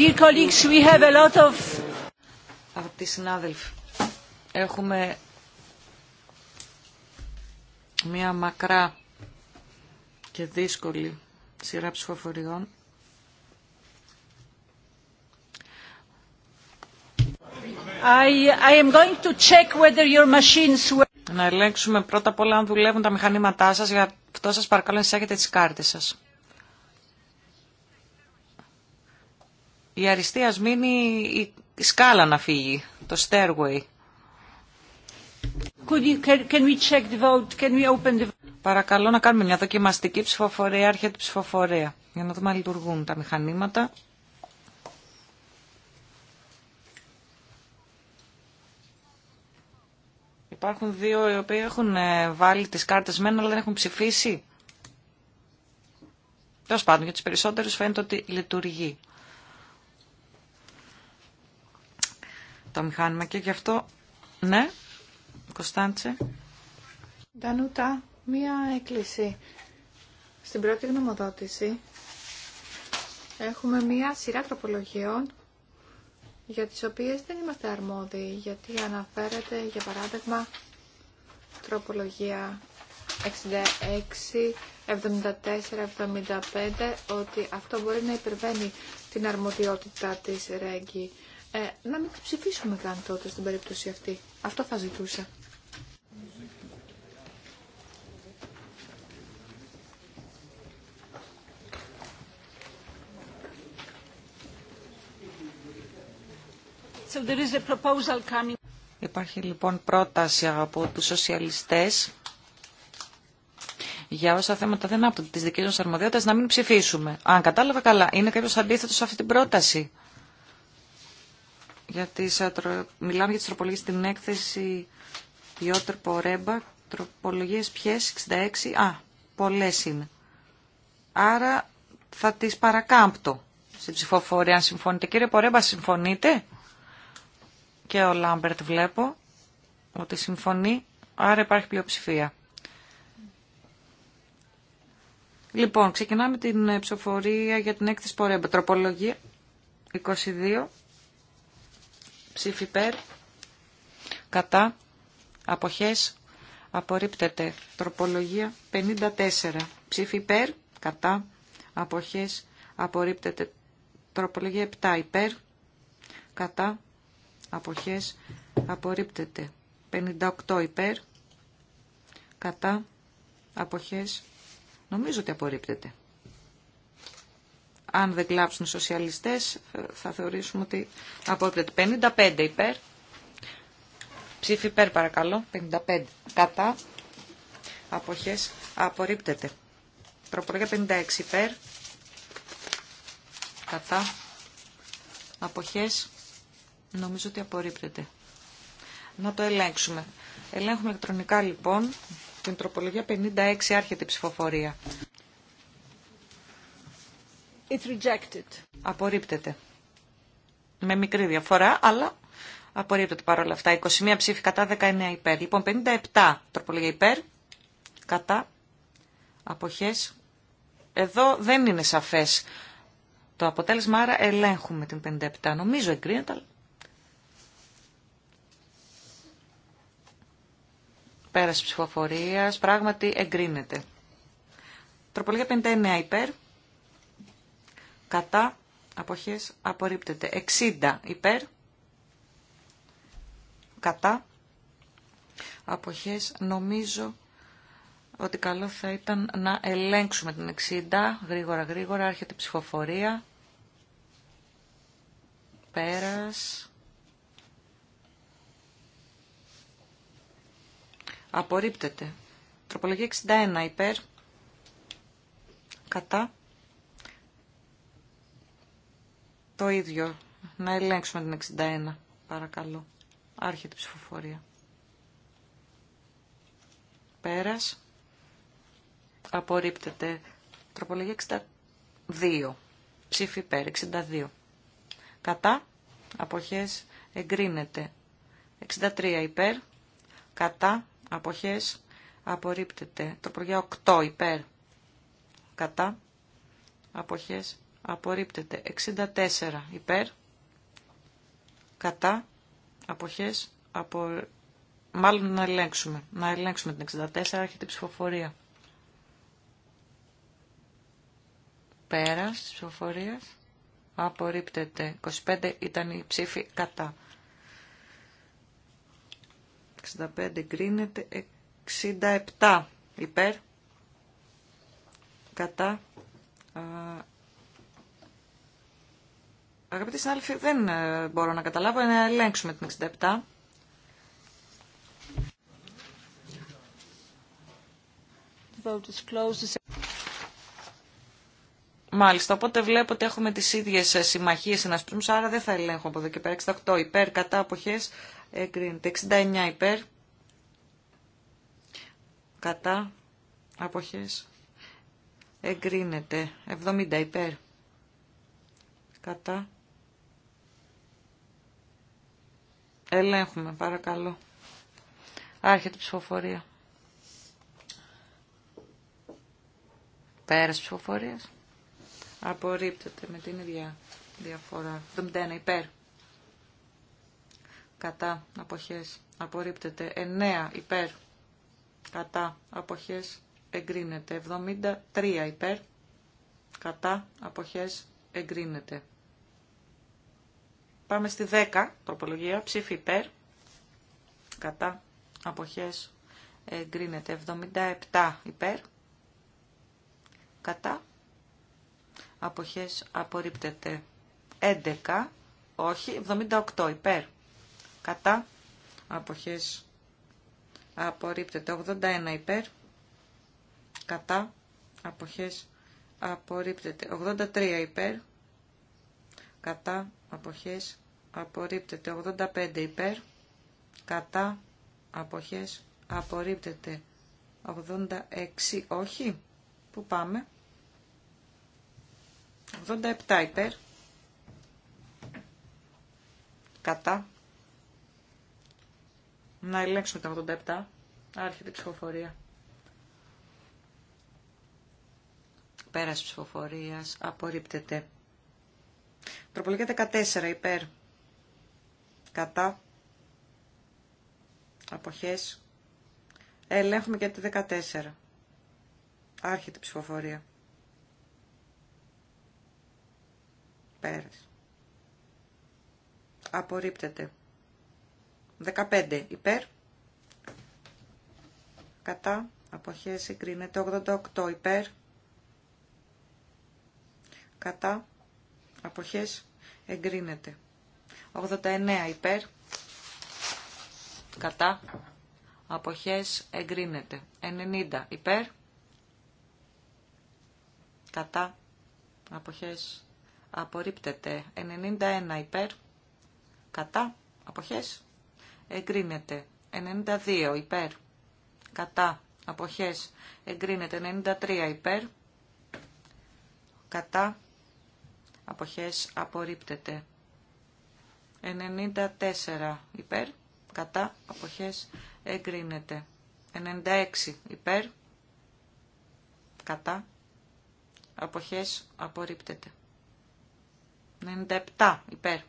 Dear colleagues, we have a lot of... Αγαπητοί συνάδελφοι, έχουμε μία μακρά και δύσκολη σειρά ψηφοφοριών. I, I am going to check whether your machines were... Να ελέγξουμε πρώτα απ' όλα αν δουλεύουν τα μηχανήματά σας, για αυτό σας παρακαλώ να εισάγετε τις κάρτες σας. η αριστεία ας μείνει η σκάλα να φύγει, το stairway. Could you, can, can we check the vote? Can we open the... Παρακαλώ να κάνουμε μια δοκιμαστική ψηφοφορία, άρχεται ψηφοφορία, για να δούμε αν λειτουργούν τα μηχανήματα. Υπάρχουν δύο οι οποίοι έχουν ε, βάλει τις κάρτες μένα, αλλά δεν έχουν ψηφίσει. Τέλο πάντων, για του περισσότερου φαίνεται ότι λειτουργεί. το μηχάνημα και γι' αυτό, ναι, Κωνσταντσε. Ντανούτα, μία έκκληση. Στην πρώτη γνωμοδότηση έχουμε μία σειρά τροπολογιών για τις οποίες δεν είμαστε αρμόδιοι, γιατί αναφέρεται, για παράδειγμα, τροπολογία 66, 74, 75, ότι αυτό μπορεί να υπερβαίνει την αρμοδιότητα της ΡΕΓΚΙ ε, να μην ψηφίσουμε καν τότε στην περίπτωση αυτή. Αυτό θα ζητούσα. So there is a proposal coming. Υπάρχει λοιπόν πρόταση από τους σοσιαλιστές για όσα θέματα δεν άπτονται τη δική μας αρμοδιότητα να μην ψηφίσουμε. Αν κατάλαβα καλά, είναι κάποιος αντίθετος σε αυτή την πρόταση. Για τις, μιλάμε για τις τροπολογίες στην έκθεση Πιότερ Πορέμπα. Τροπολογίες ποιες, 66. Α, πολλές είναι. Άρα θα τις παρακάμπτω στην ψηφοφορία, αν συμφωνείτε. Κύριε Πορέμπα, συμφωνείτε. Και ο Λάμπερτ βλέπω ότι συμφωνεί, άρα υπάρχει πλειοψηφία. Λοιπόν, ξεκινάμε την ψηφοφορία για την έκθεση Πορέμπα. Τροπολογία 22. Ψήφι υπέρ. Κατά. Αποχές. Απορρίπτεται. Τροπολογία 54. Ψήφι υπέρ. Κατά. Αποχές. Απορρίπτεται. Τροπολογία 7. Υπέρ. Κατά. Αποχές. Απορρίπτεται. 58 υπέρ. Κατά. Αποχές. Νομίζω ότι απορρίπτεται αν δεν κλάψουν οι σοσιαλιστές θα θεωρήσουμε ότι απορρίπτεται. 55 υπέρ. Ψήφι υπέρ παρακαλώ. 55 κατά. Αποχές απορρίπτεται. Τροπολογία 56 υπέρ. Κατά. Αποχές νομίζω ότι απορρίπτεται. Να το ελέγξουμε. Ελέγχουμε ηλεκτρονικά λοιπόν την τροπολογία 56 άρχεται η ψηφοφορία. It's rejected. Απορρίπτεται. Με μικρή διαφορά, αλλά απορρίπτεται παρόλα αυτά. 21 ψήφοι κατά 19 υπέρ. Λοιπόν, 57 τροπολογία υπέρ, κατά, αποχές. Εδώ δεν είναι σαφές το αποτέλεσμα, άρα ελέγχουμε την 57. Νομίζω εγκρίνεται, αλλά... Πέραση ψηφοφορίας, πράγματι εγκρίνεται. Τροπολογία 59 υπέρ, κατά αποχές απορρίπτεται. 60 υπέρ κατά αποχές νομίζω ότι καλό θα ήταν να ελέγξουμε την 60 γρήγορα γρήγορα άρχεται η ψηφοφορία πέρας απορρίπτεται τροπολογία 61 υπέρ κατά Το ίδιο. Να ελέγξουμε την 61. Παρακαλώ. Άρχεται η ψηφοφορία. Πέρας. Απορρίπτεται. Τροπολογία 62. Ψήφι υπέρ. 62. Κατά. Αποχές. Εγκρίνεται. 63 υπέρ. Κατά. Αποχές. Απορρίπτεται. Τροπολογία 8 υπέρ. Κατά. Αποχές απορρίπτεται. 64 υπέρ, κατά, αποχές, απο... μάλλον να ελέγξουμε. Να ελέγξουμε την 64, έρχεται η ψηφοφορία. Πέρας της ψηφοφορίας, απορρίπτεται. 25 ήταν η ψήφη κατά. 65 εγκρίνεται, 67 υπέρ, κατά, Αγαπητοί συνάδελφοι, δεν ε, μπορώ να καταλάβω, να ελέγξουμε την 67. Μάλιστα, οπότε βλέπω ότι έχουμε τις ίδιες ε, συμμαχίες συνασπισμούς, άρα δεν θα ελέγχω από εδώ και πέρα. 68 υπέρ, κατά αποχές, εγκρίνεται. 69 υπέρ, κατά αποχές, εγκρίνεται. 70 υπέρ, κατά Ελέγχουμε παρακαλώ. Άρχεται η ψηφοφορία. Πέρας ψηφοφορίας. Απορρίπτεται με την ίδια διαφορά. 71 υπέρ. Κατά αποχές. Απορρίπτεται 9 υπέρ. Κατά αποχές. Εγκρίνεται 73 υπέρ. Κατά αποχές. Εγκρίνεται Πάμε στη 10 τροπολογία. Ψήφι υπέρ. Κατά. Αποχές. Εγκρίνεται. 77 υπέρ. Κατά. Αποχές. Απορρίπτεται. 11. Όχι. 78 υπέρ. Κατά. Αποχές. Απορρίπτεται. 81 υπέρ. Κατά. Αποχές. Απορρίπτεται. 83 υπέρ κατά αποχές απορρίπτεται 85 υπέρ κατά αποχές απορρίπτεται 86 όχι που πάμε 87 υπέρ κατά να ελέγξουμε τα 87 άρχεται η ψηφοφορία πέρας ψηφοφορίας απορρίπτεται Τροπολογία 14 υπέρ. Κατά. Αποχές. Ελέγχουμε και τη 14. Άρχεται η ψηφοφορία. Πέρα. Απορρίπτεται. 15 υπέρ. Κατά. Αποχές εγκρίνεται. 88 υπέρ. Κατά αποχές εγκρίνεται. 89 υπέρ, κατά, αποχές εγκρίνεται. 90 υπέρ, κατά, αποχές απορρίπτεται. 91 υπέρ, κατά, αποχές εγκρίνεται. 92 υπέρ, κατά, αποχές εγκρίνεται. 93 υπέρ, κατά, αποχές απορρίπτεται. 94 υπέρ, κατά, αποχές εγκρίνεται. 96 υπέρ, κατά, αποχές απορρίπτεται. 97 υπέρ,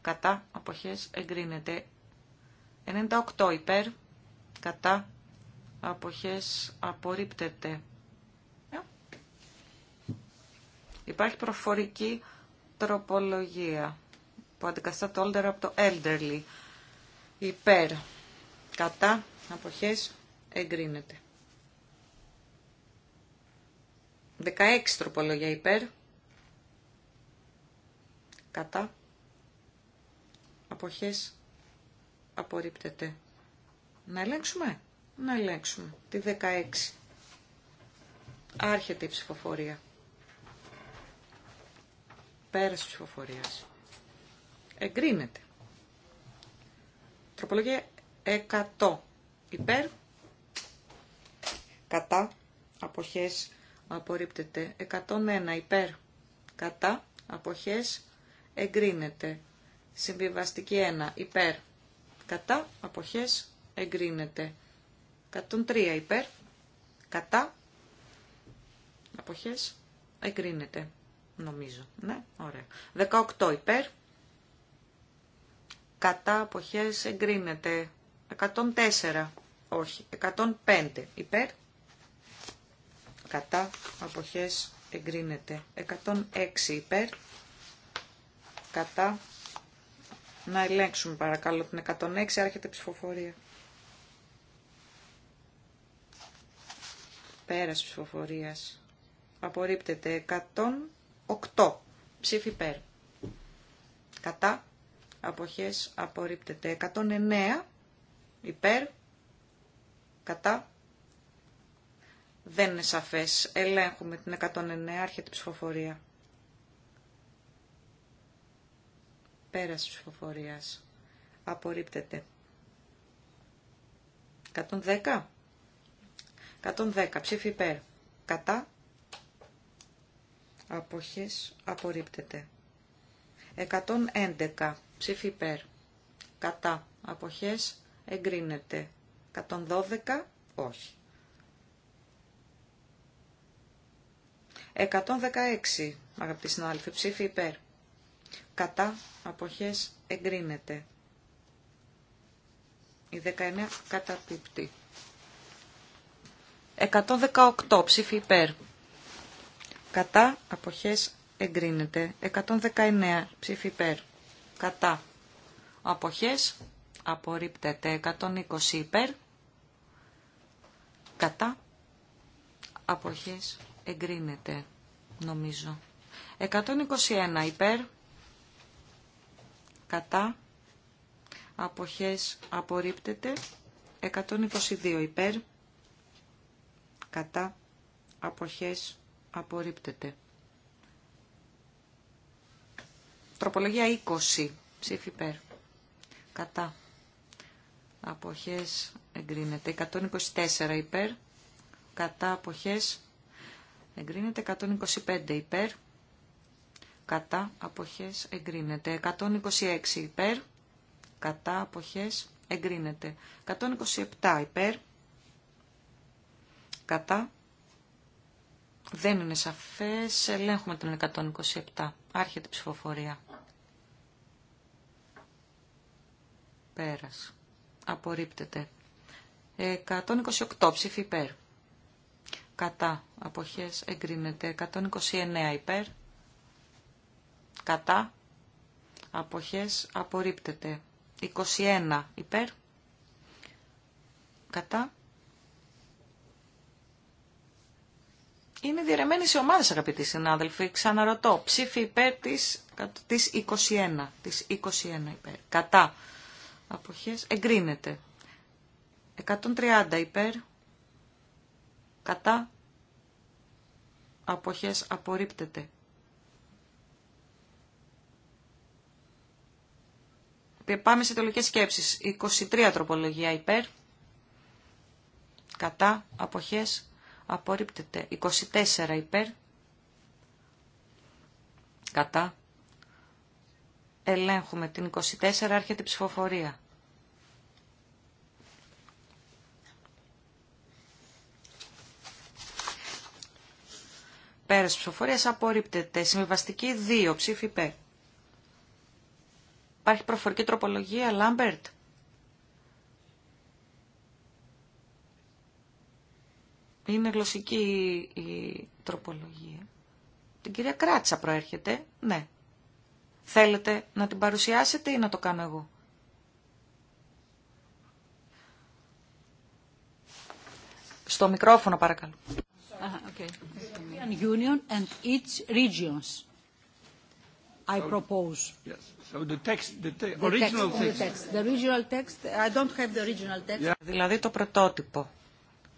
κατά, αποχές εγκρίνεται. 98 υπέρ, κατά, αποχές απορρίπτεται. Υπάρχει προφορική τροπολογία που αντικαστά το older από το elderly. Υπέρ. Κατά. Αποχές. Εγκρίνεται. 16 τροπολογία υπέρ. Κατά. Αποχές. Απορρίπτεται. Να ελέγξουμε. Να ελέγξουμε. Τη 16. Άρχεται η ψηφοφορία. Πέρας ψηφοφορίας. Εγκρίνεται. Τροπολογία 100. Υπέρ. Κατά. Αποχές. Απορρίπτεται. 101. Υπέρ. Κατά. απόχέ, Εγκρίνεται. Συμβιβαστική 1. Υπέρ. Κατά. αποχέ, Εγκρίνεται. 103. Υπέρ. Κατά. Αποχές. Εγκρίνεται νομίζω. Ναι, ωραία. 18 υπέρ. Κατά αποχές εγκρίνεται. 104. Όχι. 105 υπέρ. Κατά αποχές εγκρίνεται. 106 υπέρ. Κατά. Να ελέγξουμε παρακαλώ την 106. Άρχεται ψηφοφορία. Πέρας ψηφοφορίας. Απορρίπτεται 100. 8. Ψήφι υπέρ. Κατά. Αποχές απορρίπτεται. 109. Υπέρ. Κατά. Δεν είναι σαφές. Ελέγχουμε την 109. Άρχεται ψηφοφορία. Πέρας ψηφοφορίας. Απορρίπτεται. 110. 110. Ψήφι υπέρ. Κατά αποχές απορρίπτεται. 111 ψήφι υπέρ, κατά, αποχές εγκρίνεται. 112 όχι. 116 αγαπητοί συνάδελφοι ψήφι υπέρ, κατά, αποχές εγκρίνεται. Η 19 καταπίπτει. 118 ψήφι υπέρ, Κατά αποχές εγκρίνεται. 119 ψήφι υπέρ. Κατά αποχές απορρίπτεται. 120 υπέρ. Κατά αποχές εγκρίνεται νομίζω. 121 υπέρ. Κατά αποχές απορρίπτεται. 122 υπέρ. Κατά αποχές απορρίπτεται. Τροπολογία 20, ψήφι υπέρ. Κατά. Αποχές εγκρίνεται. 124 υπέρ. Κατά αποχές εγκρίνεται. 125 υπέρ. Κατά αποχές εγκρίνεται. 126 υπέρ. Κατά αποχές εγκρίνεται. 127 υπέρ. Κατά δεν είναι σαφές. Ελέγχουμε τον 127. Άρχεται η ψηφοφορία. Πέρας. Απορρίπτεται. 128 ψήφι υπέρ. Κατά. Αποχές εγκρίνεται. 129 υπέρ. Κατά. Αποχές απορρίπτεται. 21 υπέρ. Κατά. είναι διερεμένη σε ομάδες αγαπητοί συνάδελφοι. Ξαναρωτώ, ψήφι υπέρ της, της 21, της 21 υπέρ. Κατά αποχές εγκρίνεται. 130 υπέρ. Κατά αποχές απορρίπτεται. Πάμε σε τελικές σκέψεις. 23 τροπολογία υπέρ. Κατά αποχές απορρίπτεται. 24 υπέρ, κατά, ελέγχουμε την 24, άρχεται η ψηφοφορία. Πέρας ψηφοφορίας απορρίπτεται. Συμβιβαστική 2 ψήφι υπέρ. Υπάρχει προφορική τροπολογία, Λάμπερτ. Είναι γλωσσική η τροπολογία. Την κυρία Κράτσα προέρχεται, ναι. Θέλετε να την παρουσιάσετε ή να το κάνω εγώ. Στο μικρόφωνο παρακαλώ. Union and its regions. I propose. Yes. So the text, the, te the original text. text. The original text. I don't have the original text. Yeah. Δηλαδή το πρωτότυπο.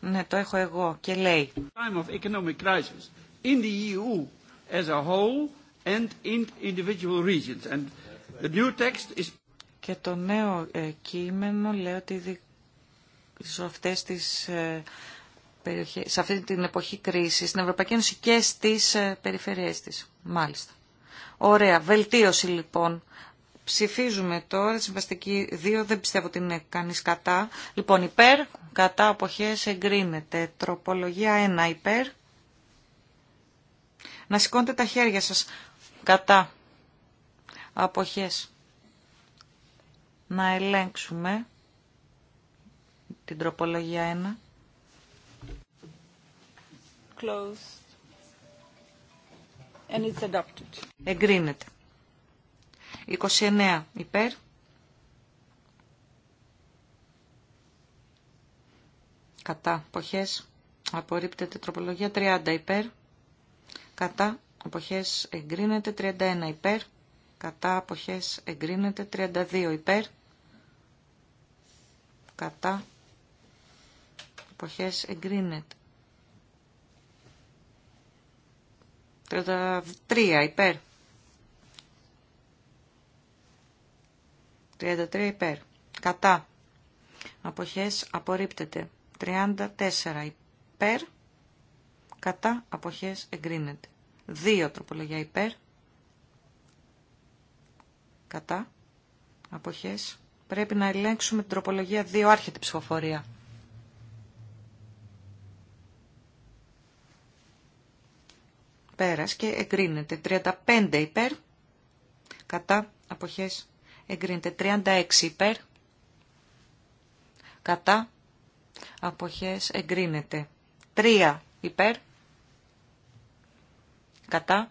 Ναι, το έχω εγώ και λέει. Time of economic crisis in the EU as a whole and in individual regions. And the new text is... Και το νέο ε, κείμενο λέει ότι σε αυτές τις ε, περιοχές, σε αυτή την εποχή κρίσης, στην Ευρωπαϊκή Ένωση και στις ε, περιφερειές της. Μάλιστα. Ωραία. Βελτίωση λοιπόν Ψηφίζουμε τώρα τη συμβαστική 2, δεν πιστεύω ότι είναι κανείς κατά. Λοιπόν, υπέρ, κατά αποχές εγκρίνεται. Τροπολογία 1, υπέρ. Να σηκώνετε τα χέρια σας κατά αποχές. Να ελέγξουμε την τροπολογία 1. Closed. Εγκρίνεται. 29 υπέρ. Κατά αποχές απορρίπτεται τροπολογία 30 υπέρ. Κατά αποχές εγκρίνεται 31 υπέρ. Κατά αποχές εγκρίνεται 32 υπέρ. Κατά αποχές εγκρίνεται. 33 υπέρ. 33 υπέρ. Κατά. Αποχές απορρίπτεται. 34 υπέρ. Κατά. Αποχές εγκρίνεται. 2 τροπολογία υπέρ. Κατά. Αποχές. Πρέπει να ελέγξουμε την τροπολογία 2. Άρχεται η ψηφοφορία. Πέρας και εγκρίνεται. 35 υπέρ. Κατά. Αποχές εγκρίνεται 36 υπέρ, κατά, αποχές εγκρίνεται 3 υπέρ, κατά,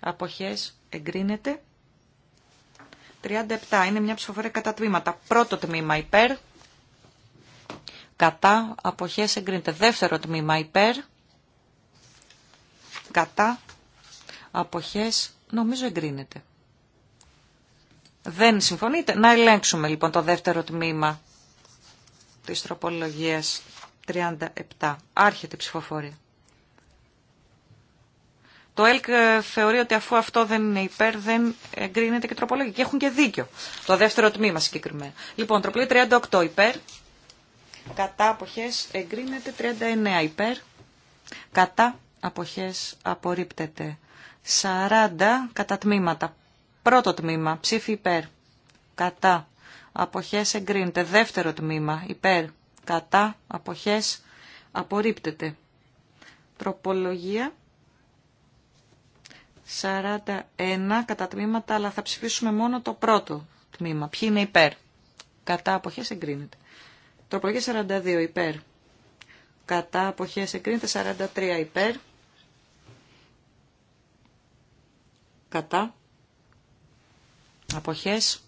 αποχές εγκρίνεται 37. Είναι μια ψηφοφορία κατά τμήματα. Πρώτο τμήμα υπέρ, κατά, αποχές εγκρίνεται. Δεύτερο τμήμα υπέρ, κατά, αποχές νομίζω εγκρίνεται. Δεν συμφωνείτε. Να ελέγξουμε λοιπόν το δεύτερο τμήμα της τροπολογίας 37. Άρχεται η ψηφοφορία. Το ΕΛΚ ε, θεωρεί ότι αφού αυτό δεν είναι υπέρ, δεν εγκρίνεται και τροπολογία. Και έχουν και δίκιο. Το δεύτερο τμήμα συγκεκριμένα. Λοιπόν, τροπολογία 38 υπέρ. Κατά αποχές εγκρίνεται 39 υπέρ. Κατά αποχές απορρίπτεται 40 κατά τμήματα. Πρώτο τμήμα, ψήφι υπέρ. Κατά. Αποχές εγκρίνεται. Δεύτερο τμήμα, υπέρ. Κατά. Αποχές απορρίπτεται. Τροπολογία 41 κατά τμήματα, αλλά θα ψηφίσουμε μόνο το πρώτο τμήμα. Ποιοι είναι υπέρ. Κατά αποχές εγκρίνεται. Τροπολογία 42 υπέρ. Κατά αποχές εγκρίνεται 43 υπέρ. Κατά Αποχές.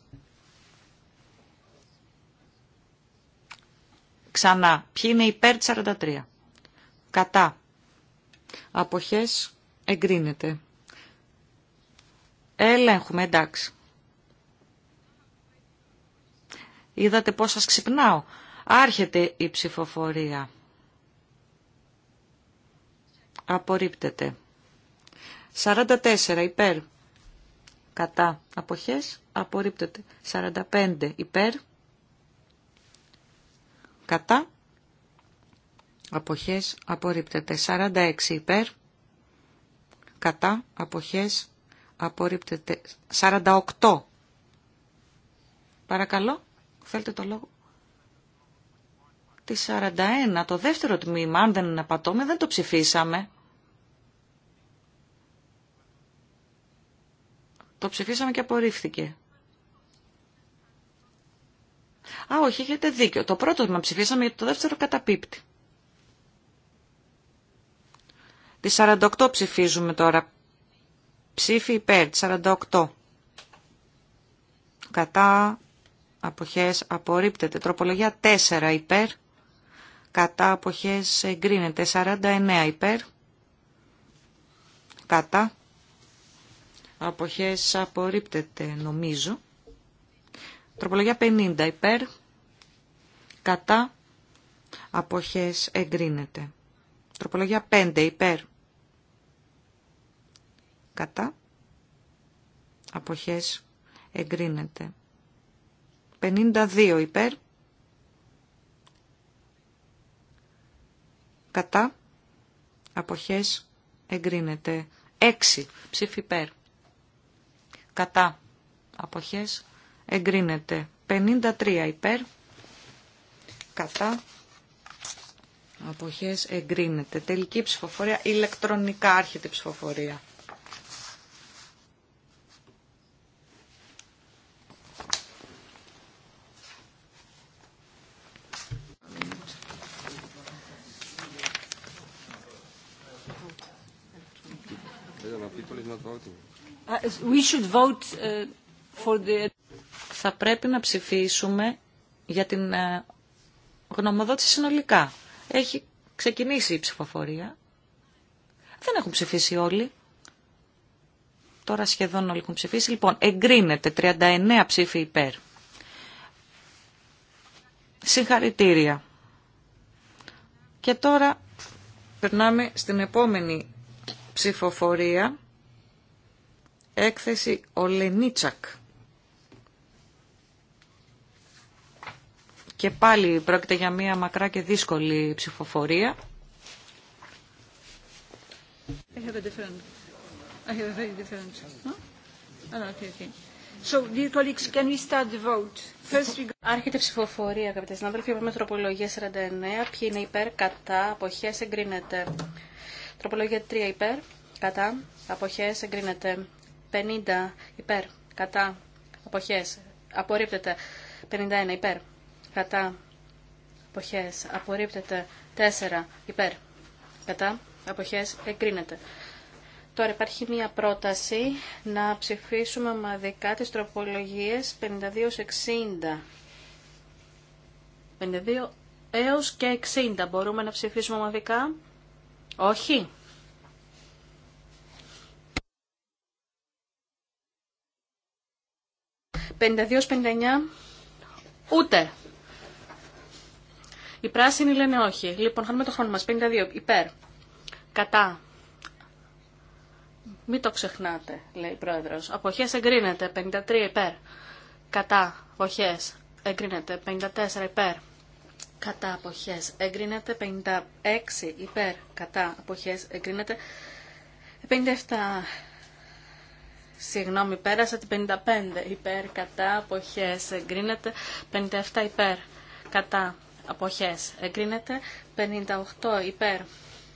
Ξανά. Ποιοι είναι υπέρ 43. Κατά. Αποχές εγκρίνεται. Ελέγχουμε, εντάξει. Είδατε πώς σας ξυπνάω. Άρχεται η ψηφοφορία. Απορρίπτεται. 44 υπέρ κατά αποχές απορρίπτεται. 45 υπέρ κατά αποχές απορρίπτεται. 46 υπέρ κατά αποχές απορρίπτεται. 48 παρακαλώ θέλετε το λόγο. Τη 41, το δεύτερο τμήμα, αν δεν απατώμε, δεν το ψηφίσαμε. Το ψηφίσαμε και απορρίφθηκε. Α, όχι, έχετε δίκιο. Το πρώτο να ψηφίσαμε, γιατί το δεύτερο καταπίπτει. Τη 48 ψηφίζουμε τώρα. Ψήφι υπέρ, 48. Κατά, αποχές, απορρίπτεται. Τροπολογία 4 υπέρ. Κατά, αποχές, εγκρίνεται. 49 υπέρ. Κατά, αποχές απορρίπτεται νομίζω. Τροπολογία 50 υπέρ, κατά, αποχές εγκρίνεται. Τροπολογία 5 υπέρ, κατά, αποχές εγκρίνεται. 52 υπέρ, κατά, αποχές εγκρίνεται. 6 ψήφι υπέρ, κατά αποχές εγκρίνεται 53 υπέρ κατά αποχές εγκρίνεται τελική ψηφοφορία ηλεκτρονικά άρχεται ψηφοφορία Uh, Θα πρέπει να ψηφίσουμε για την ε, γνωμοδότηση συνολικά. Έχει ξεκινήσει η ψηφοφορία. Δεν έχουν ψηφίσει όλοι. Τώρα σχεδόν όλοι έχουν ψηφίσει. Λοιπόν, εγκρίνεται 39 ψήφοι υπέρ. Συγχαρητήρια. Και τώρα περνάμε στην επόμενη ψηφοφορία έκθεση Ολενίτσακ. Και πάλι πρόκειται για μια μακρά και δύσκολη ψηφοφορία. I have Άρχεται ψηφοφορία, αγαπητέ συνάδελφοι. Είπαμε τροπολογία 49. Ποιοι είναι υπέρ, κατά, αποχέ, εγκρίνεται. Τροπολογία 3 υπέρ, κατά, αποχέ, εγκρίνεται. 50 υπέρ, κατά, αποχές, απορρίπτεται. 51 υπέρ, κατά, αποχές, απορρίπτεται. 4 υπέρ, κατά, αποχές, εγκρίνεται. Τώρα υπάρχει μία πρόταση να ψηφίσουμε ομαδικά τις τροπολογίες 52-60. 52 έως και 60 μπορούμε να ψηφίσουμε ομαδικά. Όχι. 52-59 ούτε. Οι πράσινοι λένε όχι. Λοιπόν, χάνουμε το χρόνο μας. 52 υπέρ. Κατά. Μην το ξεχνάτε, λέει η πρόεδρος. Αποχές εγκρίνεται. 53 υπέρ. Κατά. Αποχές εγκρίνεται. 54 υπέρ. Κατά αποχές εγκρίνεται 56 υπέρ κατά αποχές εγκρίνεται 57 Συγγνώμη, πέρασα την 55 υπέρ, κατά, αποχές, εγκρίνεται. 57 υπέρ, κατά, αποχές, εγκρίνεται. 58 υπέρ,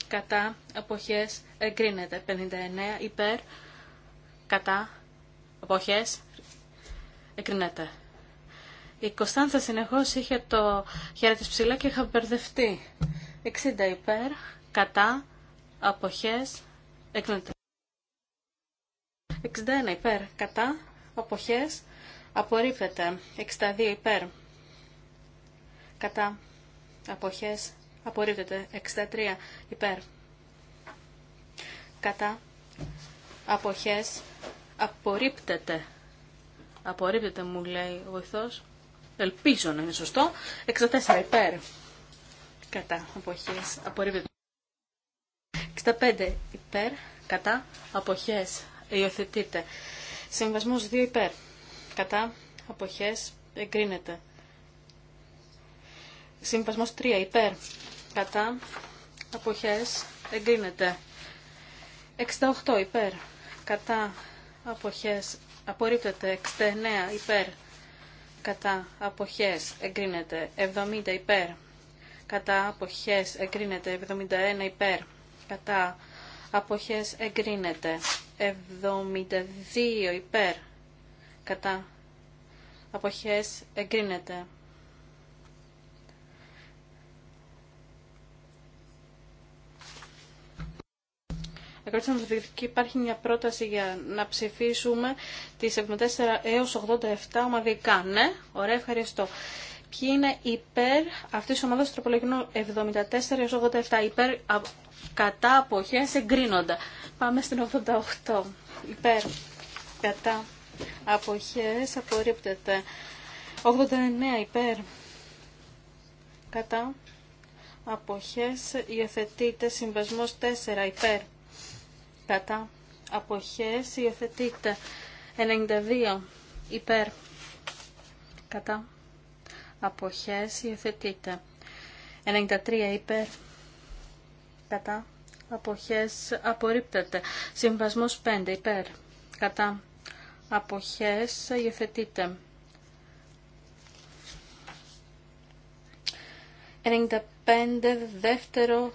κατά, αποχές, εγκρίνεται. 59 υπέρ, κατά, αποχές, εγκρίνεται. Η Κωνσταντσα συνεχώς είχε το χέρι της ψηλά και είχα μπερδευτεί. 60 υπέρ, κατά, αποχές, εγκρίνεται. 61 υπέρ κατά αποχές απορρίφεται. 62 υπέρ κατά αποχές απορρίφεται. 63 υπέρ κατά αποχές απορρίπτεται. Απορρίπτεται μου λέει ο βοηθός. Ελπίζω να είναι σωστό. 64 υπέρ κατά αποχές απορρίπτεται. 65 υπέρ κατά αποχές Υιοθετείται. Συμβασμό 2 υπέρ. Κατά. απόχέ, Εγκρίνεται. Συμβασμό 3 υπέρ. Κατά. απόχέ. Εγκρίνεται. 68 υπέρ. Κατά. απόχέ. Απορρίπτεται. 69 υπέρ. Κατά. απόχέ. Εγκρίνεται. 70 υπέρ. Κατά. Αποχές. Εγκρίνεται. 71 υπέρ. Κατά. Αποχές εγκρίνεται. 72 υπέρ κατά αποχές εγκρίνεται. υπάρχει μια πρόταση για να ψηφίσουμε τις 74 έως 87 ομαδικά. Ναι, ωραία, ευχαριστώ. Ποιοι είναι υπέρ αυτής της ομάδας τροπολογικών 74 έως 87, υπέρ κατά αποχές εγκρίνοντα. Πάμε στην 88. Υπέρ. Κατά αποχές απορρίπτεται. 89 υπέρ. Κατά αποχές υιοθετείται. Συμβασμός 4 υπέρ. Κατά αποχές υιοθετείται. 92 υπέρ. Κατά αποχές υιοθετείται. 93 υπέρ κατά αποχές απορρίπτεται. Συμβασμός 5 υπέρ κατά αποχές υιοθετείται. 95 δεύτερο,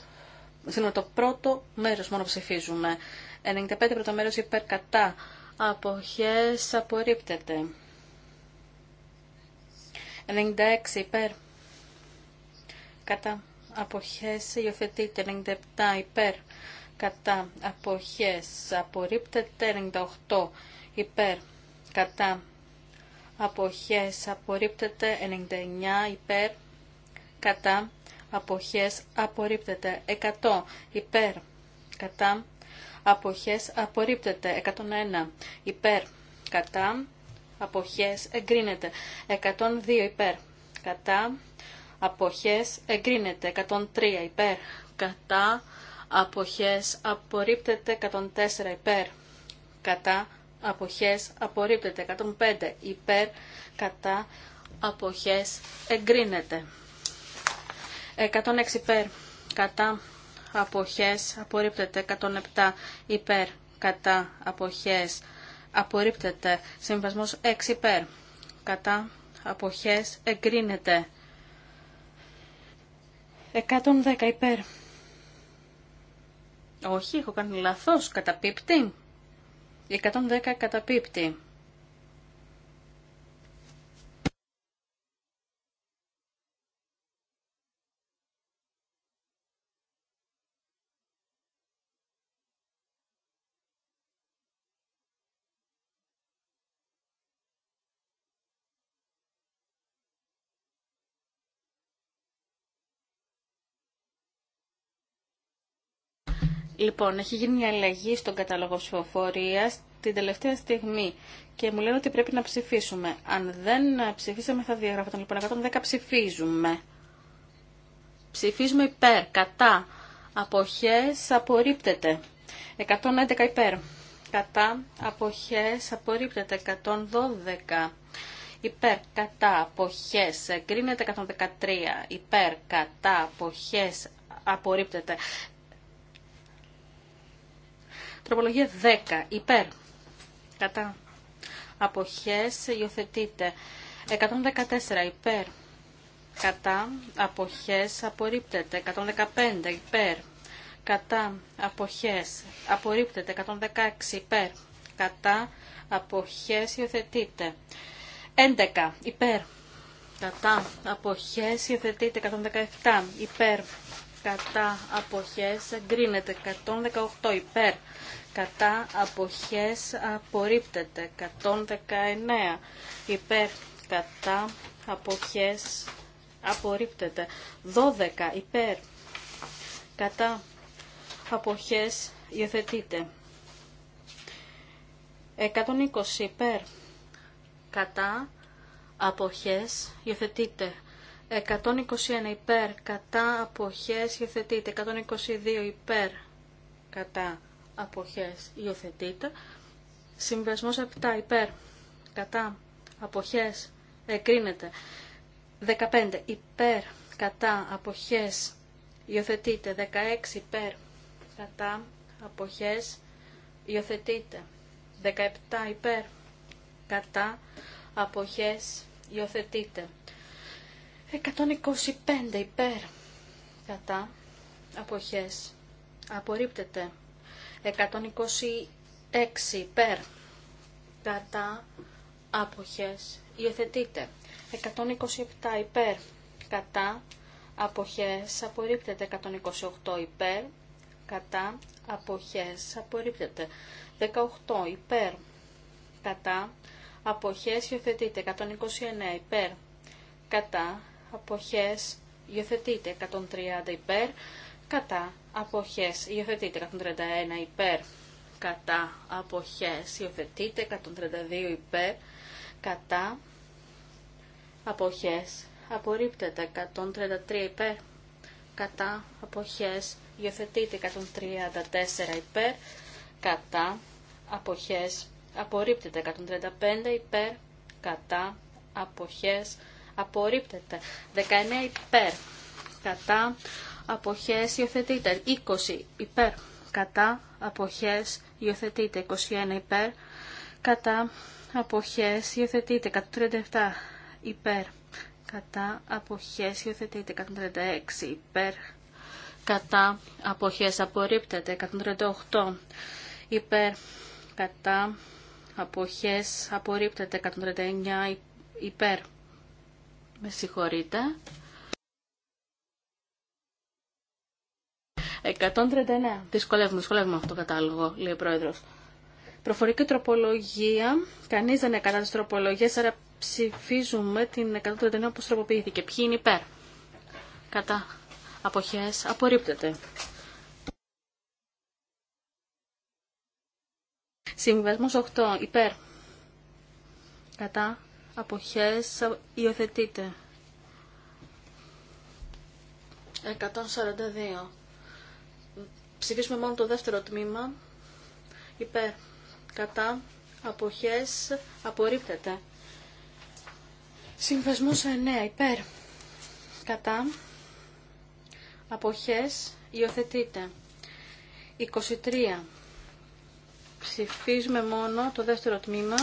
συγγνώμη, το πρώτο μέρος μόνο ψηφίζουμε. 95 πρώτο μέρος υπέρ κατά αποχές απορρίπτεται. 96 υπέρ κατά αποχές υιοθετείται 97 υπέρ κατά αποχές απορρίπτεται 98 υπέρ κατά αποχές απορρίπτεται 99 υπέρ κατά αποχές απορρίπτεται 100 υπέρ κατά αποχές απορρίπτεται 101 υπέρ κατά αποχές εγκρίνεται 102 υπέρ κατά αποχές εγκρίνεται 103 υπέρ κατά αποχές απορρίπτεται 104 υπέρ κατά αποχές απορρίπτεται 105 υπέρ κατά αποχές εγκρίνεται 106 υπέρ κατά αποχές απορρίπτεται 107 υπέρ κατά αποχές απορρίπτεται συμβασμός 6 υπέρ κατά αποχές εγκρίνεται 110 υπέρ. Όχι, έχω κάνει λάθος. Καταπίπτει. 110 καταπίπτει. Λοιπόν, έχει γίνει μια αλλαγή στον κατάλογο ψηφοφορία την τελευταία στιγμή και μου λένε ότι πρέπει να ψηφίσουμε. Αν δεν ψηφίσαμε θα διαγραφούν. Λοιπόν, 110 ψηφίζουμε. Ψηφίζουμε υπέρ, κατά, Αποχέ, απορρίπτεται. 111 υπέρ, κατά, αποχέ, απορρίπτεται. 112 υπέρ, κατά, αποχές, εγκρίνεται. 113 υπέρ, κατά, αποχές, απορρίπτεται. Τροπολογία 10. Υπέρ. Κατά. Αποχές. υιοθετείτε. 114. Υπέρ. Κατά. Αποχές. Απορρίπτεται. 115. Υπέρ. Κατά. Αποχές. Απορρίπτεται. 116. Υπέρ. Κατά. Αποχές. Υιοθετείται. 11. Υπέρ. Κατά. Αποχές. Υιοθετείται. 117. Υπέρ κατά αποχές εγκρίνεται 118 υπέρ κατά αποχές απορρίπτεται 119 υπέρ κατά αποχές απορρίπτεται 12 υπέρ κατά αποχές υιοθετείται 120 υπέρ κατά αποχές υιοθετείται 121 υπέρ κατά αποχές υιοθετείται. 122 υπέρ κατά αποχές υιοθετείται. Συμβασμός 7 υπέρ κατά αποχές εκρίνεται. 15 υπέρ κατά αποχές υιοθετείται. 16 υπέρ κατά αποχές υιοθετείται. 17 υπέρ κατά αποχές υιοθετείται. 125 υπέρ κατά αποχές απορρίπτεται 126 υπέρ κατά αποχές υιοθετείται 127 υπέρ κατά αποχές απορρίπτεται 128 υπέρ κατά αποχές απορρίπτεται 18 υπέρ κατά αποχές υιοθετείται 129 υπέρ κατά αποχές υιοθετείται 130 υπέρ, κατά αποχές υιοθετείται 131 υπέρ, κατά αποχές υιοθετείται 132 υπέρ, κατά αποχές απορρίπτεται 133 υπέρ, κατά αποχές υιοθετείται 134 υπέρ, κατά αποχές απορρίπτεται 135 υπέρ, κατά αποχές απορρίπτεται. 19 υπέρ, κατά, αποχές, υιοθετείται. 20 υπέρ, κατά, αποχές, υιοθετείται. 21 υπέρ, κατά, αποχές, υιοθετείται. 137 υπέρ, κατά, αποχές, υιοθετείται. 136 υπέρ, κατά, αποχές, απορρίπτεται. 138 υπέρ, κατά, αποχές, απορρίπτεται. 139 υπέρ, με συγχωρείτε. 139. Δυσκολεύουμε, δυσκολεύουμε αυτό το κατάλογο, λέει ο Πρόεδρος. Προφορική τροπολογία. Κανεί δεν είναι κατά της τροπολογία, άρα ψηφίζουμε την 139 όπω τροποποιήθηκε. Ποιοι είναι υπέρ. Κατά. Αποχέ. Απορρίπτεται. Συμβιβασμός 8. Υπέρ. Κατά αποχές Υιοθετείτε. 142. Ψηφίσουμε μόνο το δεύτερο τμήμα. Υπέρ. Κατά. Αποχές. Απορρίπτεται. Συμβασμός 9. Υπέρ. Κατά. Αποχές. Υιοθετείτε. 23. Ψηφίζουμε μόνο το δεύτερο τμήμα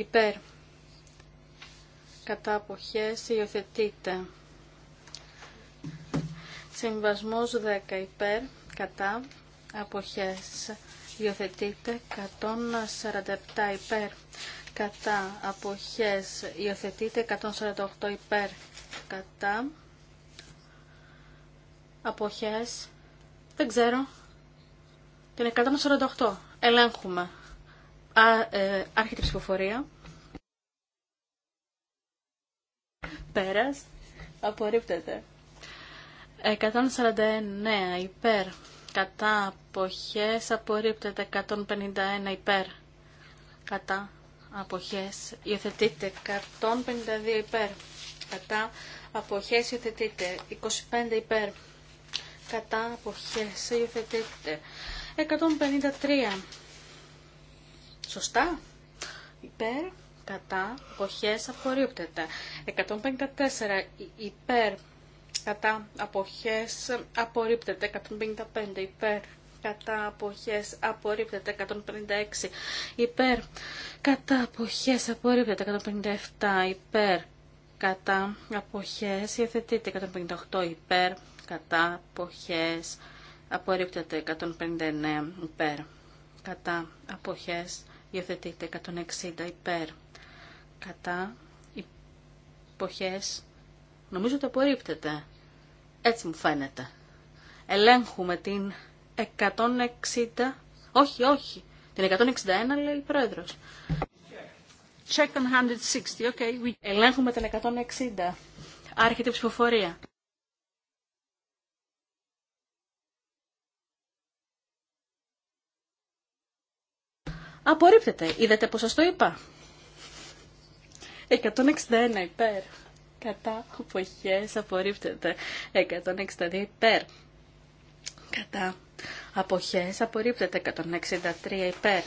υπέρ κατά αποχές υιοθετείται. Συμβασμός 10 υπέρ κατά αποχές υιοθετείται 147 υπέρ κατά αποχές υιοθετείται 148 υπέρ κατά αποχές δεν ξέρω είναι 148 ελέγχουμε Α, ε, ψηφοφορία. Πέρας. Απορρίπτεται. 149 υπέρ. Κατά αποχές απορρίπτεται 151 υπέρ. Κατά αποχές υιοθετείται 152 υπέρ. Κατά αποχές υιοθετείται 25 υπέρ. Κατά αποχές υιοθετείται 153 Σωστά. Υπέρ, κατά, αποχές, απορρίπτεται. 154 υπέρ, κατά, αποχές, απορρίπτεται. 155 υπέρ, κατά αποχές απορρίπτεται 156 υπέρ κατά αποχές απορρίπτεται 157 υπέρ κατά αποχές υιοθετείται 158 υπέρ κατά αποχές απορρίπτεται 159 υπέρ κατά αποχές Υιοθετείται 160 υπέρ. Κατά υποχές Νομίζω ότι απορρίπτεται. Έτσι μου φαίνεται. Ελέγχουμε την 160... Όχι, όχι. Την 161 λέει η πρόεδρος. Check on 160. Okay. Ελέγχουμε την 160. Άρχεται η ψηφοφορία. Απορρίπτεται. Είδατε πόσο το είπα. 161 υπέρ. Κατά αποχές απορρίπτεται. 162 υπέρ. Κατά αποχές απορρίπτεται. 163 υπέρ.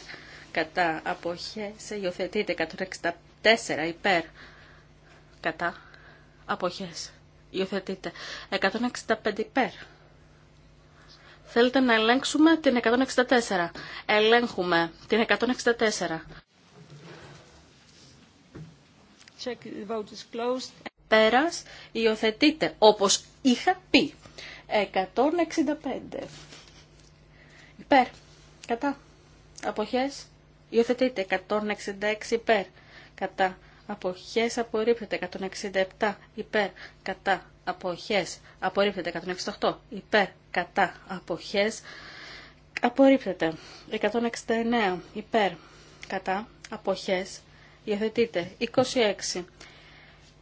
Κατά αποχές υιοθετείται. 164 υπέρ. Κατά αποχές υιοθετείται. 165 υπέρ Θέλετε να ελέγξουμε την 164. Ελέγχουμε την 164. Check Πέρας υιοθετείτε, όπως είχα πει. 165. Υπέρ. Κατά. Αποχές. Υιοθετείτε. 166 υπέρ. Κατά αποχές απορρίπτεται 167 υπέρ κατά αποχές απορρίπτεται 168 υπέρ κατά αποχές απορρίπτεται 169 υπέρ κατά αποχές υιοθετείται 26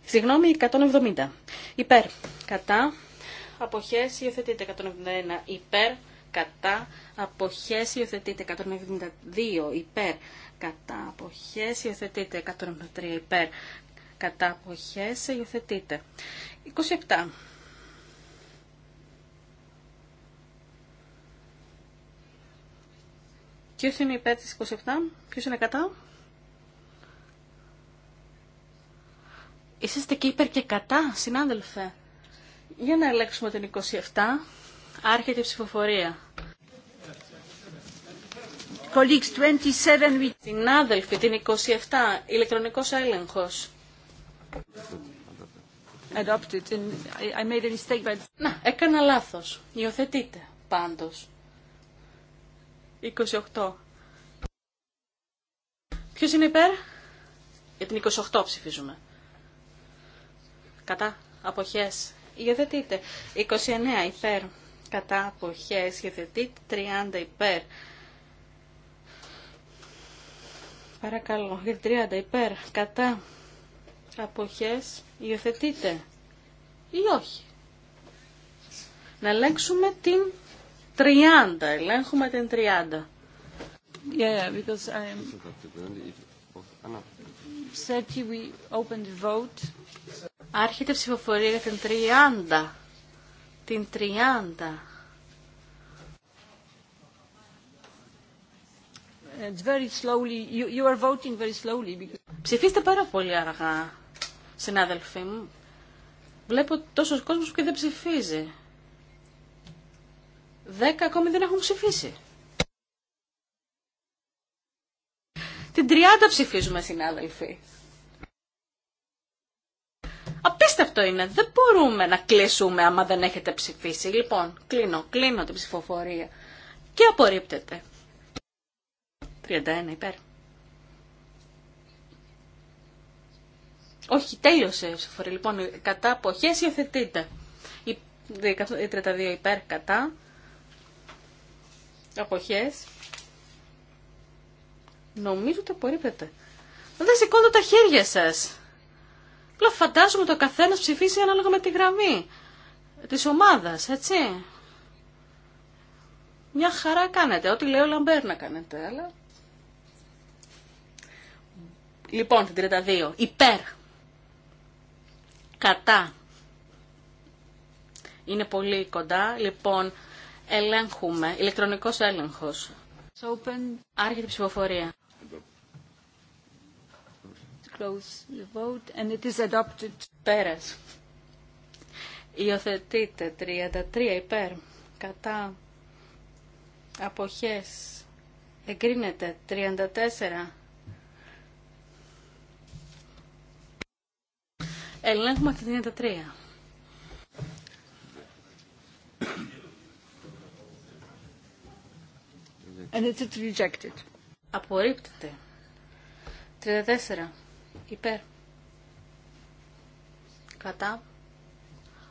συγγνώμη 170 υπέρ κατά αποχές υιοθετείται 171 υπέρ κατά αποχές υιοθετείται 172 υπέρ κατά αποχές υιοθετείται 173 υπέρ κατά αποχές υιοθετείται 27 Ποιος είναι υπέρ της 27, ποιος είναι κατά. Είσαστε και υπέρ και κατά, συνάδελφε. Για να ελέγξουμε την 27. Άρχεται η ψηφοφορία. Colleagues 27 Συνάδελφοι, την 27, ηλεκτρονικός έλεγχος. Adopted I made a mistake, Να, έκανα λάθος. Υιοθετείτε, πάντως. 28. Ποιος είναι υπέρ? Για την 28 ψηφίζουμε. Κατά, αποχές. Υιοθετείτε. 29, υπέρ κατά αποχές υιοθετείτε 30 υπέρ. Παρακαλώ, για 30 υπέρ, κατά αποχές υιοθετείτε ή όχι. Να ελέγξουμε την 30, ελέγχουμε την 30. Yeah, because I'm... we vote. Άρχεται ψηφοφορία για την 30 την 30. It's very slowly. You, you are voting very slowly because... Ψηφίστε πάρα πολύ αργά, συνάδελφοί μου. Βλέπω τόσο κόσμο που και δεν ψηφίζει. Δέκα ακόμη δεν έχουν ψηφίσει. Την 30 ψηφίζουμε, συνάδελφοι. Απίστευτο είναι. Δεν μπορούμε να κλείσουμε άμα δεν έχετε ψηφίσει. Λοιπόν, κλείνω, κλείνω την ψηφοφορία. Και απορρίπτεται. 31 υπέρ. Όχι, τέλειωσε η ψηφοφορία. Λοιπόν, κατά αποχές υιοθετείτε. Η 32 υπέρ κατά. Αποχές. Νομίζω ότι απορρίπτεται. Δεν σηκώνω τα χέρια σας. Απλά φαντάζομαι το καθένα ψηφίσει ανάλογα με τη γραμμή τη ομάδα, έτσι. Μια χαρά κάνετε. Ό,τι λέει ο Λαμπέρ να κάνετε, αλλά. Λοιπόν, την 32. Υπέρ. Κατά. Είναι πολύ κοντά. Λοιπόν, ελέγχουμε. Ηλεκτρονικός έλεγχος. Open. Άρχεται η ψηφοφορία. Close the Υιοθετείτε 33 υπέρ κατά αποχές. Εγκρίνεται 34. Ελέγχουμε την 33. And Απορρίπτεται. 34. Υπέρ. Κατά.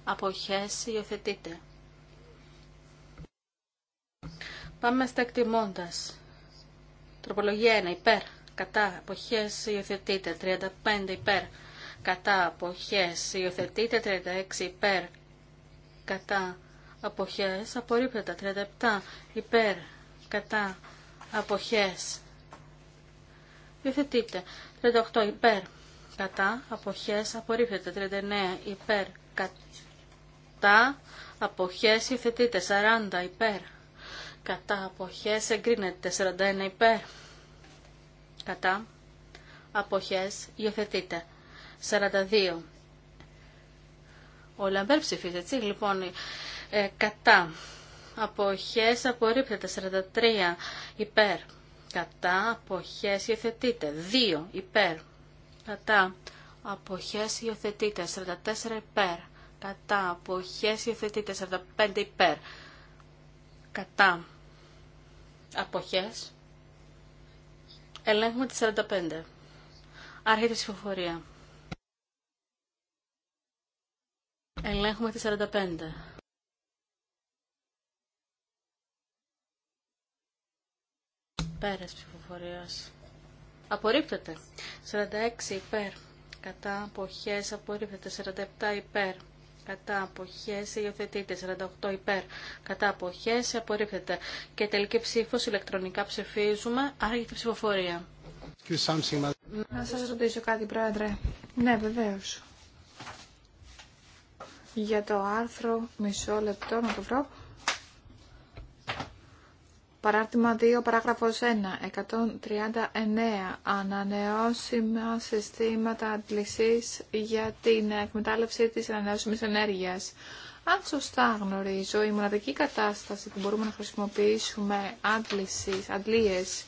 Αποχές υιοθετείται. Πάμε στα εκτιμώντα Τροπολογία 1. Υπέρ. Κατά. Αποχές υιοθετείται. 35. Υπέρ. Κατά. Αποχές υιοθετείται. 36. Υπέρ. Κατά. Αποχές απορρίπτεται. 37. Υπέρ. Κατά. Αποχές. Υιοθετείται. 38 υπέρ κατά αποχές απορρίπτεται 39 υπέρ κατά αποχές υφετείται 40 υπέρ κατά αποχές εγκρίνεται 41 υπέρ κατά αποχές υιοθετείται 42 ο Λαμπέρ ψηφίζει έτσι λοιπόν ε, κατά αποχές απορρίπτεται 43 υπέρ κατά αποχές υιοθετείτε. 2 υπέρ κατά αποχές υιοθετείτε. 44 υπέρ κατά αποχές υιοθετείτε. 45 υπέρ κατά αποχές ελέγχουμε τη 45 άρχεται η ψηφοφορία ελέγχουμε τη 45 Πέρας ψηφοφορίας. Απορρίπτεται. 46 υπέρ. Κατά αποχές απορρίπτεται. 47 υπέρ. Κατά αποχές υιοθετείται. 48 υπέρ. Κατά αποχές απορρίπτεται. Και τελική ψήφο ηλεκτρονικά ψηφίζουμε. η ψηφοφορία. Να σας ρωτήσω κάτι, Πρόεδρε. Ναι, βεβαίω. Για το άρθρο, μισό λεπτό να το βρω. Παράρτημα 2, παράγραφος 1, 139, ανανεώσιμα συστήματα αντλησής για την εκμετάλλευση της ανανεώσιμης ενέργειας. Αν σωστά γνωρίζω, η μοναδική κατάσταση που μπορούμε να χρησιμοποιήσουμε αντλήσεις αντλίες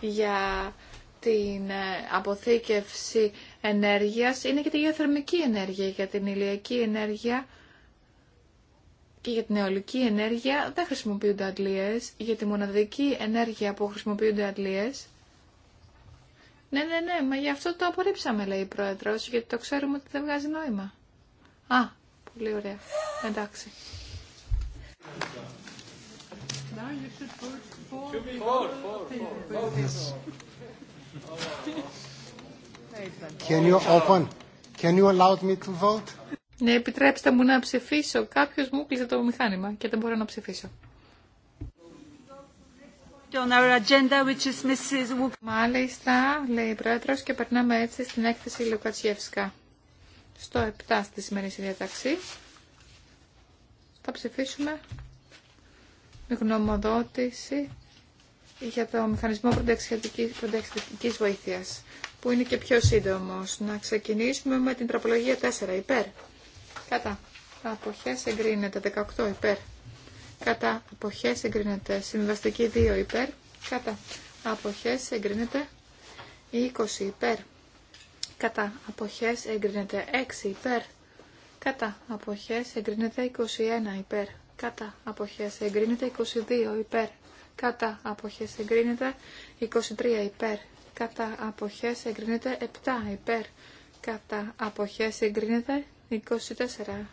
για την ε, αποθήκευση ενέργειας είναι και τη γεωθερμική ενέργεια, για την ηλιακή ενέργεια και για την αιωλική ενέργεια δεν χρησιμοποιούνται αντλίες. Για τη μοναδική ενέργεια που χρησιμοποιούνται αντλίες. Ναι, ναι, ναι, μα γι' αυτό το απορρίψαμε, λέει η Πρόεδρος, γιατί το ξέρουμε ότι δεν βγάζει νόημα. Α, πολύ ωραία. Εντάξει. Can you Can you allow me to vote? Ναι, επιτρέψτε μου να ψηφίσω. Κάποιος μου κλείσε το μηχάνημα και δεν μπορώ να ψηφίσω. Μάλιστα, λέει η Πρόεδρος και περνάμε έτσι στην έκθεση Λουκατσιεύσκα. Στο 7 στη σημερινή διαταξή. Θα ψηφίσουμε γνωμοδότηση για το μηχανισμό πρωτεξιατικής βοήθειας, που είναι και πιο σύντομος. Να ξεκινήσουμε με την τροπολογία 4, υπέρ. Κατά αποχές εγκρίνεται 18 υπέρ. Κατά αποχές εγκρίνεται συμβαστική 2 υπέρ. Κατά αποχές εγκρίνεται 20 υπέρ. Κατά αποχές εγκρίνεται 6 υπέρ. Κατά αποχές εγκρίνεται 21 υπέρ. Κατά αποχές εγκρίνεται 22 υπέρ. Κατά αποχές εγκρίνεται 23 υπέρ. Κατά αποχές εγκρίνεται 7 υπέρ. Κατά αποχές εγκρίνεται 24.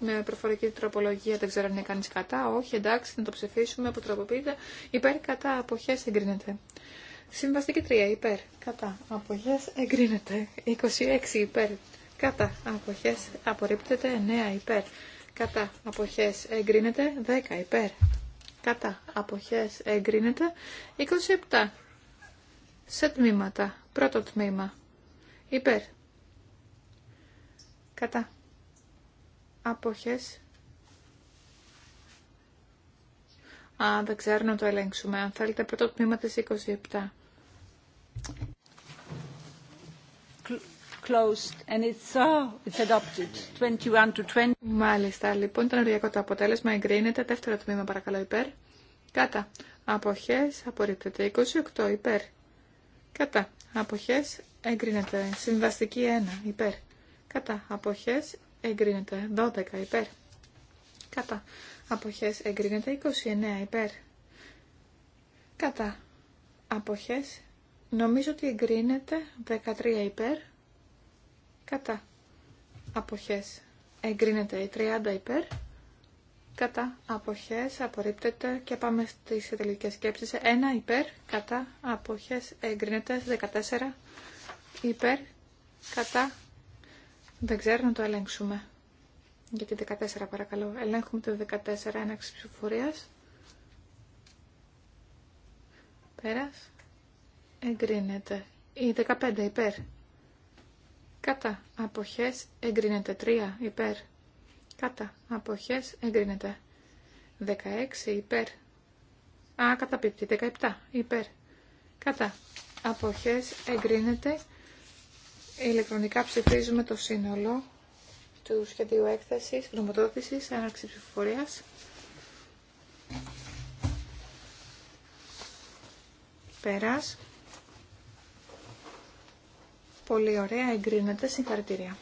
Με προφορική τροπολογία δεν ξέρω αν είναι κανεί κατά. Όχι, εντάξει, να το ψηφίσουμε από τροποποιείται. Υπέρ, κατά, αποχές, εγκρίνεται. Συμβαστική 3. Υπέρ, κατά, αποχές, εγκρίνεται. 26. Υπέρ, κατά, απόχέ απορρίπτεται. 9. Υπέρ, κατά, απόχέ, εγκρίνεται. 10. Υπέρ, κατά, απόχέ εγκρίνεται. 27. Σε τμήματα. Πρώτο τμήμα. Υπέρ. Κατά αποχές. Α, δεν ξέρω να το ελέγξουμε. Αν θέλετε πρώτο τμήμα της 27. Closed and it's, uh, it's adopted. 21 to 20. Μάλιστα, λοιπόν, το ενεργειακό το αποτέλεσμα. Εγκρίνεται. Δεύτερο τμήμα, παρακαλώ, υπέρ. Κατά. Αποχές, απορρίπτεται. 28, υπέρ. Κατά. Αποχές, εγκρίνεται. Συμβαστική 1, υπέρ. Κατά. Αποχές, εγκρίνεται 12 υπέρ. Κατά αποχές εγκρίνεται 29 υπέρ. Κατά αποχές νομίζω ότι εγκρίνεται 13 υπέρ. Κατά αποχές εγκρίνεται 30 υπέρ. Κατά αποχές απορρίπτεται και πάμε στις τελικές σκέψεις. 1 υπέρ. Κατά αποχές εγκρίνεται 14 υπέρ. Κατά δεν ξέρω να το ελέγξουμε. Για την 14 παρακαλώ. Ελέγχουμε το 14 έναξη ψηφοφορίας. Πέρας. Εγκρίνεται. Η 15 υπέρ. Κατά αποχές εγκρίνεται. 3 υπέρ. Κατά αποχές εγκρίνεται. 16 υπέρ. Α, καταπίπτει. 17 υπέρ. Κατά αποχές εγκρίνεται. Ηλεκτρονικά ψηφίζουμε το σύνολο του σχεδίου έκθεσης, γνωμοδότησης, έναρξη ψηφοφορίας. Πέρας. Πολύ ωραία, εγκρίνεται, συγχαρητήρια.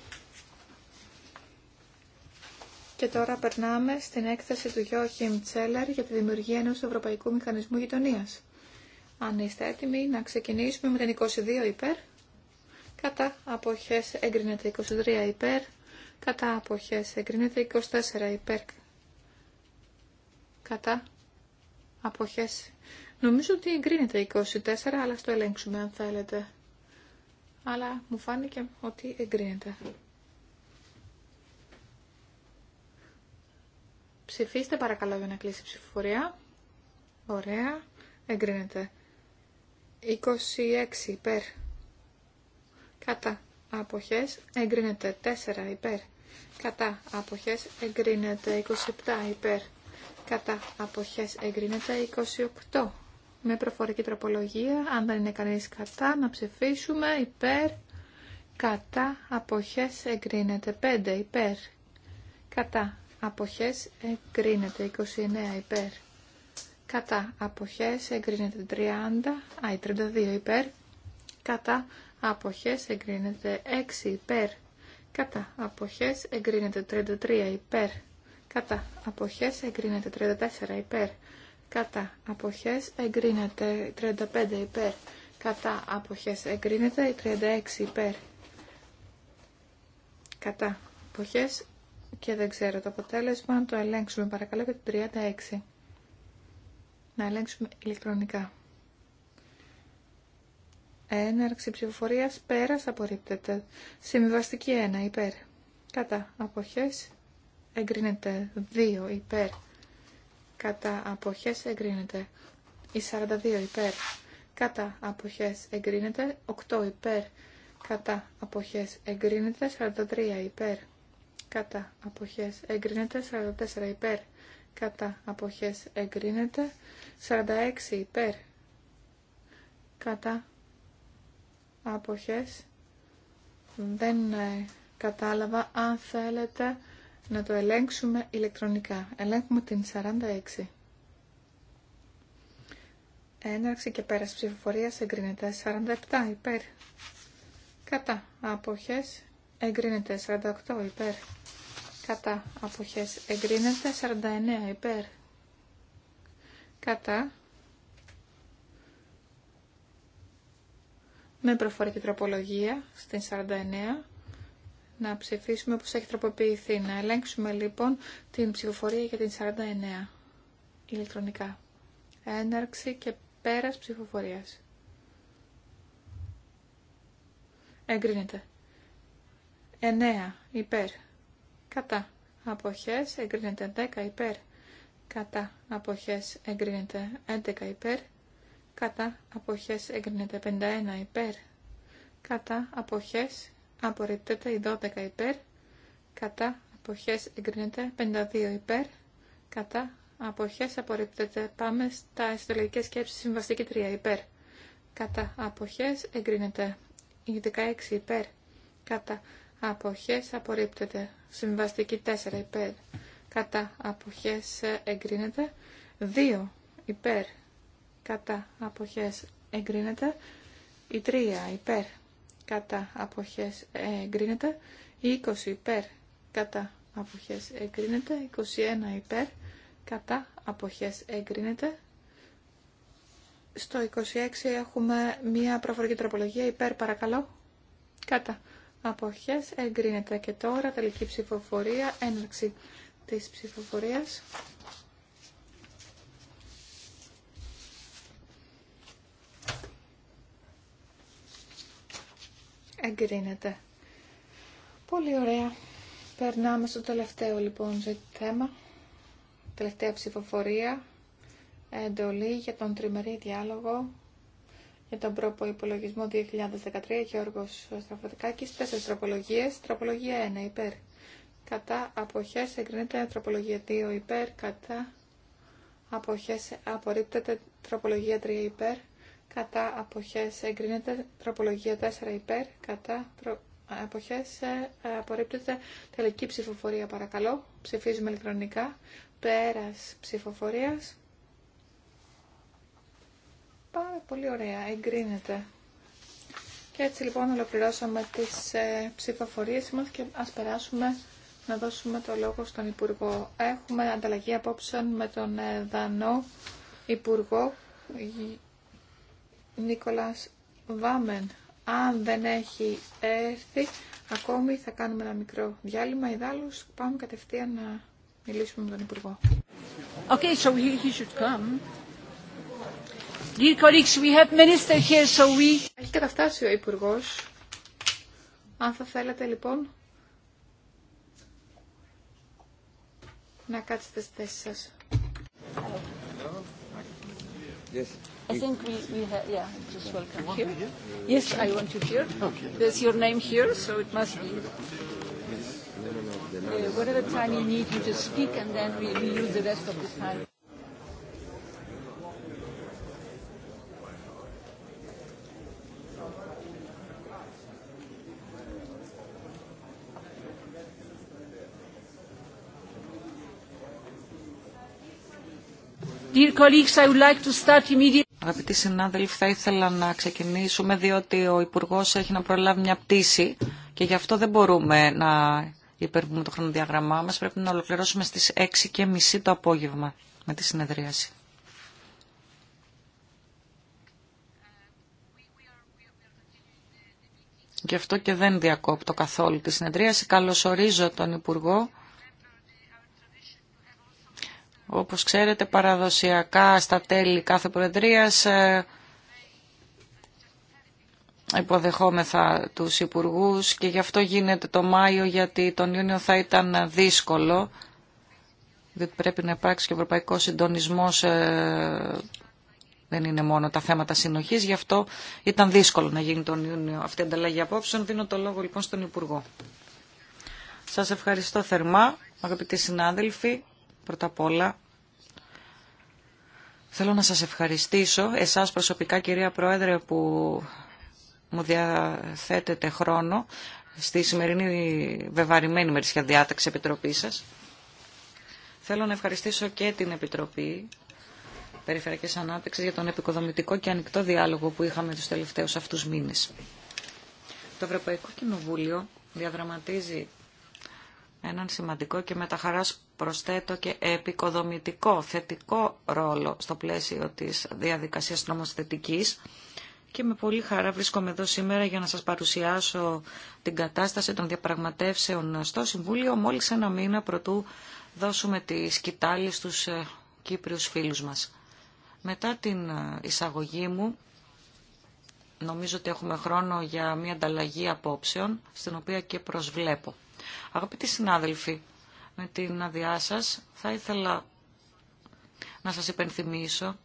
Και τώρα περνάμε στην έκθεση του Γιώχιμ Τσέλερ για τη δημιουργία ενός Ευρωπαϊκού Μηχανισμού Γειτονίας. Αν είστε έτοιμοι να ξεκινήσουμε με την 22 υπέρ κατά αποχές εγκρίνεται 23 υπέρ, κατά αποχές εγκρίνεται 24 υπέρ, κατά αποχές. Νομίζω ότι εγκρίνεται 24, αλλά στο ελέγξουμε αν θέλετε. Αλλά μου φάνηκε ότι εγκρίνεται. Ψηφίστε παρακαλώ για να κλείσει η ψηφοφορία. Ωραία. Εγκρίνεται. 26 υπέρ κατά αποχές εγκρίνεται 4 υπέρ κατά αποχές εγκρίνεται 27 υπέρ κατά αποχές εγκρίνεται 28 με προφορική τροπολογία αν δεν είναι κανεί κατά να ψηφίσουμε υπέρ κατά αποχές εγκρίνεται 5 υπέρ κατά αποχές εγκρίνεται 29 υπέρ κατά αποχές εγκρίνεται 30 α, 32 υπέρ κατά αποχές εγκρίνεται 6 υπέρ κατά αποχές εγκρίνεται 33 υπέρ κατά αποχές εγκρίνεται 34 υπέρ κατά αποχές εγκρίνεται 35 υπέρ κατά αποχές εγκρίνεται 36 υπέρ κατά αποχές και δεν ξέρω το αποτέλεσμα να το ελέγξουμε παρακαλώ για το 36 να ελέγξουμε ηλεκτρονικά Έναρξη ψηφοφορία πέρας απορρίπτεται. Συμβιβαστική 1 υπέρ. Κατά αποχές εγκρίνεται 2 υπέρ. Κατά αποχές εγκρίνεται η 42 υπέρ. Κατά αποχές εγκρίνεται 8 υπέρ. Κατά απόχέ εγκρίνεται 43 υπέρ. Κατά αποχές εγκρίνεται 44 υπέρ. Κατά αποχές εγκρίνεται 46 υπέρ. Κατά αποχές. Δεν ε, κατάλαβα αν θέλετε να το ελέγξουμε ηλεκτρονικά. Ελέγχουμε την 46. Έναρξη και πέρας ψηφοφορία εγκρίνεται 47 υπέρ. Κατά αποχές εγκρίνεται 48 υπέρ. Κατά αποχές εγκρίνεται 49 υπέρ. Κατά με προφορική τροπολογία στην 49 να ψηφίσουμε όπως έχει τροποποιηθεί. Να ελέγξουμε λοιπόν την ψηφοφορία για την 49 ηλεκτρονικά. Έναρξη και πέρας ψηφοφορίας. Εγκρίνεται. 9 υπέρ. Κατά. Αποχές εγκρίνεται 10 υπέρ. Κατά. Αποχές εγκρίνεται 11 υπέρ κατά αποχές εγκρίνεται 51 υπέρ, κατά αποχές απορρίπτεται η 12 υπέρ, κατά αποχές εγκρίνεται 52 υπέρ, κατά αποχές απορρίπτεται. Πάμε στα ιστολογικές σκέψεις συμβαστική 3 υπέρ, κατά αποχές εγκρίνεται η 16 υπέρ, κατά αποχές απορρίπτεται συμβαστική 4 υπέρ, κατά αποχές εγκρίνεται 2 υπέρ, κατά αποχές εγκρίνεται. Η 3 υπέρ κατά αποχές εγκρίνεται. Η 20 υπέρ κατά αποχές εγκρίνεται. Η 21 υπέρ κατά αποχές εγκρίνεται. Στο 26 έχουμε μία προφορική τροπολογία υπέρ παρακαλώ. Κατά αποχές εγκρίνεται. Και τώρα τελική ψηφοφορία, έναρξη της ψηφοφορίας. εγκρίνεται. Πολύ ωραία. Περνάμε στο τελευταίο λοιπόν θέμα. Τελευταία ψηφοφορία. Εντολή για τον τριμερή διάλογο για τον υπολογισμό 2013 Γιώργος Στραφωτικάκης. Τέσσερις τροπολογίες. Τροπολογία 1 υπέρ. Κατά αποχές εγκρίνεται τροπολογία 2 υπέρ. Κατά αποχές απορρίπτεται τροπολογία 3 υπέρ κατά αποχές εγκρίνεται τροπολογία 4 υπέρ, κατά αποχές ε, απορρίπτεται τελική ψηφοφορία παρακαλώ. Ψηφίζουμε ηλεκτρονικά. Πέρας ψηφοφορίας. Πάρα πολύ ωραία, εγκρίνεται. Και έτσι λοιπόν ολοκληρώσαμε τις ε, ψηφοφορίες μας και ας περάσουμε να δώσουμε το λόγο στον Υπουργό. Έχουμε ανταλλαγή απόψεων με τον ε, Δανό Υπουργό Νίκολας Βάμεν. Αν δεν έχει έρθει, ακόμη θα κάνουμε ένα μικρό διάλειμμα. Ιδάλλως πάμε κατευθείαν να μιλήσουμε με τον Υπουργό. Okay, so he, he should come. Dear colleagues, we have minister here, so we... Έχει καταφτάσει ο Υπουργός. Αν θα θέλατε, λοιπόν να κάτσετε στη θέση σας. Yes. I think we, we have, yeah, just welcome here. Yes, I want to hear. There's your name here, so it must be. Uh, whatever time you need, you just speak, and then we, we use the rest of the time. Dear colleagues, I would like to start immediately. Αγαπητοί συνάδελφοι, θα ήθελα να ξεκινήσουμε διότι ο υπουργό έχει να προλάβει μια πτήση και γι' αυτό δεν μπορούμε να υπερβούμε το χρονοδιαγραμμά μας. Πρέπει να ολοκληρώσουμε στις 6 το απόγευμα με τη συνεδρίαση. Γι' αυτό και δεν διακόπτω καθόλου τη συνεδρίαση. Καλωσορίζω τον Υπουργό. Όπως ξέρετε παραδοσιακά στα τέλη κάθε προεδρίας ε, υποδεχόμεθα τους υπουργούς και γι' αυτό γίνεται το Μάιο γιατί τον Ιούνιο θα ήταν δύσκολο διότι πρέπει να υπάρξει και ευρωπαϊκό συντονισμός ε, δεν είναι μόνο τα θέματα συνοχής, γι' αυτό ήταν δύσκολο να γίνει τον Ιούνιο αυτή η ανταλλαγή απόψεων. Δίνω το λόγο λοιπόν στον Υπουργό. Σας ευχαριστώ θερμά, αγαπητοί συνάδελφοι. Πρώτα απ' όλα, θέλω να σας ευχαριστήσω, εσάς προσωπικά κυρία Πρόεδρε που μου διαθέτετε χρόνο στη σημερινή βεβαρημένη μερισιά διάταξη επιτροπή σας. Θέλω να ευχαριστήσω και την Επιτροπή Περιφερειακής Ανάπτυξης για τον επικοδομητικό και ανοιχτό διάλογο που είχαμε τους τελευταίους αυτούς μήνες. Το Ευρωπαϊκό Κοινοβούλιο διαδραματίζει έναν σημαντικό και με τα προσθέτω και επικοδομητικό, θετικό ρόλο στο πλαίσιο της διαδικασίας νομοθετικής και με πολύ χαρά βρίσκομαι εδώ σήμερα για να σας παρουσιάσω την κατάσταση των διαπραγματεύσεων στο Συμβούλιο μόλις ένα μήνα πρωτού δώσουμε τη σκητάλη στους ε, Κύπριους φίλους μας. Μετά την ε, εισαγωγή μου, νομίζω ότι έχουμε χρόνο για μια ανταλλαγή απόψεων, στην οποία και προσβλέπω. Αγαπητοί συνάδελφοι, με την αδειά σα θα ήθελα να σας υπενθυμίσω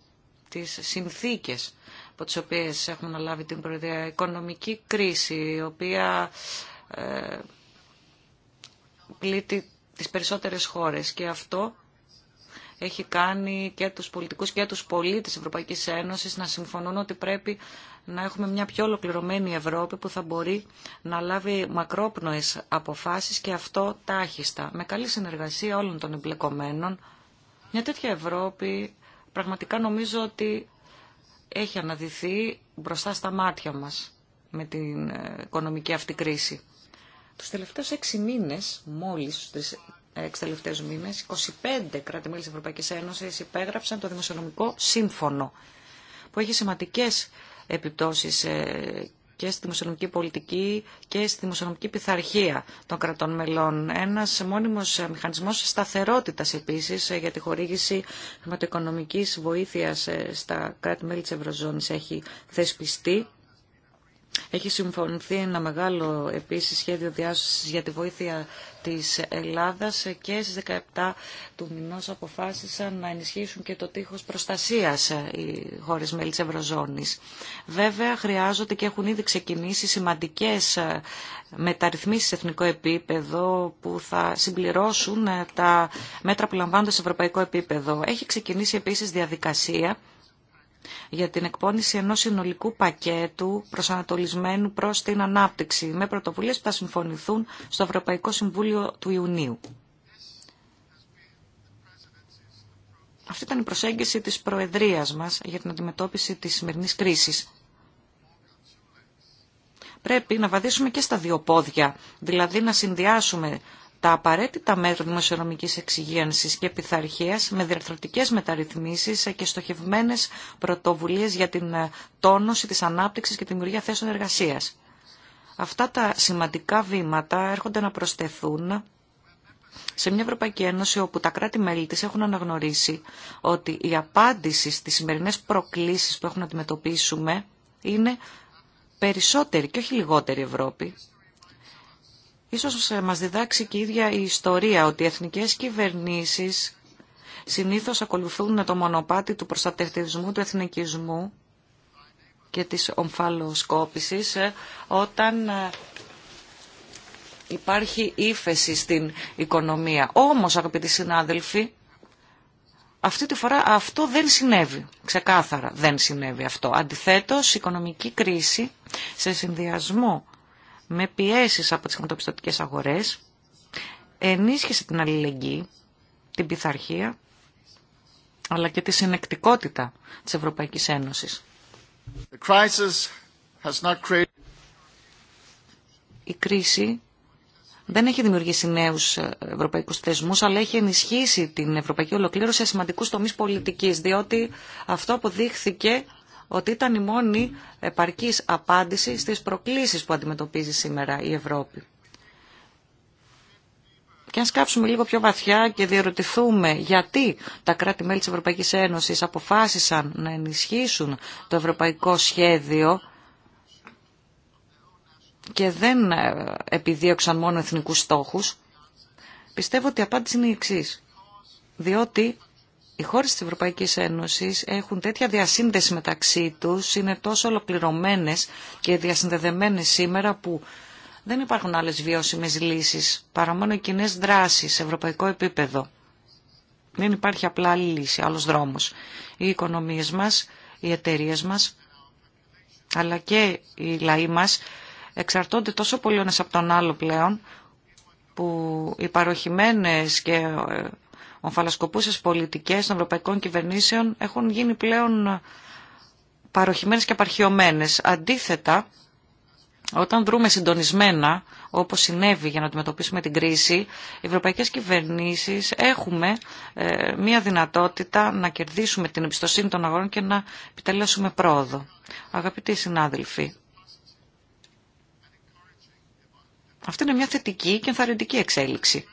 τις συνθήκες από τις οποίες έχουμε αναλάβει την προεδρία. Οικονομική κρίση, η οποία ε, πλήττει τις περισσότερες χώρες και αυτό έχει κάνει και τους πολιτικούς και τους πολίτες της Ευρωπαϊκής Ένωσης να συμφωνούν ότι πρέπει να έχουμε μια πιο ολοκληρωμένη Ευρώπη που θα μπορεί να λάβει μακρόπνοες αποφάσεις και αυτό τάχιστα, με καλή συνεργασία όλων των εμπλεκομένων. Μια τέτοια Ευρώπη πραγματικά νομίζω ότι έχει αναδυθεί μπροστά στα μάτια μας με την ε, οικονομική αυτή κρίση. Τους τελευταίους έξι μήνες, μόλις τους ε, έξι τελευταίους μήνες, 25 κράτη-μέλη της Ευρωπαϊκής Ένωσης υπέγραψαν το Δημοσιονομικό Σύμφωνο, που έχει σημαντικές επιπτώσεις ε, και στη δημοσιονομική πολιτική και στη δημοσιονομική πειθαρχία των κρατών μελών. Ένας μόνιμος ε, μηχανισμός σταθερότητας επίσης ε, για τη χορήγηση χρηματοοικονομικής βοήθειας στα κράτη-μέλη της Ευρωζώνης έχει θεσπιστεί έχει συμφωνηθεί ένα μεγάλο επίσης σχέδιο διάσωσης για τη βοήθεια της Ελλάδας και στις 17 του μηνός αποφάσισαν να ενισχύσουν και το τείχος προστασίας ε, οι χώρες μέλη της Ευρωζώνης. Βέβαια χρειάζονται και έχουν ήδη ξεκινήσει σημαντικές ε, μεταρρυθμίσεις σε εθνικό επίπεδο που θα συμπληρώσουν ε, τα μέτρα που λαμβάνονται σε ευρωπαϊκό επίπεδο. Έχει ξεκινήσει επίσης διαδικασία για την εκπόνηση ενός συνολικού πακέτου προσανατολισμένου προς την ανάπτυξη με πρωτοβουλίες που θα συμφωνηθούν στο Ευρωπαϊκό Συμβούλιο του Ιουνίου. Αυτή ήταν η προσέγγιση της Προεδρίας μας για την αντιμετώπιση της σημερινής κρίσης. Πρέπει να βαδίσουμε και στα δύο πόδια, δηλαδή να συνδυάσουμε τα απαραίτητα μέτρα δημοσιονομική εξυγίανση και πειθαρχία με διαρθρωτικέ μεταρρυθμίσει και στοχευμένε πρωτοβουλίε για την ε, τόνωση της ανάπτυξη και τη δημιουργία θέσεων εργασία. Αυτά τα σημαντικά βήματα έρχονται να προσθεθούν σε μια Ευρωπαϊκή Ένωση όπου τα κράτη-μέλη της έχουν αναγνωρίσει ότι η απάντηση στις σημερινές προκλήσεις που έχουν να αντιμετωπίσουμε είναι περισσότερη και όχι λιγότερη Ευρώπη Ίσως μας διδάξει και η ίδια η ιστορία ότι οι εθνικές κυβερνήσεις συνήθως ακολουθούν το μονοπάτι του προστατευτισμού, του εθνικισμού και της ομφαλοσκόπησης ε, όταν ε, υπάρχει ύφεση στην οικονομία. Όμως, αγαπητοί συνάδελφοι, αυτή τη φορά αυτό δεν συνέβη. Ξεκάθαρα δεν συνέβη αυτό. Αντιθέτως, η οικονομική κρίση σε συνδυασμό με πιέσεις από τις χρηματοπιστωτικές αγορές, ενίσχυσε την αλληλεγγύη, την πειθαρχία, αλλά και τη συνεκτικότητα της Ευρωπαϊκής Ένωσης. Η κρίση δεν έχει δημιουργήσει νέους ε, ευρωπαϊκούς θεσμούς, αλλά έχει ενισχύσει την ευρωπαϊκή ολοκλήρωση σε σημαντικού τομείς πολιτικής, διότι αυτό αποδείχθηκε ότι ήταν η μόνη επαρκής απάντηση στις προκλήσεις που αντιμετωπίζει σήμερα η Ευρώπη. Και αν σκάψουμε λίγο πιο βαθιά και διερωτηθούμε γιατί τα κράτη-μέλη της Ευρωπαϊκής Ένωσης αποφάσισαν να ενισχύσουν το ευρωπαϊκό σχέδιο και δεν ε, επιδίωξαν μόνο εθνικούς στόχους, πιστεύω ότι η απάντηση είναι η εξής. Διότι οι χώρε τη Ευρωπαϊκή Ένωση έχουν τέτοια διασύνδεση μεταξύ τους, είναι τόσο ολοκληρωμένε και διασυνδεδεμένες σήμερα που δεν υπάρχουν άλλε βιώσιμε λύσει, παρά μόνο οι κοινέ δράσεις σε ευρωπαϊκό επίπεδο. Δεν υπάρχει απλά άλλη λύση, άλλος δρόμος. Οι οικονομίε μας, οι εταιρείε μας, αλλά και οι λαοί μα εξαρτώνται τόσο πολύ ένα από τον άλλο πλέον, που οι παροχημένες και ε, ομφαλασκοπούσες πολιτικές των ευρωπαϊκών κυβερνήσεων έχουν γίνει πλέον παροχημένες και απαρχιωμένες. Αντίθετα, όταν δρούμε συντονισμένα, όπως συνέβη για να αντιμετωπίσουμε την κρίση, οι ευρωπαϊκές κυβερνήσεις έχουμε ε, μία δυνατότητα να κερδίσουμε την εμπιστοσύνη των αγορών και να επιτελέσουμε πρόοδο. Αγαπητοί συνάδελφοι, αυτή είναι μια θετική και ενθαρρυντική εξέλιξη.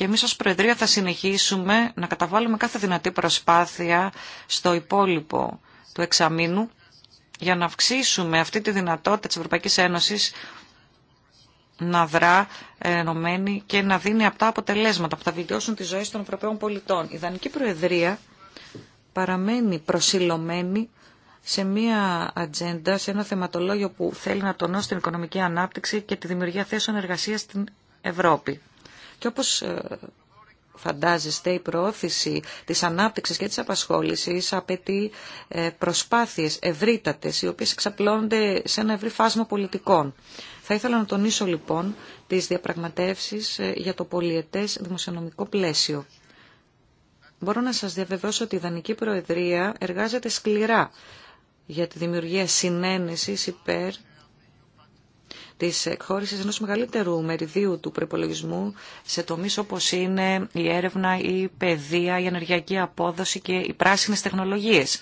Και εμείς ως Προεδρία θα συνεχίσουμε να καταβάλουμε κάθε δυνατή προσπάθεια στο υπόλοιπο του εξαμήνου για να αυξήσουμε αυτή τη δυνατότητα της Ευρωπαϊκής Ένωσης να δρά ενωμένη και να δίνει αυτά αποτελέσματα που θα βελτιώσουν τη ζωή των Ευρωπαίων πολιτών. Η Δανική Προεδρία παραμένει προσιλωμένη σε μια ατζέντα, σε ένα θεματολόγιο που θέλει να τονώσει την οικονομική ανάπτυξη και τη δημιουργία θέσεων εργασίας στην Ευρώπη. Και όπως ε, φαντάζεστε η προώθηση της ανάπτυξης και της απασχόλησης απαιτεί ε, προσπάθειες ευρύτατες οι οποίες εξαπλώνονται σε ένα ευρύ φάσμα πολιτικών. Θα ήθελα να τονίσω λοιπόν τις διαπραγματεύσεις ε, για το πολιετές δημοσιονομικό πλαίσιο. Μπορώ να σας διαβεβαιώσω ότι η Δανική Προεδρία εργάζεται σκληρά για τη δημιουργία συνένεσης υπέρ Τη εκχώρηση ενό μεγαλύτερου μεριδίου του προπολογισμού σε τομεί όπω είναι η έρευνα, η παιδεία, η ενεργειακή απόδοση και οι πράσινες τεχνολογίες.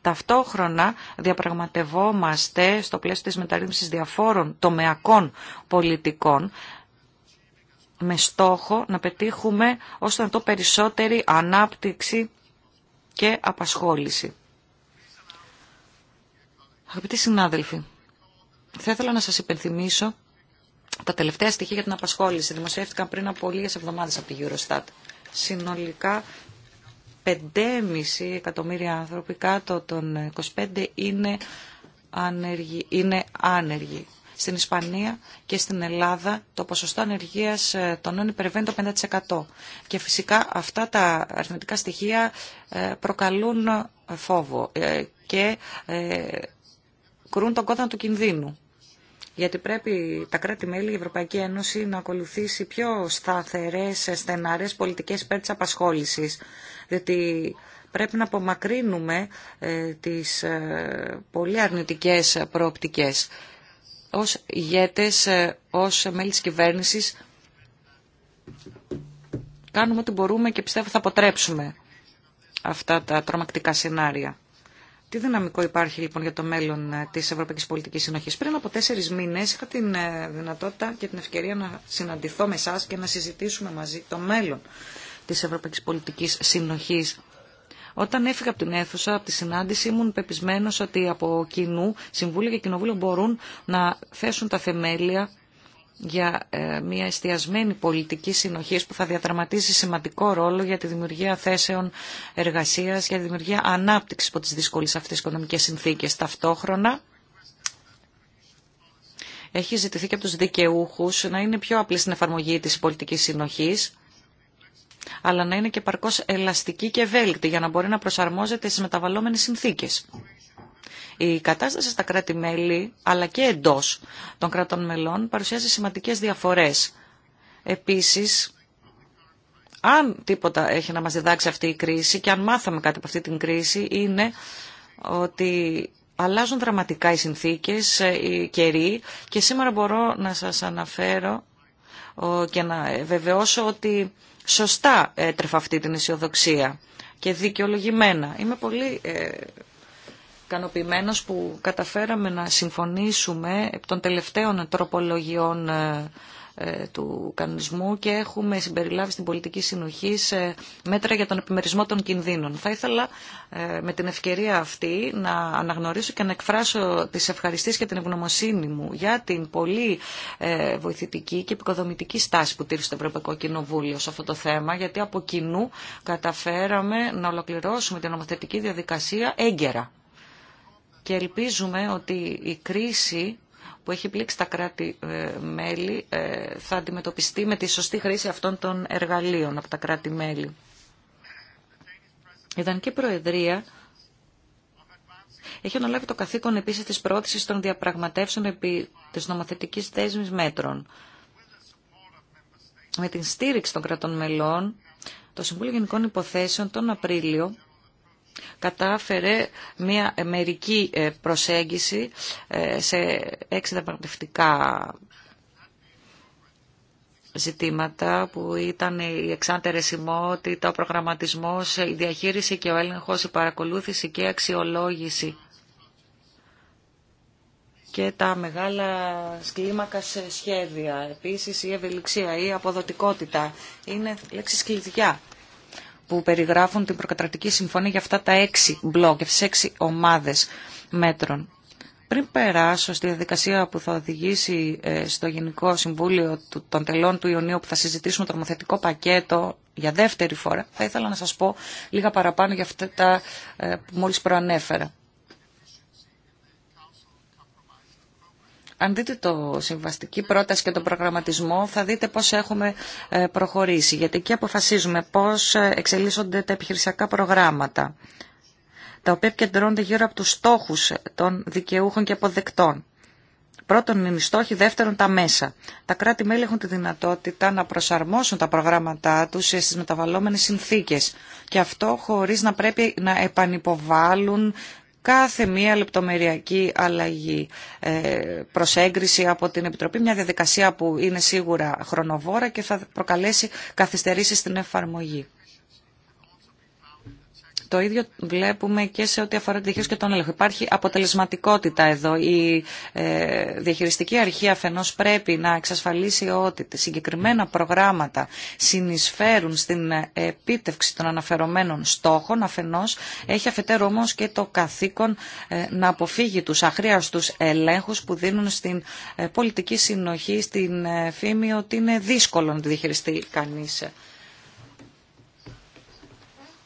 Ταυτόχρονα διαπραγματευόμαστε στο πλαίσιο της μεταρρύθμισης διαφόρων τομεακών πολιτικών με στόχο να πετύχουμε ώστε να το περισσότερη ανάπτυξη και απασχόληση. Αγαπητοί συνάδελφοι, θα ήθελα να σας υπενθυμίσω τα τελευταία στοιχεία για την απασχόληση. Δημοσιεύτηκαν πριν από λίγες εβδομάδες από τη Eurostat. Συνολικά 5,5 εκατομμύρια άνθρωποι κάτω των 25 είναι άνεργοι. Είναι άνεργοι. Στην Ισπανία και στην Ελλάδα το ποσοστό ανεργίας ε, των νέων υπερβαίνει το 5%. Και φυσικά αυτά τα αριθμητικά στοιχεία ε, προκαλούν ε, φόβο και κρούν τον κόδωνα του κινδύνου γιατί πρέπει τα κράτη-μέλη, η Ευρωπαϊκή Ένωση να ακολουθήσει πιο σταθερές, στεναρές πολιτικές υπέρ της απασχόλησης. Διότι πρέπει να απομακρύνουμε ε, τις ε, πολύ αρνητικές προοπτικές. Ως ηγέτες, ε, ως μέλη της κυβέρνησης, κάνουμε ό,τι μπορούμε και πιστεύω θα αποτρέψουμε αυτά τα τρομακτικά σενάρια. Τι δυναμικό υπάρχει λοιπόν για το μέλλον ε, τη Ευρωπαϊκή Πολιτική Συνοχή. Πριν από τέσσερι μήνε είχα την ε, δυνατότητα και την ευκαιρία να συναντηθώ με εσά και να συζητήσουμε μαζί το μέλλον τη Ευρωπαϊκή Πολιτική Συνοχή. Όταν έφυγα από την αίθουσα, από τη συνάντηση, ήμουν πεπισμένο ότι από κοινού Συμβούλιο και Κοινοβούλιο μπορούν να θέσουν τα θεμέλια για ε, μια εστιασμένη πολιτική συνοχή που θα διαδραματίσει σημαντικό ρόλο για τη δημιουργία θέσεων εργασία, για τη δημιουργία ανάπτυξη από τι δύσκολε αυτέ οικονομικέ συνθήκε. Ταυτόχρονα, έχει ζητηθεί και από του δικαιούχου να είναι πιο απλή στην εφαρμογή τη πολιτική συνοχή αλλά να είναι και παρκώς ελαστική και ευέλικτη για να μπορεί να προσαρμόζεται στις μεταβαλλόμενες συνθήκες. Η κατάσταση στα κράτη-μέλη, αλλά και εντός των κρατών μελών, παρουσιάζει σημαντικές διαφορές. Επίσης, αν τίποτα έχει να μας διδάξει αυτή η κρίση και αν μάθαμε κάτι από αυτή την κρίση, είναι ότι αλλάζουν δραματικά οι συνθήκες, οι καιροί και σήμερα μπορώ να σας αναφέρω και να βεβαιώσω ότι σωστά έτρεφα αυτή την αισιοδοξία και δικαιολογημένα. Είμαι πολύ ε, ικανοποιημένος που καταφέραμε να συμφωνήσουμε των τελευταίων τροπολογιών ε, ε, του κανονισμού και έχουμε συμπεριλάβει στην πολιτική συνοχή μέτρα για τον επιμερισμό των κινδύνων. Θα ήθελα ε, με την ευκαιρία αυτή να αναγνωρίσω και να εκφράσω τις ευχαριστίες και την ευγνωμοσύνη μου για την πολύ βοηθητική και επικοδομητική στάση που τήρησε το Ευρωπαϊκό Κοινοβούλιο σε αυτό το θέμα, γιατί από κοινού καταφέραμε να ολοκληρώσουμε την νομοθετική διαδικασία έγκαιρα και ελπίζουμε ότι η κρίση που έχει πλήξει τα κράτη-μέλη ε, ε, θα αντιμετωπιστεί με τη σωστή χρήση αυτών των εργαλείων από τα κράτη-μέλη. Η Δανική Προεδρία έχει αναλάβει το καθήκον επίσης της πρόθεσης των διαπραγματεύσεων επί της νομοθετικής θέσμης μέτρων. Με την στήριξη των κρατών μελών, το Συμβούλιο Γενικών Υποθέσεων τον Απρίλιο κατάφερε μια μερική ε, προσέγγιση ε, σε έξι δαπραγματευτικά ζητήματα που ήταν η εξάντερεσιμότητα, ο προγραμματισμός, η διαχείριση και ο έλεγχος, η παρακολούθηση και η αξιολόγηση και τα μεγάλα σε σχέδια. Επίσης η ευελιξία, η αποδοτικότητα είναι λέξεις κλειδιά που περιγράφουν την προκατρατική συμφωνία για αυτά τα έξι μπλοκ, για τις έξι ομάδες μέτρων. Πριν περάσω στη διαδικασία που θα οδηγήσει ε, στο Γενικό Συμβούλιο των Τελών του Ιωνίου που θα συζητήσουμε το νομοθετικό πακέτο για δεύτερη φορά, θα ήθελα να σας πω λίγα παραπάνω για αυτά τα ε, που μόλις προανέφερα. Αν δείτε το συμβαστική πρόταση και τον προγραμματισμό θα δείτε πώς έχουμε ε, προχωρήσει. Γιατί εκεί αποφασίζουμε πώς ε, εξελίσσονται τα επιχειρησιακά προγράμματα τα οποία επικεντρώνονται γύρω από τους στόχους των δικαιούχων και αποδεκτών. Πρώτον είναι οι στόχοι, δεύτερον τα μέσα. Τα κράτη-μέλη έχουν τη δυνατότητα να προσαρμόσουν τα προγράμματά τους στις μεταβαλλόμενες συνθήκες και αυτό χωρίς να πρέπει να επανυποβάλλουν κάθε μία λεπτομεριακή αλλαγή ε, προς έγκριση από την Επιτροπή, μια διαδικασία που είναι σίγουρα χρονοβόρα και θα προκαλέσει καθυστερήσεις στην εφαρμογή. Το ίδιο βλέπουμε και σε ό,τι αφορά τη διαχείριση και τον έλεγχο. Υπάρχει αποτελεσματικότητα εδώ. Η ε, διαχειριστική αρχή αφενός πρέπει να εξασφαλίσει ότι συγκεκριμένα προγράμματα συνεισφέρουν στην επίτευξη των αναφερομένων στόχων. Αφενός έχει αφετέρου όμω και το καθήκον ε, να αποφύγει τους αχρίαστου ελέγχου που δίνουν στην ε, πολιτική συνοχή, στην φήμη ότι είναι δύσκολο να τη διαχειριστεί κανεί.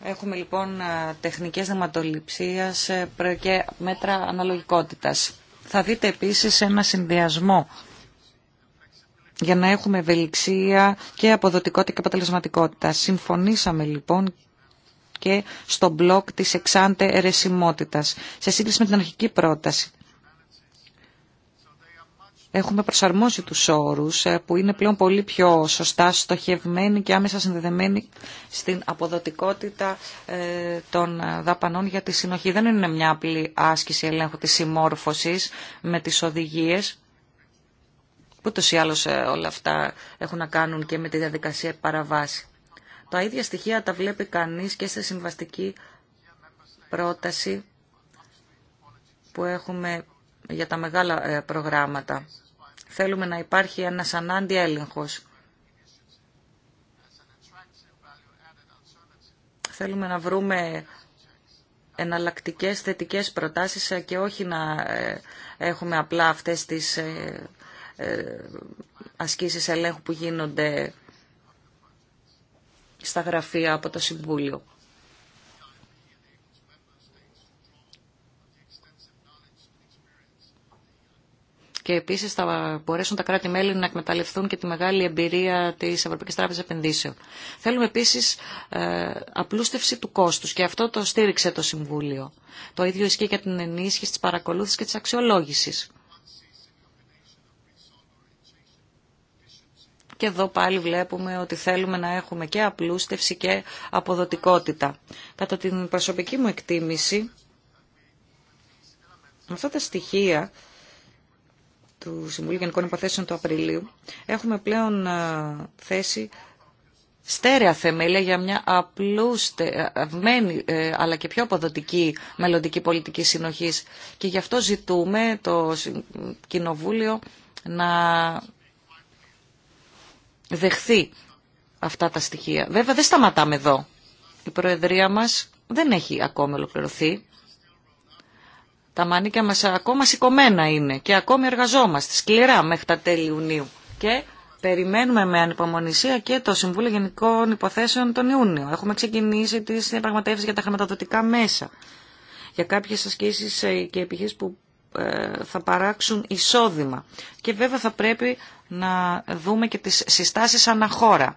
Έχουμε λοιπόν ε, τεχνικές δαματοληψίας ε, και μέτρα αναλογικότητας. Θα δείτε επίσης ένα συνδυασμό για να έχουμε ευελιξία και αποδοτικότητα και αποτελεσματικότητα. Συμφωνήσαμε λοιπόν και στο μπλοκ της εξάντε ερεσιμότητας σε σύγκριση με την αρχική πρόταση έχουμε προσαρμόσει τους όρους ε, που είναι πλέον πολύ πιο σωστά στοχευμένοι και άμεσα συνδεδεμένοι στην αποδοτικότητα ε, των δαπανών για τη συνοχή. Δεν είναι μια απλή άσκηση ελέγχου της συμμόρφωσης με τις οδηγίες που τόσο ή άλλως ε, όλα αυτά έχουν να κάνουν και με τη διαδικασία παραβάση. Τα ίδια στοιχεία τα βλέπει κανείς και στη συμβαστική πρόταση που έχουμε για τα μεγάλα ε, προγράμματα. Θέλουμε να υπάρχει ένας ανάντια έλεγχος. Θέλουμε να βρούμε εναλλακτικές θετικές προτάσεις ε, και όχι να ε, έχουμε απλά αυτές τις ασκήσεις ελέγχου που γίνονται στα γραφεία από το Συμβούλιο. και επίση θα μπορέσουν τα κράτη-μέλη να εκμεταλλευτούν και τη μεγάλη εμπειρία τη Ευρωπαϊκή Τράπεζα Επενδύσεων. Θέλουμε επίση ε, απλούστευση του κόστου και αυτό το στήριξε το Συμβούλιο. Το ίδιο ισχύει για την ενίσχυση τη παρακολούθηση και τη αξιολόγηση. Και εδώ πάλι βλέπουμε ότι θέλουμε να έχουμε και απλούστευση και αποδοτικότητα. Κατά την προσωπική μου εκτίμηση, με αυτά τα στοιχεία του Συμβουλίου Γενικών Υποθέσεων του Απριλίου, έχουμε πλέον ε, θέση στέρεα θεμέλια για μια απλούστευμένη ε, ε, αλλά και πιο αποδοτική μελλοντική πολιτική συνοχής. Και γι' αυτό ζητούμε το Κοινοβούλιο να δεχθεί αυτά τα στοιχεία. Βέβαια δεν σταματάμε εδώ. Η Προεδρία μας δεν έχει ακόμη ολοκληρωθεί. Τα μανίκια μας ακόμα σηκωμένα είναι και ακόμη εργαζόμαστε σκληρά μέχρι τα τέλη Ιουνίου. Και περιμένουμε με ανυπομονησία και το Συμβούλιο Γενικών Υποθέσεων τον Ιούνιο. Έχουμε ξεκινήσει τις διαπραγματεύσεις για τα χρηματοδοτικά μέσα. Για κάποιες ασκήσεις ε, και επιχείρησεις που ε, θα παράξουν εισόδημα. Και βέβαια θα πρέπει να δούμε και τις συστάσεις αναχώρα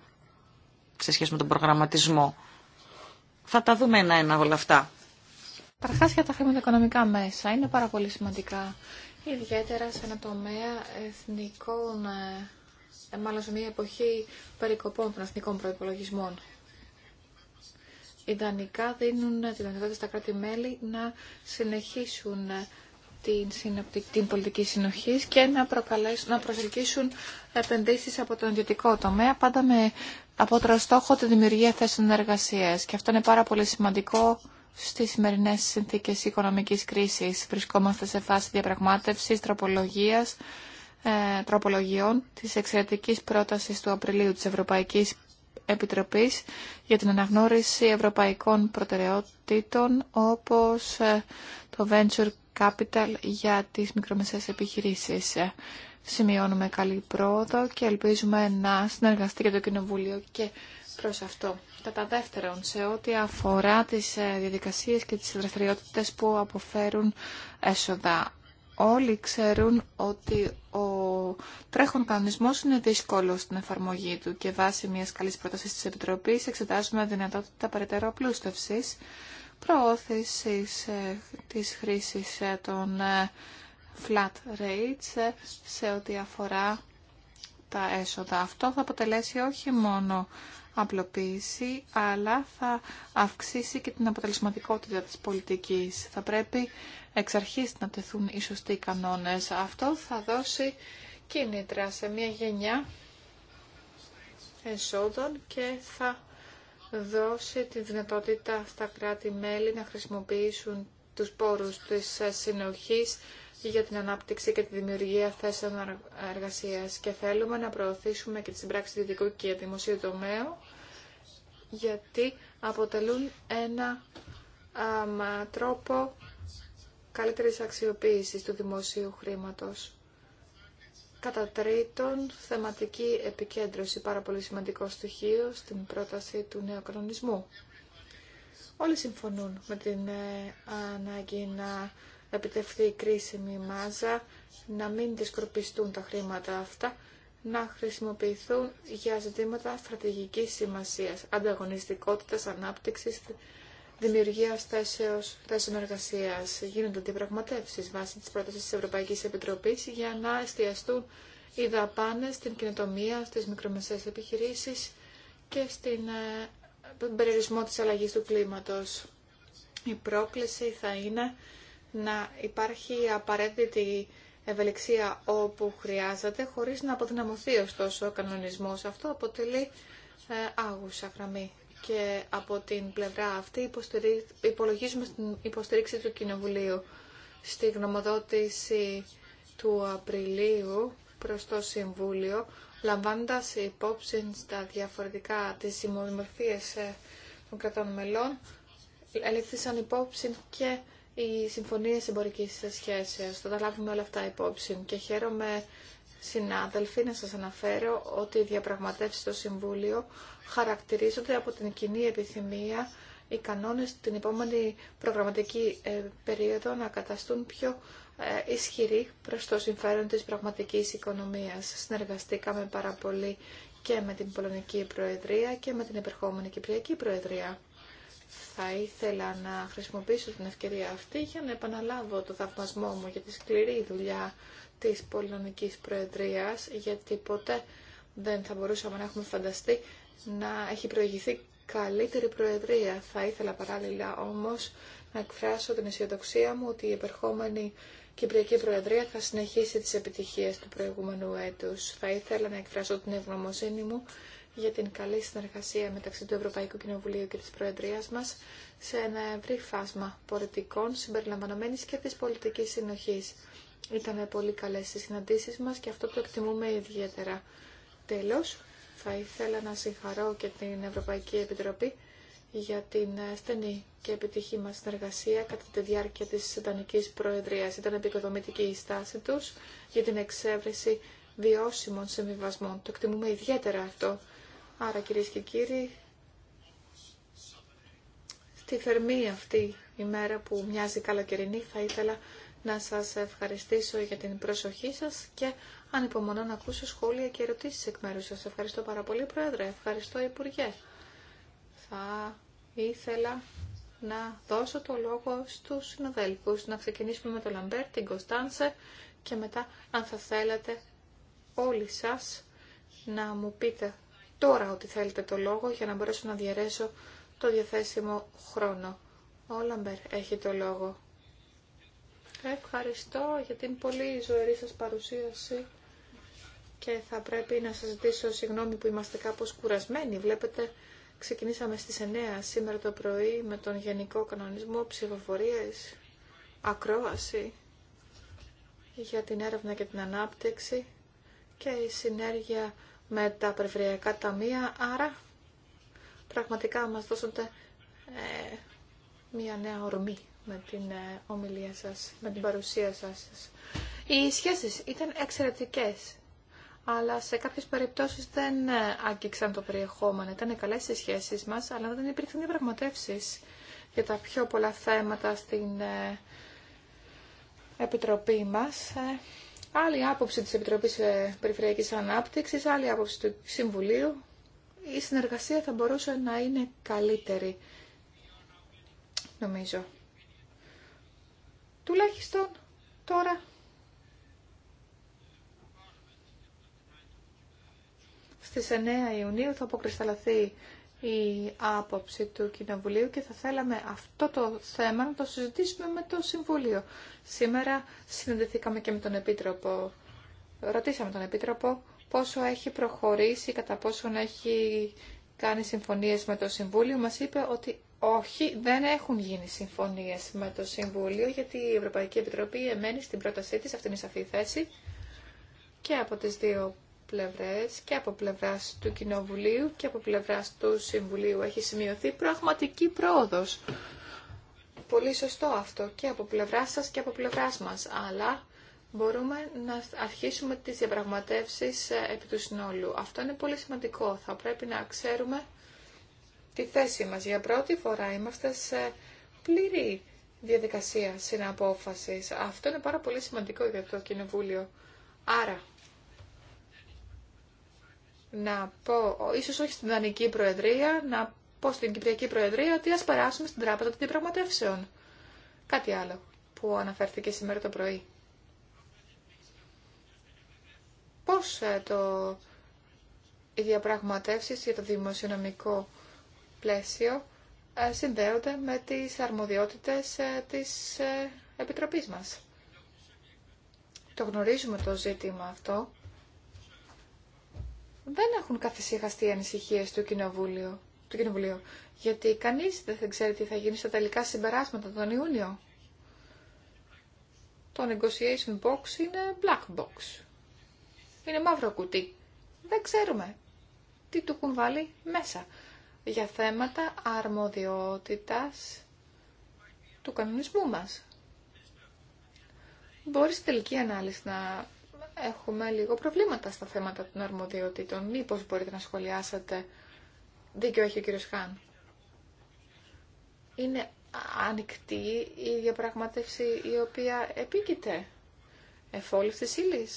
σε σχέση με τον προγραμματισμό. Θα τα δούμε ένα-ένα όλα αυτά. Καταρχά για τα χρηματοοικονομικά μέσα είναι πάρα πολύ σημαντικά. Ιδιαίτερα σε ένα τομέα εθνικών, ε, μάλλον σε μια εποχή περικοπών των εθνικών προπολογισμών. Ιδανικά δίνουν τη δυνατότητα στα κράτη-μέλη να συνεχίσουν την, την πολιτική συνοχή και να, να προσελκύσουν επενδύσεις από τον ιδιωτικό τομέα, πάντα με απότερο στόχο τη δημιουργία θέσεων εργασία. Και αυτό είναι πάρα πολύ σημαντικό στις σημερινές συνθήκες οικονομικής κρίσης. Βρισκόμαστε σε φάση διαπραγμάτευσης τροπολογίας, ε, τροπολογιών της εξαιρετικής πρότασης του Απριλίου της Ευρωπαϊκής Επιτροπής για την αναγνώριση ευρωπαϊκών προτεραιότητων όπως ε, το Venture Capital για τις μικρομεσαίες επιχειρήσεις. Σημειώνουμε καλή πρόοδο και ελπίζουμε να συνεργαστεί και το Κοινοβούλιο και προς αυτό. Κατά δεύτερον, σε ό,τι αφορά τις ε, διαδικασίες και τις δραστηριότητε που αποφέρουν έσοδα. Όλοι ξέρουν ότι ο τρέχον κανονισμός είναι δύσκολο στην εφαρμογή του και βάσει μιας καλής πρότασης της Επιτροπής εξετάζουμε δυνατότητα περαιτέρω απλούστευσης, προώθησης ε, της χρήσης ε, των flat rates σε ό,τι αφορά τα έσοδα. Αυτό θα αποτελέσει όχι μόνο απλοποίηση, αλλά θα αυξήσει και την αποτελεσματικότητα της πολιτικής. Θα πρέπει εξ αρχής να τεθούν οι σωστοί κανόνες. Αυτό θα δώσει κίνητρα σε μια γενιά εσόδων και θα δώσει τη δυνατότητα στα κράτη-μέλη να χρησιμοποιήσουν τους πόρους της συνοχής για την ανάπτυξη και τη δημιουργία θέσεων εργασία. και θέλουμε να προωθήσουμε και τη συμπράξη διδικού και δημοσίου τομέα γιατί αποτελούν ένα α, τρόπο καλύτερης αξιοποίησης του δημοσίου χρήματος. Κατά τρίτον, θεματική επικέντρωση, πάρα πολύ σημαντικό στοιχείο στην πρόταση του νέου κανονισμού. Όλοι συμφωνούν με την ε, ανάγκη να επιτευχθεί η κρίσιμη μάζα, να μην δισκορπιστούν τα χρήματα αυτά, να χρησιμοποιηθούν για ζητήματα στρατηγικής σημασίας, ανταγωνιστικότητας, ανάπτυξης, δημιουργία θέσεων εργασία. Γίνονται διαπραγματεύσει βάσει τη πρόταση της Ευρωπαϊκή Επιτροπή για να εστιαστούν οι δαπάνε στην κοινοτομία, στις μικρομεσαίες επιχειρήσεις και στην ε, περιορισμό της αλλαγής του κλίματος. Η πρόκληση θα είναι να υπάρχει απαραίτητη ευελιξία όπου χρειάζεται, χωρίς να αποδυναμωθεί ωστόσο ο κανονισμός. Αυτό αποτελεί ε, άγουσα γραμμή. Και από την πλευρά αυτή υπολογίζουμε στην υποστήριξη του Κοινοβουλίου. Στη γνωμοδότηση του Απριλίου προς το Συμβούλιο, λαμβάνοντας υπόψη στα διαφορετικά τις συμμορφίες ε, των κρατών μελών, ελήφθησαν υπόψη και οι συμφωνίε εμπορική σχέση, Θα τα λάβουμε όλα αυτά υπόψη και χαίρομαι Συνάδελφοι, να σα αναφέρω ότι οι διαπραγματεύσει στο Συμβούλιο χαρακτηρίζονται από την κοινή επιθυμία οι κανόνε την επόμενη προγραμματική ε, περίοδο να καταστούν πιο ε, ισχυροί προ το συμφέρον τη πραγματική οικονομίας. Συνεργαστήκαμε πάρα πολύ και με την Πολωνική Προεδρία και με την επερχόμενη Κυπριακή Προεδρία. Θα ήθελα να χρησιμοποιήσω την ευκαιρία αυτή για να επαναλάβω το θαυμασμό μου για τη σκληρή δουλειά της Πολωνικής Προεδρίας, γιατί ποτέ δεν θα μπορούσαμε να έχουμε φανταστεί να έχει προηγηθεί καλύτερη Προεδρία. Θα ήθελα παράλληλα όμως να εκφράσω την αισιοδοξία μου ότι η επερχόμενη Κυπριακή Προεδρία θα συνεχίσει τις επιτυχίες του προηγούμενου έτους. Θα ήθελα να εκφράσω την ευγνωμοσύνη μου για την καλή συνεργασία μεταξύ του Ευρωπαϊκού Κοινοβουλίου και της Προεδρίας μας σε ένα ευρύ φάσμα πολιτικών συμπεριλαμβανομένης και της πολιτικής συνοχής. Ήταν πολύ καλές οι συναντήσεις μας και αυτό το εκτιμούμε ιδιαίτερα. Τέλος, θα ήθελα να συγχαρώ και την Ευρωπαϊκή Επιτροπή για την στενή και επιτυχή μας συνεργασία κατά τη διάρκεια της Ιστανική Προεδρίας. Ήταν επικοδομητική η στάση τους για την εξέβρεση βιώσιμων συμβιβασμών. Το εκτιμούμε ιδιαίτερα αυτό Άρα κυρίες και κύριοι, στη θερμή αυτή η μέρα που μοιάζει καλοκαιρινή θα ήθελα να σας ευχαριστήσω για την προσοχή σας και ανυπομονώ να ακούσω σχόλια και ερωτήσεις εκ μέρους σας. Ευχαριστώ πάρα πολύ Πρόεδρε, ευχαριστώ Υπουργέ. Θα ήθελα να δώσω το λόγο στους συναδέλφους. Να ξεκινήσουμε με τον Λαμπέρ, την Κωνσταντσε και μετά αν θα θέλατε, όλοι σας να μου πείτε τώρα ότι θέλετε το λόγο για να μπορέσω να διαιρέσω το διαθέσιμο χρόνο. Ο Λαμπερ έχει το λόγο. Ευχαριστώ για την πολύ ζωηρή σας παρουσίαση και θα πρέπει να σας ζητήσω συγγνώμη που είμαστε κάπως κουρασμένοι. Βλέπετε, ξεκινήσαμε στις 9 σήμερα το πρωί με τον Γενικό Κανονισμό Ψηφοφορίες, Ακρόαση για την έρευνα και την ανάπτυξη και η συνέργεια με τα περιφερειακά ταμεία, άρα πραγματικά μας δώσατε ε, μια νέα ορμή με την ε, ομιλία σας, με την παρουσία σας. Οι σχέσεις ήταν εξαιρετικές, αλλά σε κάποιες περιπτώσεις δεν ε, άγγιξαν το περιεχόμενο. Ήταν καλές οι σχέσεις μας, αλλά δεν υπήρχαν διαπραγματεύσεις για τα πιο πολλά θέματα στην ε, Επιτροπή μας άλλη άποψη της Επιτροπής ε, Περιφερειακής Ανάπτυξης, άλλη άποψη του Συμβουλίου. Η συνεργασία θα μπορούσε να είναι καλύτερη, νομίζω. Τουλάχιστον τώρα στις 9 Ιουνίου θα αποκρισταλαθεί η άποψη του Κοινοβουλίου και θα θέλαμε αυτό το θέμα να το συζητήσουμε με το Συμβούλιο. Σήμερα συναντηθήκαμε και με τον Επίτροπο. Ρωτήσαμε τον Επίτροπο πόσο έχει προχωρήσει, κατά πόσο έχει κάνει συμφωνίες με το Συμβούλιο. Μας είπε ότι όχι, δεν έχουν γίνει συμφωνίες με το Συμβούλιο, γιατί η Ευρωπαϊκή Επιτροπή εμένει στην πρότασή της, αυτήν η σαφή θέση, και από τις δύο πλευρές και από πλευράς του Κοινοβουλίου και από πλευράς του Συμβουλίου έχει σημειωθεί πραγματική πρόοδος. Πολύ σωστό αυτό και από πλευράς σας και από πλευράς μας, αλλά μπορούμε να αρχίσουμε τις διαπραγματεύσεις ε, επί του συνόλου. Αυτό είναι πολύ σημαντικό. Θα πρέπει να ξέρουμε τη θέση μας. Για πρώτη φορά είμαστε σε πλήρη διαδικασία συναπόφασης. Αυτό είναι πάρα πολύ σημαντικό για το Κοινοβούλιο. Άρα, να πω, ίσως όχι στην Δανική Προεδρία, να πω στην Κυπριακή Προεδρία ότι ας περάσουμε στην Τράπεζα των Διαπραγματεύσεων. Κάτι άλλο που αναφέρθηκε σήμερα το πρωί. Πώς ε, το... οι διαπραγματεύσεις για το δημοσιονομικό πλαίσιο ε, συνδέονται με τις αρμοδιότητες ε, της Επιτροπής μας. Το γνωρίζουμε το ζήτημα αυτό δεν έχουν καθησυχαστεί οι ανησυχίε του Κοινοβουλίου, του Κοινοβουλίου, γιατί κανεί δεν ξέρει τι θα γίνει στα τελικά συμπεράσματα τον Ιούνιο. Το negotiation box είναι black box. Είναι μαύρο κουτί. Δεν ξέρουμε τι του έχουν βάλει μέσα για θέματα αρμοδιότητας του κανονισμού μας. Μπορεί τελική ανάλυση να έχουμε λίγο προβλήματα στα θέματα των αρμοδιοτήτων. Μήπω μπορείτε να σχολιάσετε. Δίκιο έχει ο κύριος Χάν. Είναι ανοιχτή η διαπραγματεύση η οποία επίκειται όλη τη ύλη.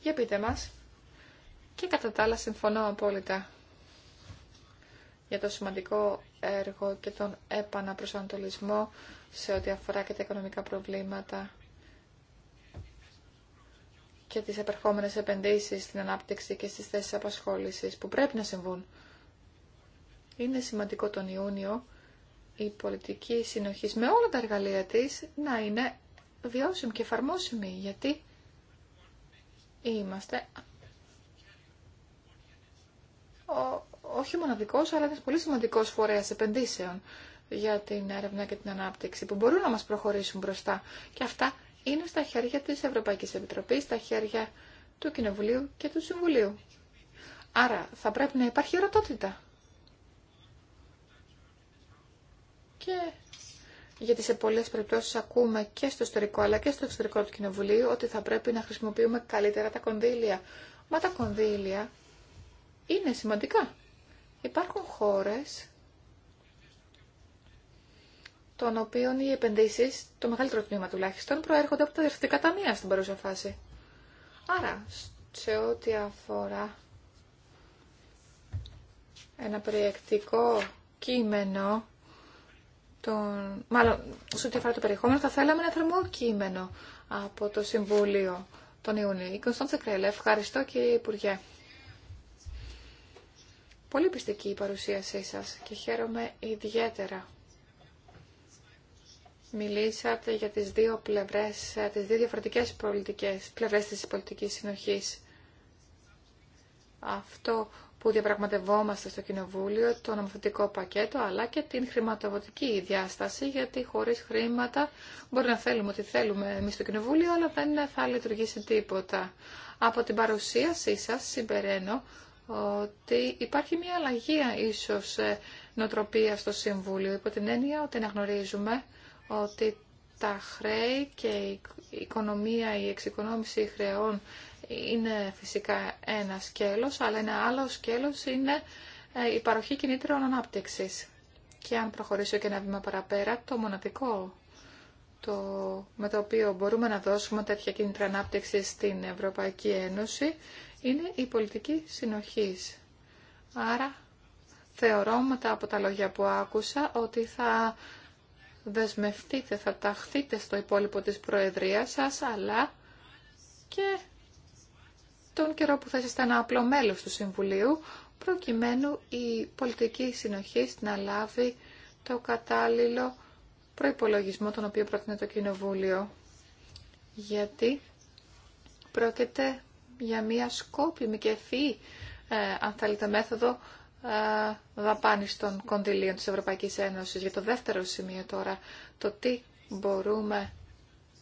Για πείτε μας. Και κατά τα άλλα συμφωνώ απόλυτα για το σημαντικό έργο και τον επαναπροσανατολισμό σε ό,τι αφορά και τα οικονομικά προβλήματα για τις επερχόμενες επενδύσεις στην ανάπτυξη και στις θέσεις απασχόλησης που πρέπει να συμβούν. Είναι σημαντικό τον Ιούνιο η πολιτική συνοχής με όλα τα εργαλεία της να είναι βιώσιμη και εφαρμόσιμη, γιατί είμαστε όχι μοναδικός, αλλά ένας πολύ σημαντικός φορέας επενδύσεων για την έρευνα και την ανάπτυξη, που μπορούν να μας προχωρήσουν μπροστά. Και αυτά είναι στα χέρια της Ευρωπαϊκής Επιτροπής, στα χέρια του Κοινοβουλίου και του Συμβουλίου. Άρα θα πρέπει να υπάρχει ερωτότητα. Και γιατί σε πολλές περιπτώσεις ακούμε και στο ιστορικό αλλά και στο εξωτερικό του Κοινοβουλίου ότι θα πρέπει να χρησιμοποιούμε καλύτερα τα κονδύλια. Μα τα κονδύλια είναι σημαντικά. Υπάρχουν χώρες των οποίων οι επενδύσει το μεγαλύτερο τμήμα τουλάχιστον, προέρχονται από τα διευθυντικά ταμεία στην παρούσα φάση. Άρα, σε ό,τι αφορά ένα περιεκτικό κείμενο, τον... μάλλον σε ό,τι αφορά το περιεχόμενο, θα θέλαμε ένα θερμό κείμενο από το Συμβούλιο τον Ιούνιο. Η Κωνσταντζα Κρέλε, ευχαριστώ κύριε Υπουργέ. Πολύ πιστική η παρουσίασή σας και χαίρομαι ιδιαίτερα Μιλήσατε για τις δύο πλευρές, ε, τις δύο διαφορετικές πολιτικές, πλευρές της πολιτικής συνοχής. Αυτό που διαπραγματευόμαστε στο Κοινοβούλιο, το νομοθετικό πακέτο, αλλά και την χρηματοδοτική διάσταση, γιατί χωρίς χρήματα μπορεί να θέλουμε ότι θέλουμε εμείς στο Κοινοβούλιο, αλλά δεν θα λειτουργήσει τίποτα. Από την παρουσίασή σας συμπεραίνω ότι υπάρχει μια αλλαγή ε, ίσως ε, νοτροπία στο Συμβούλιο, υπό την έννοια ότι αναγνωρίζουμε ότι τα χρέη και η οικονομία, η εξοικονόμηση χρεών είναι φυσικά ένα σκέλος, αλλά ένα άλλο σκέλος είναι ε, η παροχή κινήτρων ανάπτυξης. Και αν προχωρήσω και ένα βήμα παραπέρα, το μοναδικό το, με το οποίο μπορούμε να δώσουμε τέτοια κίνητρα ανάπτυξη στην Ευρωπαϊκή Ένωση είναι η πολιτική συνοχής. Άρα θεωρώ μετά από τα λόγια που άκουσα ότι θα δεσμευτείτε, θα ταχθείτε στο υπόλοιπο της Προεδρίας σας, αλλά και τον καιρό που θα είστε ένα απλό μέλος του Συμβουλίου, προκειμένου η πολιτική συνοχή να λάβει το κατάλληλο προϋπολογισμό τον οποίο πρότεινε το Κοινοβούλιο. Γιατί πρόκειται για μια σκόπιμη και φύ, ε, αν θέλετε, μέθοδο ε, δαπάνης των κονδυλίων της Ευρωπαϊκής Ένωσης. Για το δεύτερο σημείο τώρα, το τι μπορούμε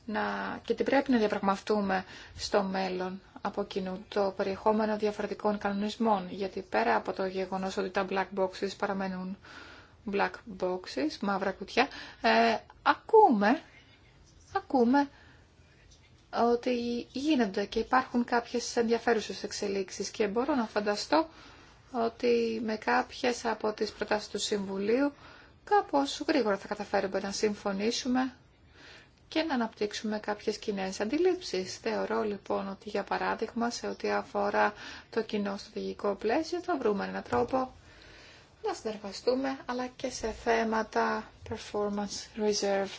να... και τι πρέπει να διαπραγματούμε στο μέλλον από κοινού το περιεχόμενο διαφορετικών κανονισμών, γιατί πέρα από το γεγονός ότι τα black boxes παραμένουν black boxes, μαύρα κουτιά, ε, ακούμε, ακούμε ότι γίνονται και υπάρχουν κάποιες ενδιαφέρουσες εξελίξεις και μπορώ να φανταστώ ότι με κάποιες από τις προτάσεις του Συμβουλίου κάπως γρήγορα θα καταφέρουμε να συμφωνήσουμε και να αναπτύξουμε κάποιες κοινέ αντιλήψεις. Θεωρώ λοιπόν ότι για παράδειγμα σε ό,τι αφορά το κοινό στρατηγικό πλαίσιο θα βρούμε έναν τρόπο να συνεργαστούμε αλλά και σε θέματα performance reserve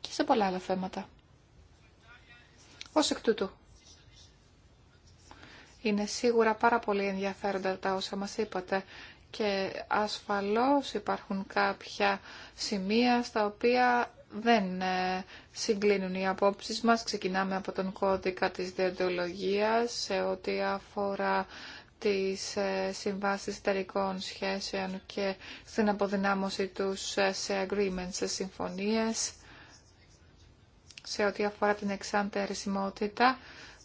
και σε πολλά άλλα θέματα. Ως εκ τούτου, είναι σίγουρα πάρα πολύ ενδιαφέροντα τα όσα μας είπατε και ασφαλώς υπάρχουν κάποια σημεία στα οποία δεν ε, συγκλίνουν οι απόψεις μας. Ξεκινάμε από τον κώδικα της διοντολογίας σε ό,τι αφορά τις ε, συμβάσεις εταιρικών σχέσεων και στην αποδυνάμωση τους ε, σε agreements, σε συμφωνίες, σε ό,τι αφορά την εξάντερησιμότητα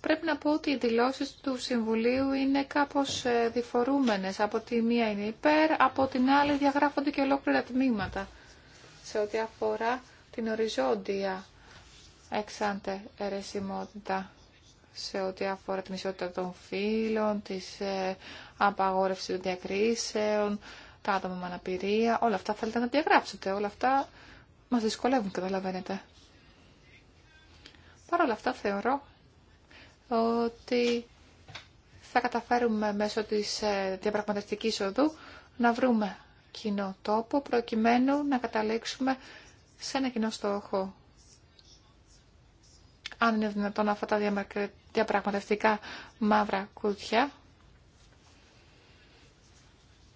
Πρέπει να πω ότι οι δηλώσεις του Συμβουλίου είναι κάπως ε, διφορούμενες. Από τη μία είναι υπέρ, από την άλλη διαγράφονται και ολόκληρα τμήματα σε ό,τι αφορά την οριζόντια εξάντε αιρεσιμότητα σε ό,τι αφορά την ισότητα των φύλων, της ε, απαγόρευσης των διακρίσεων, τα άτομα με αναπηρία, όλα αυτά θέλετε να διαγράψετε, όλα αυτά μας δυσκολεύουν, καταλαβαίνετε. Παρ' όλα αυτά θεωρώ ότι θα καταφέρουμε μέσω της ε, διαπραγματευτικής οδού να βρούμε κοινό τόπο προκειμένου να καταλήξουμε σε ένα κοινό στόχο. Αν είναι δυνατόν αυτά τα διαπραγματευτικά μαύρα κούτια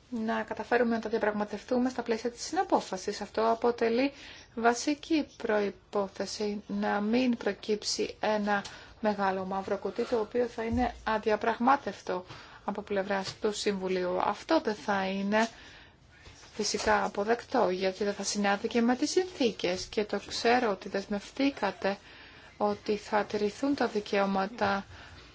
να καταφέρουμε να τα διαπραγματευτούμε στα πλαίσια της συναπόφασης. Αυτό αποτελεί βασική προϋπόθεση να μην προκύψει ένα μεγάλο μαύρο κουτί το οποίο θα είναι αδιαπραγμάτευτο από πλευράς του Συμβουλίου. Αυτό δεν θα είναι φυσικά αποδεκτό γιατί δεν θα συνάδει και με τις συνθήκες και το ξέρω ότι δεσμευτήκατε ότι θα τηρηθούν τα δικαιώματα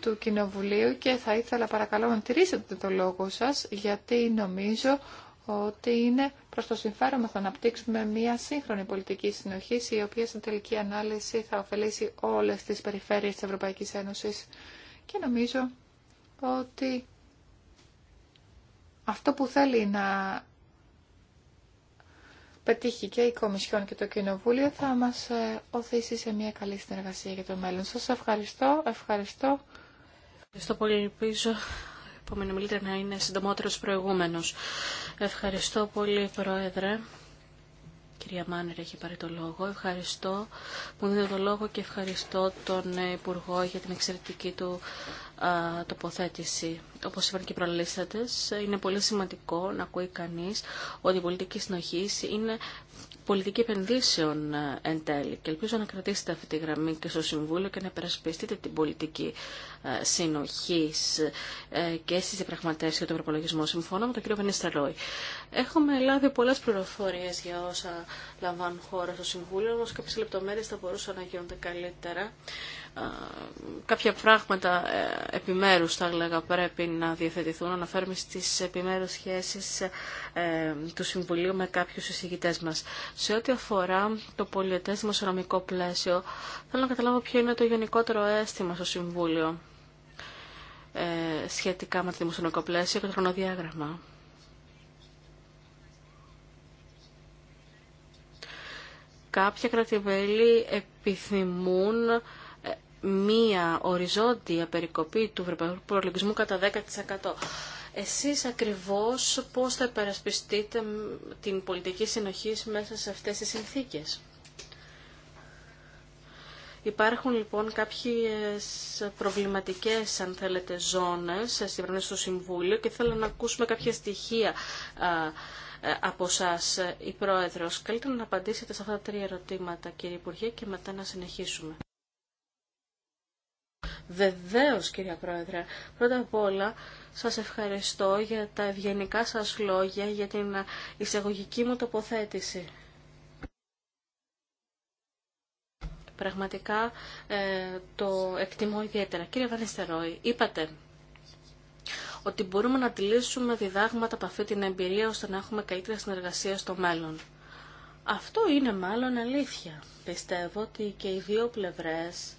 του Κοινοβουλίου και θα ήθελα παρακαλώ να τηρήσετε το λόγο σας γιατί νομίζω ότι είναι Προ το συμφέρον μα να αναπτύξουμε μια σύγχρονη πολιτική συνοχή, η οποία στην τελική ανάλυση θα ωφελήσει όλες τις περιφέρειες της Ευρωπαϊκής Ένωση. Και νομίζω ότι αυτό που θέλει να πετύχει και η Κομισιόν και το Κοινοβούλιο θα μας ε, οθήσει σε μια καλή συνεργασία για το μέλλον. Σας ευχαριστώ, ευχαριστώ. Ευχαριστώ πολύ, επόμενο να είναι συντομότερο προηγούμενο. Ευχαριστώ πολύ, Πρόεδρε. Κυρία Μάνερ έχει πάρει το λόγο. Ευχαριστώ που μου δίνετε το λόγο και ευχαριστώ τον Υπουργό για την εξαιρετική του τοποθέτηση. Όπως είπαν και οι προλήσατες, είναι πολύ σημαντικό να ακούει κανείς ότι η πολιτική συνοχή είναι πολιτική επενδύσεων ε, εν τέλει. Και ελπίζω να κρατήσετε αυτή τη γραμμή και στο Συμβούλιο και να υπερασπιστείτε την πολιτική ε, συνοχή ε, και στι διαπραγματεύσει για τον προπολογισμό. Συμφωνώ με τον κύριο Βενιστερόη. Έχουμε λάβει πολλέ πληροφορίε για όσα λαμβάνουν χώρα στο Συμβούλιο, όμω κάποιε λεπτομέρειε θα μπορούσαν να γίνονται καλύτερα κάποια πράγματα ε, επιμέρους θα έλεγα πρέπει να διαθετηθούν αναφέρουμε στις επιμέρους σχέσεις ε, του Συμβουλίου με κάποιους εισηγητές μας. Σε ό,τι αφορά το πολιετές δημοσιονομικό πλαίσιο θέλω να καταλάβω ποιο είναι το γενικότερο αίσθημα στο Συμβούλιο ε, σχετικά με το δημοσιονομικό πλαίσιο και το χρονοδιάγραμμα. Κάποια κρατηβέλη επιθυμούν μία οριζόντια περικοπή του ευρωπαϊκού προλογισμού κατά 10%. Εσείς ακριβώς πώς θα υπερασπιστείτε την πολιτική συνοχή μέσα σε αυτές τις συνθήκες. Υπάρχουν λοιπόν κάποιες προβληματικές, αν θέλετε, ζώνες στην στο Συμβούλιο και θέλω να ακούσουμε κάποια στοιχεία ε, από εσά η Πρόεδρος. Καλύτερα να απαντήσετε σε αυτά τα τρία ερωτήματα, κύριε Υπουργέ, και μετά να συνεχίσουμε. Βεβαίω, κυρία Πρόεδρε, πρώτα απ' όλα σα ευχαριστώ για τα ευγενικά σας λόγια, για την εισαγωγική μου τοποθέτηση. Πραγματικά ε, το εκτιμώ ιδιαίτερα. Κύριε Βανιστερόη, είπατε ότι μπορούμε να τηλήσουμε διδάγματα από αυτή την εμπειρία ώστε να έχουμε καλύτερη συνεργασία στο μέλλον. Αυτό είναι μάλλον αλήθεια. Πιστεύω ότι και οι δύο πλευρές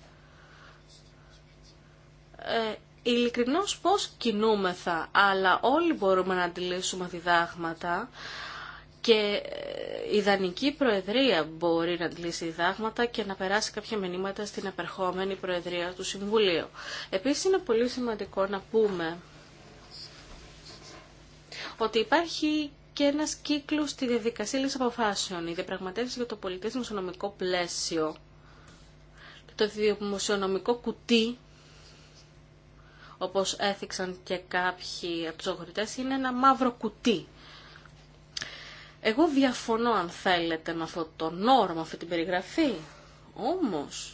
ε, ειλικρινώς πώς κινούμεθα, αλλά όλοι μπορούμε να αντιλήσουμε διδάγματα και ε, η Δανική Προεδρία μπορεί να αντιλήσει διδάγματα και να περάσει κάποια μηνύματα στην απερχόμενη Προεδρία του Συμβουλίου. Επίσης είναι πολύ σημαντικό να πούμε ότι υπάρχει και ένας κύκλος στη διαδικασία λύσης αποφάσεων, η διαπραγματεύση για το πολιτισμό δημοσιονομικό πλαίσιο. Το δημοσιονομικό κουτί όπως έθιξαν και κάποιοι από τους αγορητές, είναι ένα μαύρο κουτί. Εγώ διαφωνώ αν θέλετε με αυτό το νόρμα, αυτή την περιγραφή, όμως...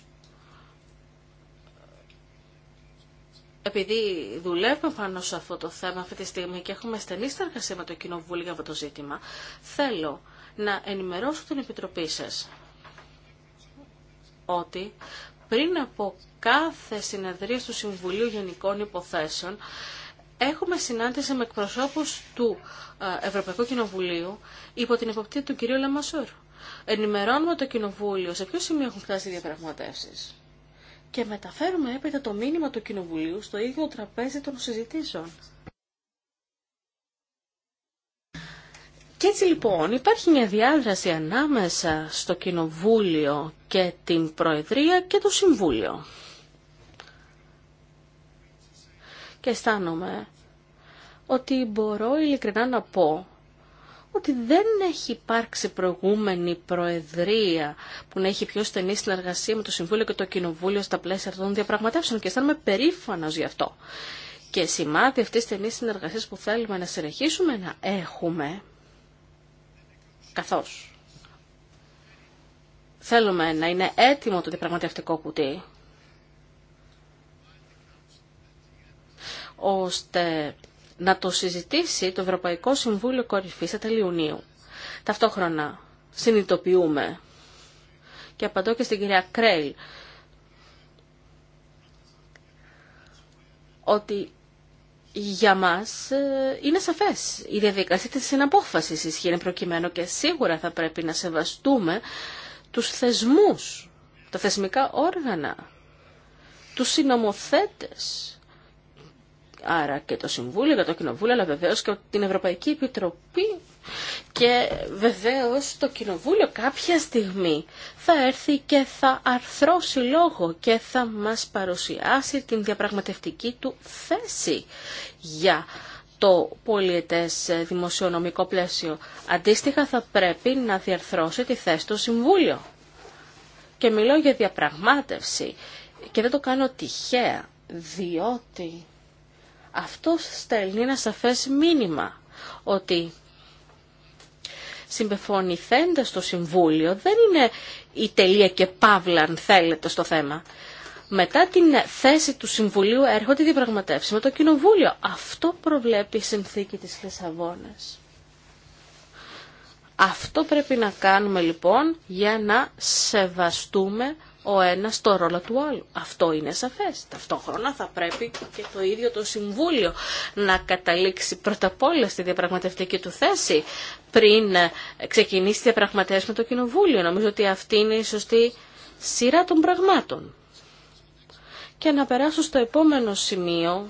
Επειδή δουλεύουμε πάνω σε αυτό το θέμα αυτή τη στιγμή και έχουμε στενή συνεργασία με το Κοινοβούλιο για αυτό το ζήτημα, θέλω να ενημερώσω την Επιτροπή σας ότι πριν από κάθε συνεδρία του Συμβουλίου Γενικών Υποθέσεων έχουμε συνάντηση με εκπροσώπους του ε, Ευρωπαϊκού Κοινοβουλίου υπό την εποπτεία του κυρίου Λαμασούρ. Ενημερώνουμε το Κοινοβούλιο σε ποιο σημείο έχουν φτάσει οι διαπραγματεύσει και μεταφέρουμε έπειτα το μήνυμα του Κοινοβουλίου στο ίδιο τραπέζι των συζητήσεων. Και έτσι λοιπόν υπάρχει μια διάδραση ανάμεσα στο Κοινοβούλιο και την Προεδρία και το Συμβούλιο. Και αισθάνομαι ότι μπορώ ειλικρινά να πω ότι δεν έχει υπάρξει προηγούμενη Προεδρία που να έχει πιο στενή συνεργασία με το Συμβούλιο και το Κοινοβούλιο στα πλαίσια αυτών των διαπραγματεύσεων και αισθάνομαι περήφανος γι' αυτό. Και σημάδι αυτή τη στενή συνεργασία που θέλουμε να συνεχίσουμε να έχουμε καθώς θέλουμε να είναι έτοιμο το διαπραγματευτικό κουτί, ώστε να το συζητήσει το Ευρωπαϊκό Συμβούλιο Κορυφής στα τέλη Ιουνίου. Ταυτόχρονα συνειδητοποιούμε και απαντώ και στην κυρία Κρέιλ ότι για μας ε, είναι σαφές. Η διαδικασία της συναπόφασης ισχύει προκειμένου και σίγουρα θα πρέπει να σεβαστούμε τους θεσμούς, τα θεσμικά όργανα, τους συνομοθέτες Άρα και το Συμβούλιο, και το Κοινοβούλιο, αλλά βεβαίως και την Ευρωπαϊκή Επιτροπή και βεβαίως το Κοινοβούλιο κάποια στιγμή θα έρθει και θα αρθρώσει λόγο και θα μας παρουσιάσει την διαπραγματευτική του θέση για το πολιετές δημοσιονομικό πλαίσιο. Αντίστοιχα θα πρέπει να διαρθρώσει τη θέση του Συμβούλιο. Και μιλώ για διαπραγμάτευση και δεν το κάνω τυχαία, διότι αυτό στέλνει ένα σαφές μήνυμα ότι συμπεφωνηθέντας το Συμβούλιο δεν είναι η τελεία και παύλα αν θέλετε στο θέμα. Μετά την θέση του Συμβουλίου έρχονται οι με το Κοινοβούλιο. Αυτό προβλέπει η συνθήκη της Λισαβόνας. Αυτό πρέπει να κάνουμε λοιπόν για να σεβαστούμε ο ένας το ρόλο του άλλου. Αυτό είναι σαφές. Ταυτόχρονα θα πρέπει και το ίδιο το Συμβούλιο να καταλήξει πρώτα απ' όλα στη διαπραγματευτική του θέση πριν ε, ξεκινήσει τη με το Κοινοβούλιο. Νομίζω ότι αυτή είναι η σωστή σειρά των πραγμάτων. Και να περάσω στο επόμενο σημείο,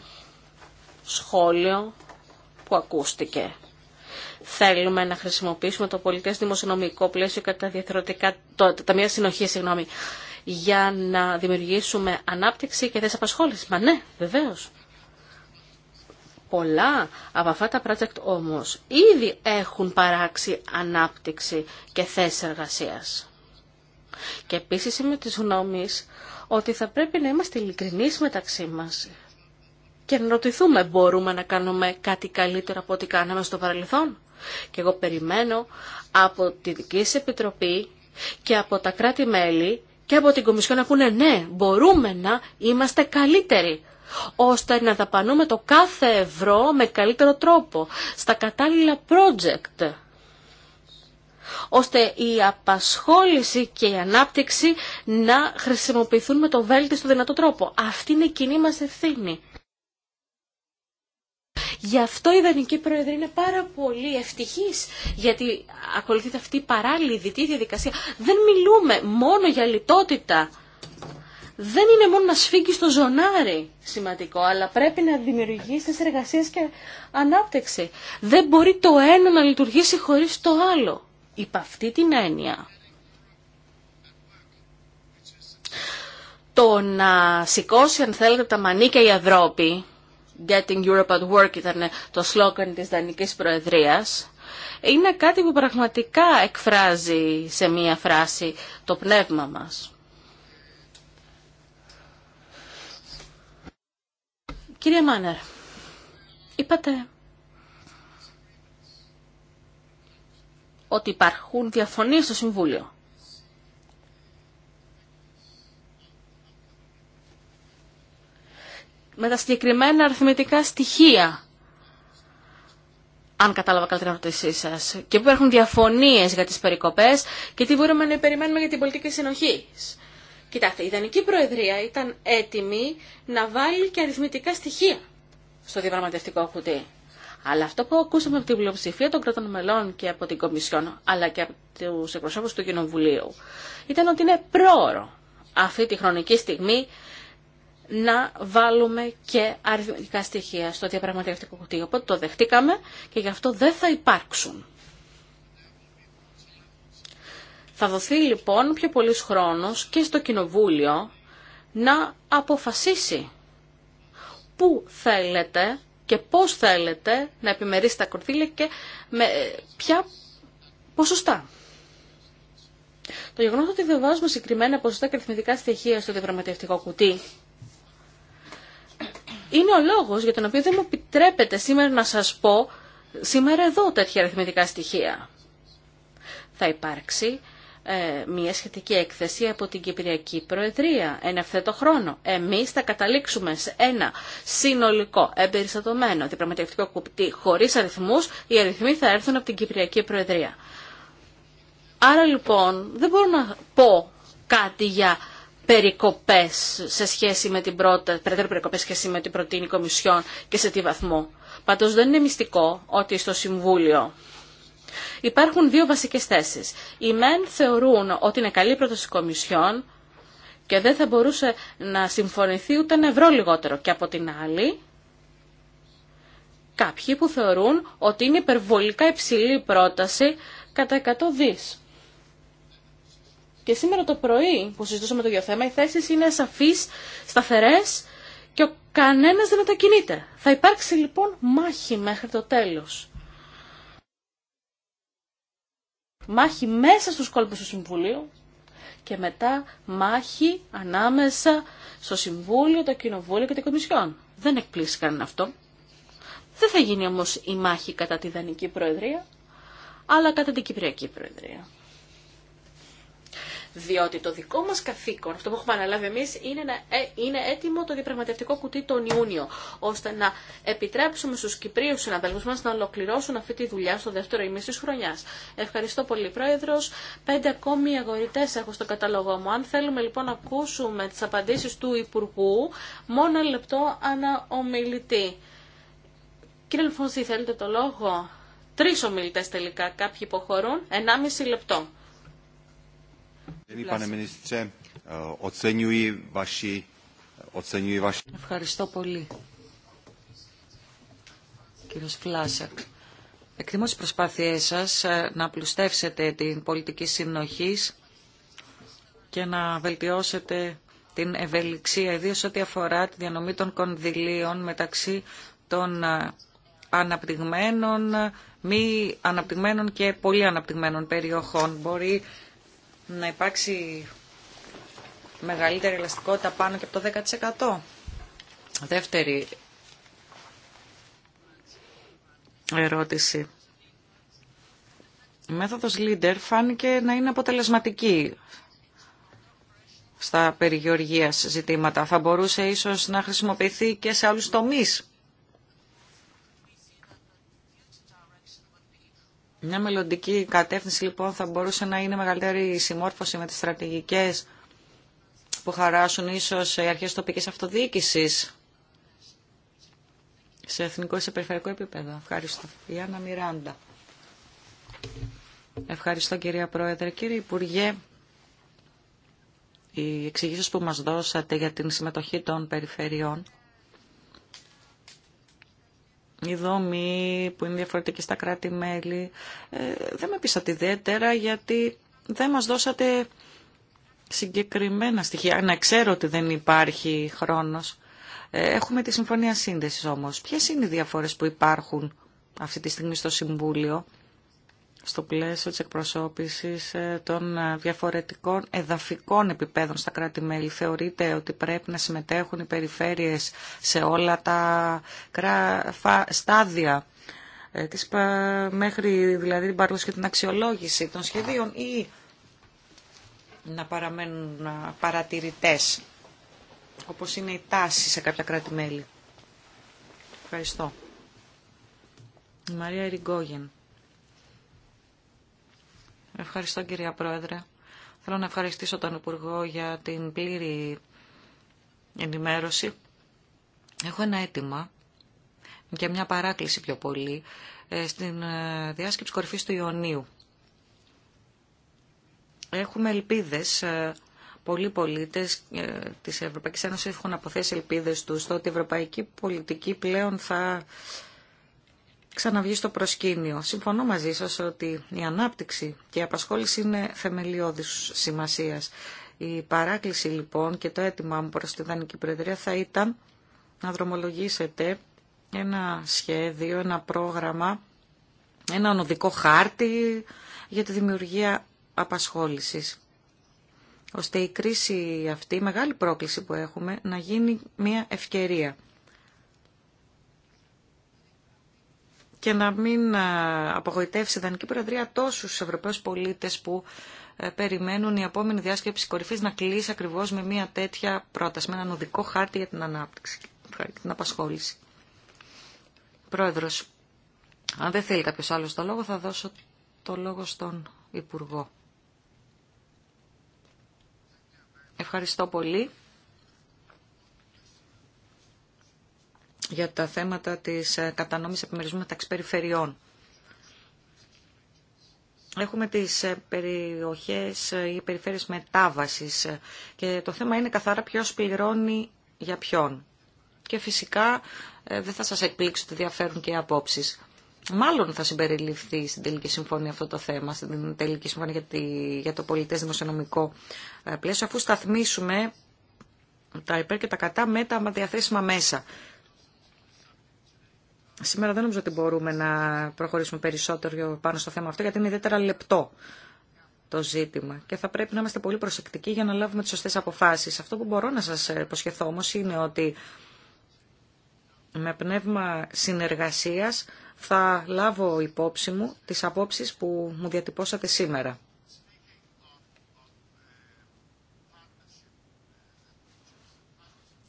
σχόλιο που ακούστηκε. Θέλουμε να χρησιμοποιήσουμε το πολιτικό δημοσιονομικό πλαίσιο κατά διαθερωτικά, τα μια συνοχή, συγγνώμη, για να δημιουργήσουμε ανάπτυξη και θέσεις απασχόλησης. Μα ναι, βεβαίως. Πολλά από αυτά τα project όμως ήδη έχουν παράξει ανάπτυξη και θέσεις εργασίας. Και επίσης είμαι της γνώμης ότι θα πρέπει να είμαστε ειλικρινεί μεταξύ μας και να ρωτηθούμε μπορούμε να κάνουμε κάτι καλύτερο από ό,τι κάναμε στο παρελθόν. Και εγώ περιμένω από τη δική επιτροπή και από τα κράτη-μέλη και από την Κομισιόν να πούνε ναι, μπορούμε να είμαστε καλύτεροι ώστε να δαπανούμε το κάθε ευρώ με καλύτερο τρόπο, στα κατάλληλα project, ώστε η απασχόληση και η ανάπτυξη να χρησιμοποιηθούν με το βέλτιστο δυνατό τρόπο. Αυτή είναι η κοινή μας ευθύνη. Γι' αυτό η Δανική Προεδρία είναι πάρα πολύ ευτυχής, γιατί ακολουθείται αυτή η παράλληλη διτή διαδικασία. Δεν μιλούμε μόνο για λιτότητα. Δεν είναι μόνο να σφίγγει στο ζωνάρι σημαντικό, αλλά πρέπει να δημιουργήσει τις εργασίες και ανάπτυξη. Δεν μπορεί το ένα να λειτουργήσει χωρί το άλλο. Υπ' αυτή την έννοια. Το να σηκώσει αν θέλετε τα μανίκια η Ευρώπη Getting Europe at Work ήταν το σλόγγαν της Δανικής Προεδρίας. Είναι κάτι που πραγματικά εκφράζει σε μία φράση το πνεύμα μας. Κύριε Μάνερ, είπατε ότι υπάρχουν διαφωνίες στο Συμβούλιο. με τα συγκεκριμένα αριθμητικά στοιχεία. Αν κατάλαβα καλύτερα την ερώτησή σα. Και που υπάρχουν διαφωνίε για τι περικοπέ και τι μπορούμε να περιμένουμε για την πολιτική συνοχή. Κοιτάξτε, η Ιδανική Προεδρία ήταν έτοιμη να βάλει και αριθμητικά στοιχεία στο διαπραγματευτικό κουτί. Αλλά αυτό που ακούσαμε από την πλειοψηφία των κρατών μελών και από την Κομισιόν, αλλά και από του εκπροσώπου του Κοινοβουλίου, ήταν ότι είναι πρόωρο αυτή τη χρονική στιγμή να βάλουμε και αριθμητικά στοιχεία στο διαπραγματευτικό κουτί. Οπότε το δεχτήκαμε και γι' αυτό δεν θα υπάρξουν. Θα δοθεί λοιπόν πιο πολύς χρόνος και στο Κοινοβούλιο να αποφασίσει πού θέλετε και πώς θέλετε να επιμερίσει τα κορδίλια και με ε, ποια ποσοστά. Το γεγονό ότι δεν βάζουμε συγκεκριμένα ποσοστά και αριθμητικά στοιχεία στο διαπραγματευτικό κουτί είναι ο λόγος για τον οποίο δεν μου επιτρέπετε σήμερα να σας πω σήμερα εδώ τέτοια αριθμητικά στοιχεία. Θα υπάρξει ε, μια σχετική έκθεση από την Κυπριακή Προεδρία εν ευθέτω χρόνο. Εμείς θα καταλήξουμε σε ένα συνολικό, εμπεριστατωμένο, διπραγματευτικό κουπτί χωρίς αριθμούς. Οι αριθμοί θα έρθουν από την Κυπριακή Προεδρία. Άρα λοιπόν δεν μπορώ να πω κάτι για περικοπές σε σχέση με την πρώτα, περαιτέρω περικοπές σε σχέση με την προτείνη Κομισιόν και σε τι βαθμό. Πάντως δεν είναι μυστικό ότι στο Συμβούλιο υπάρχουν δύο βασικές θέσεις. Οι μεν θεωρούν ότι είναι καλή πρόταση Κομισιόν και δεν θα μπορούσε να συμφωνηθεί ούτε ένα ευρώ λιγότερο. Και από την άλλη, κάποιοι που θεωρούν ότι είναι υπερβολικά υψηλή πρόταση κατά 100 δις. Και σήμερα το πρωί που συζητούσαμε το ίδιο θέμα, οι θέσει είναι σαφεί, σταθερέ και ο κανένας δεν μετακινείται. Θα υπάρξει λοιπόν μάχη μέχρι το τέλος. Μάχη μέσα στους κόλπους του Συμβουλίου και μετά μάχη ανάμεσα στο Συμβούλιο, το Κοινοβούλιο και την Κομισιόν. Δεν εκπλήσει κανένα αυτό. Δεν θα γίνει όμως η μάχη κατά τη Δανική Προεδρία, αλλά κατά την Κυπριακή Προεδρία. Διότι το δικό μας καθήκον, αυτό που έχουμε αναλάβει εμείς, είναι, να, ε, είναι έτοιμο το διαπραγματευτικό κουτί τον Ιούνιο, ώστε να επιτρέψουμε στους Κυπρίους συναδέλφους μας να ολοκληρώσουν αυτή τη δουλειά στο δεύτερο ημίση τη χρονιάς. Ευχαριστώ πολύ Πρόεδρος. Πέντε ακόμη αγορητές έχω στο καταλογό μου. Αν θέλουμε λοιπόν να ακούσουμε τις απαντήσεις του Υπουργού, μόνο ένα λεπτό αναομιλητή. Κύριε Λεφόνση, θέλετε το λόγο. Τρεις ομιλητές τελικά, κάποιοι υποχωρούν, ενάμιση λεπτό. Eh, eh, Ευχαριστώ πολύ. Κύριος Φλάσακ, εκτιμώ τις προσπάθειές σας ε, να πλουστεύσετε την πολιτική συνοχή και να βελτιώσετε την ευελιξία, ιδίως ό,τι αφορά τη διανομή των κονδυλίων μεταξύ των ε, αναπτυγμένων, μη αναπτυγμένων και πολύ αναπτυγμένων περιοχών. Μπορεί να υπάρξει μεγαλύτερη ελαστικότητα πάνω και από το 10%. Δεύτερη ερώτηση. Η μέθοδος Leader φάνηκε να είναι αποτελεσματική στα περιοργία ζητήματα. Θα μπορούσε ίσως να χρησιμοποιηθεί και σε άλλους τομείς Μια μελλοντική κατεύθυνση λοιπόν θα μπορούσε να είναι μεγαλύτερη συμμόρφωση με τις στρατηγικές που χαράσουν ίσως οι αρχές τοπικής αυτοδιοίκησης σε εθνικό ή σε περιφερειακό επίπεδο. Ευχαριστώ. Ιάννα Μιράντα. Ευχαριστώ κυρία Πρόεδρε. Κύριε Υπουργέ, οι εξηγήσεις που μας δώσατε για την συμμετοχή των περιφερειών η δομή που είναι διαφορετική στα κράτη-μέλη. Ε, δεν με πείσατε ιδιαίτερα γιατί δεν μας δώσατε συγκεκριμένα στοιχεία. Να ξέρω ότι δεν υπάρχει χρόνος. Ε, έχουμε τη Συμφωνία Σύνδεσης όμως. Ποιες είναι οι διαφορές που υπάρχουν αυτή τη στιγμή στο Συμβούλιο στο πλαίσιο της εκπροσώπησης ε, των ε, διαφορετικών εδαφικών επιπέδων στα κράτη-μέλη. Θεωρείται ότι πρέπει να συμμετέχουν οι περιφέρειες σε όλα τα στάδια ε, της, μέχρι δηλαδή την παρουσία και την αξιολόγηση των σχεδίων ή να παραμένουν παρατηρητές, όπως είναι η τάση σε κάποια κράτη-μέλη. Ευχαριστώ. Η Μαρία Ριγκόγεν. Ευχαριστώ κυρία Πρόεδρε. Θέλω να ευχαριστήσω τον Υπουργό για την πλήρη ενημέρωση. Έχω ένα αίτημα και μια παράκληση πιο πολύ ε, στην ε, διάσκεψη κορυφής του Ιωνίου. Έχουμε ελπίδες, ε, πολλοί πολίτες της Ευρωπαϊκής Ένωσης έχουν αποθέσει ελπίδες τους στο ότι η ευρωπαϊκή πολιτική πλέον θα ξαναβγεί στο προσκήνιο. Συμφωνώ μαζί σας ότι η ανάπτυξη και η απασχόληση είναι θεμελιώδης σημασίας. Η παράκληση λοιπόν και το αίτημά μου προς τη Δανική Προεδρία θα ήταν να δρομολογήσετε ένα σχέδιο, ένα πρόγραμμα, ένα ονοδικό χάρτη για τη δημιουργία απασχόλησης ώστε η κρίση αυτή, η μεγάλη πρόκληση που έχουμε, να γίνει μια ευκαιρία και να μην ε, απογοητεύσει η Δανική Προεδρία τόσους Ευρωπαίους πολίτες που ε, περιμένουν η επόμενη διάσκεψη κορυφή να κλείσει ακριβώς με μια τέτοια πρόταση, με έναν οδικό χάρτη για την ανάπτυξη και την απασχόληση. Πρόεδρος, αν δεν θέλει κάποιο άλλο το λόγο θα δώσω το λόγο στον Υπουργό. Ευχαριστώ πολύ. για τα θέματα της ε, κατανόμης επιμερισμού μεταξύ περιφερειών. Έχουμε τις ε, περιοχές ή ε, περιφέρειες μετάβασης και το θέμα είναι καθαρά ποιος πληρώνει για ποιον. Και φυσικά δεν θα σας εκπλήξω ότι διαφέρουν και οι απόψεις. Μάλλον θα συμπεριληφθεί στην τελική συμφωνία αυτό το θέμα, στην τελική συμφωνία για, τη, για το πολιτές δημοσιονομικό πλαίσιο, αφού σταθμίσουμε τα υπέρ και τα κατά με τα διαθέσιμα μέσα Σήμερα δεν νομίζω ότι μπορούμε να προχωρήσουμε περισσότερο πάνω στο θέμα αυτό, γιατί είναι ιδιαίτερα λεπτό το ζήτημα και θα πρέπει να είμαστε πολύ προσεκτικοί για να λάβουμε τι σωστέ αποφάσεις. Αυτό που μπορώ να σας υποσχεθώ όμως είναι ότι με πνεύμα συνεργασίας θα λάβω υπόψη μου τις απόψεις που μου διατυπώσατε σήμερα.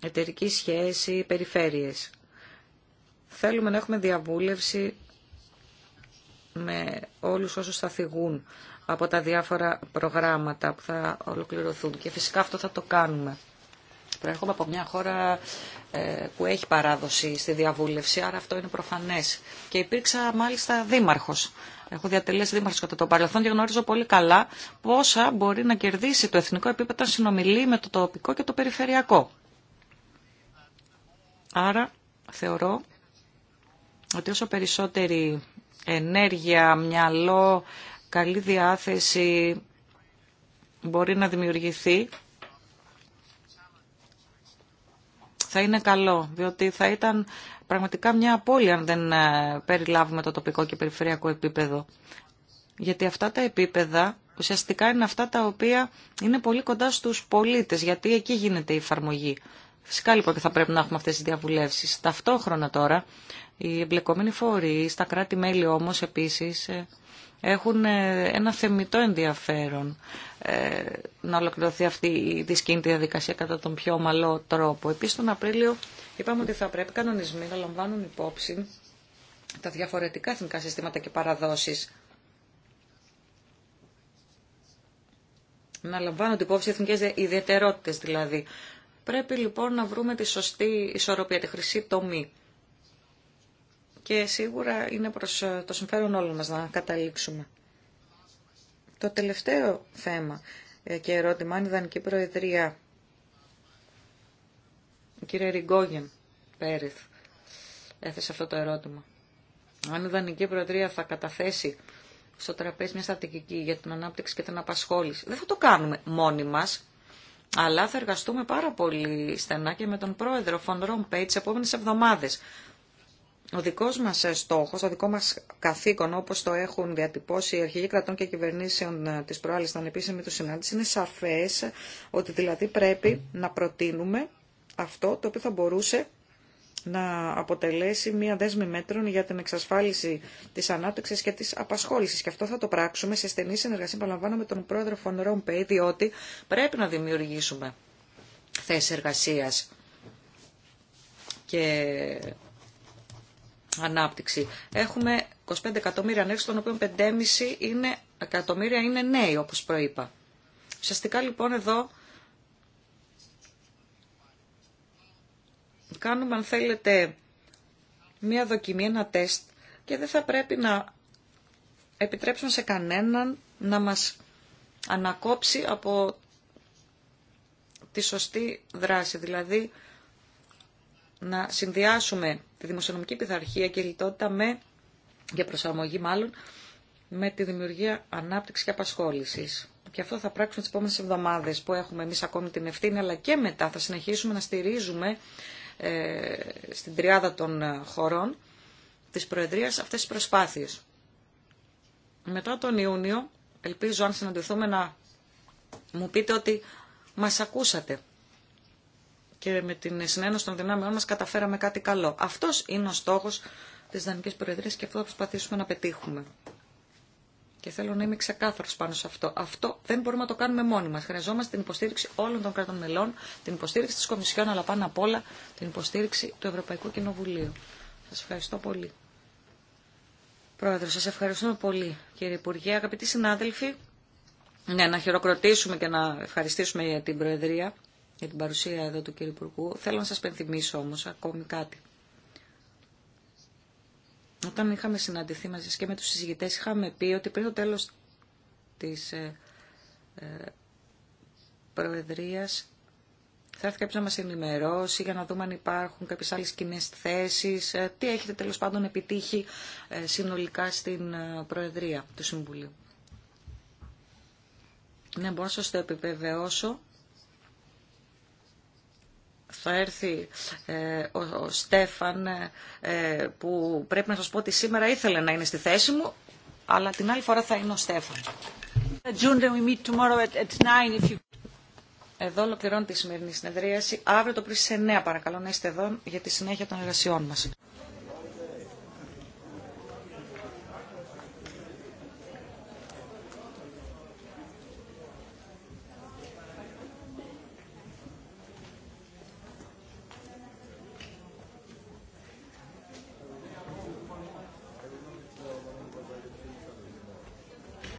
Εταιρική σχέση, περιφέρειες. Θέλουμε να έχουμε διαβούλευση με όλους όσους θα φυγούν από τα διάφορα προγράμματα που θα ολοκληρωθούν. Και φυσικά αυτό θα το κάνουμε. Προέρχομαι από μια χώρα ε, που έχει παράδοση στη διαβούλευση, άρα αυτό είναι προφανές. Και υπήρξα μάλιστα δήμαρχος. Έχω διατελέσει δήμαρχος κατά το παρελθόν και γνωρίζω πολύ καλά πόσα μπορεί να κερδίσει το εθνικό επίπεδο να συνομιλεί με το τοπικό και το περιφερειακό. Άρα θεωρώ ότι όσο περισσότερη ενέργεια, μυαλό, καλή διάθεση μπορεί να δημιουργηθεί, θα είναι καλό, διότι θα ήταν πραγματικά μια απώλεια αν δεν ε, περιλάβουμε το τοπικό και περιφερειακό επίπεδο. Γιατί αυτά τα επίπεδα ουσιαστικά είναι αυτά τα οποία είναι πολύ κοντά στους πολίτες, γιατί εκεί γίνεται η εφαρμογή. Φυσικά λοιπόν και θα πρέπει να έχουμε αυτές τις διαβουλεύσεις. Ταυτόχρονα τώρα οι εμπλεκόμενοι φορεί, τα κράτη-μέλη όμως επίσης ε, έχουν ε, ένα θεμητό ενδιαφέρον ε, να ολοκληρωθεί αυτή η δυσκίνητη διαδικασία κατά τον πιο ομαλό τρόπο. Επίσης τον Απρίλιο είπαμε ότι θα πρέπει κανονισμοί να λαμβάνουν υπόψη τα διαφορετικά εθνικά συστήματα και παραδόσεις να λαμβάνονται υπόψη εθνικές ιδιαιτερότητες δηλαδή. Πρέπει λοιπόν να βρούμε τη σωστή ισορροπία, τη χρυσή τομή και σίγουρα είναι προς ε, το συμφέρον όλων μας να καταλήξουμε. Το τελευταίο θέμα ε, και ερώτημα, αν η Δανική Προεδρία, η κυρία Ριγκόγεν Πέριθ, έθεσε αυτό το ερώτημα. Αν η Δανική Προεδρία θα καταθέσει στο τραπέζι μια στρατηγική για την ανάπτυξη και την απασχόληση, δεν θα το κάνουμε μόνοι μας, αλλά θα εργαστούμε πάρα πολύ στενά και με τον πρόεδρο Φον Ρομπέι τι επόμενες εβδομάδες ο δικός μας στόχος, ο δικό μας καθήκον, όπως το έχουν διατυπώσει οι αρχηγοί κρατών και κυβερνήσεων ε, της προάλλης των επίσημη του συνάντηση, είναι σαφές ότι δηλαδή πρέπει να προτείνουμε αυτό το οποίο θα μπορούσε να αποτελέσει μία δέσμη μέτρων για την εξασφάλιση τη ανάπτυξη και τη απασχόληση. Και αυτό θα το πράξουμε σε στενή συνεργασία, παραλαμβάνω, με τον πρόεδρο Φων Ρομπέι, διότι πρέπει να δημιουργήσουμε θέσει εργασία. Και ανάπτυξη. Έχουμε 25 εκατομμύρια νέους, των οποίων 5,5 είναι, εκατομμύρια είναι νέοι, όπως προείπα. Ουσιαστικά λοιπόν εδώ κάνουμε αν θέλετε μία δοκιμή, ένα τεστ και δεν θα πρέπει να επιτρέψουμε σε κανέναν να μας ανακόψει από τη σωστή δράση. Δηλαδή να συνδυάσουμε τη δημοσιονομική πειθαρχία και λιτότητα με, για προσαρμογή μάλλον, με τη δημιουργία ανάπτυξη και απασχόλησης. Και αυτό θα πράξουμε τι επόμενες εβδομάδες που έχουμε εμεί ακόμη την ευθύνη, αλλά και μετά θα συνεχίσουμε να στηρίζουμε ε, στην τριάδα των ε, χωρών τη Προεδρίας αυτές τις προσπάθειε. Μετά τον Ιούνιο, ελπίζω αν συναντηθούμε να μου πείτε ότι μας ακούσατε και με την συνένωση των δυνάμεών μας καταφέραμε κάτι καλό. Αυτός είναι ο στόχος της Δανικής Προεδρίας και αυτό θα προσπαθήσουμε να πετύχουμε. Και θέλω να είμαι ξεκάθαρο πάνω σε αυτό. Αυτό δεν μπορούμε να το κάνουμε μόνοι μα. Χρειαζόμαστε την υποστήριξη όλων των κρατών μελών, την υποστήριξη τη Κομισιόν, αλλά πάνω απ' όλα την υποστήριξη του Ευρωπαϊκού Κοινοβουλίου. Σα ευχαριστώ πολύ. Πρόεδρο, σα ευχαριστούμε πολύ, κύριε Υπουργέ. Αγαπητοί συνάδελφοι, ναι, να χειροκροτήσουμε και να ευχαριστήσουμε την Προεδρία για την παρουσία εδώ του κύριου Υπουργού. Θέλω να σας πενθυμίσω όμως ακόμη κάτι. Όταν είχαμε συναντηθεί μαζί και με τους συζητητές είχαμε πει ότι πριν το τέλος της ε, ε, Προεδρίας θα έρθει κάποιος να μας ενημερώσει για να δούμε αν υπάρχουν κάποιες άλλες κοινέ θέσεις, ε, τι έχετε τέλος πάντων επιτύχει ε, συνολικά στην Προεδρία του Συμβουλίου. Ναι, μπορώ να σας το επιβεβαιώσω θα έρθει ε, ο, Στέφαν ε, που πρέπει να σας πω ότι σήμερα ήθελε να είναι στη θέση μου, αλλά την άλλη φορά θα είναι ο Στέφαν. Εδώ ολοκληρώνει τη σημερινή συνεδρίαση. Αύριο το πρωί σε 9 παρακαλώ να είστε εδώ για τη συνέχεια των εργασιών μας.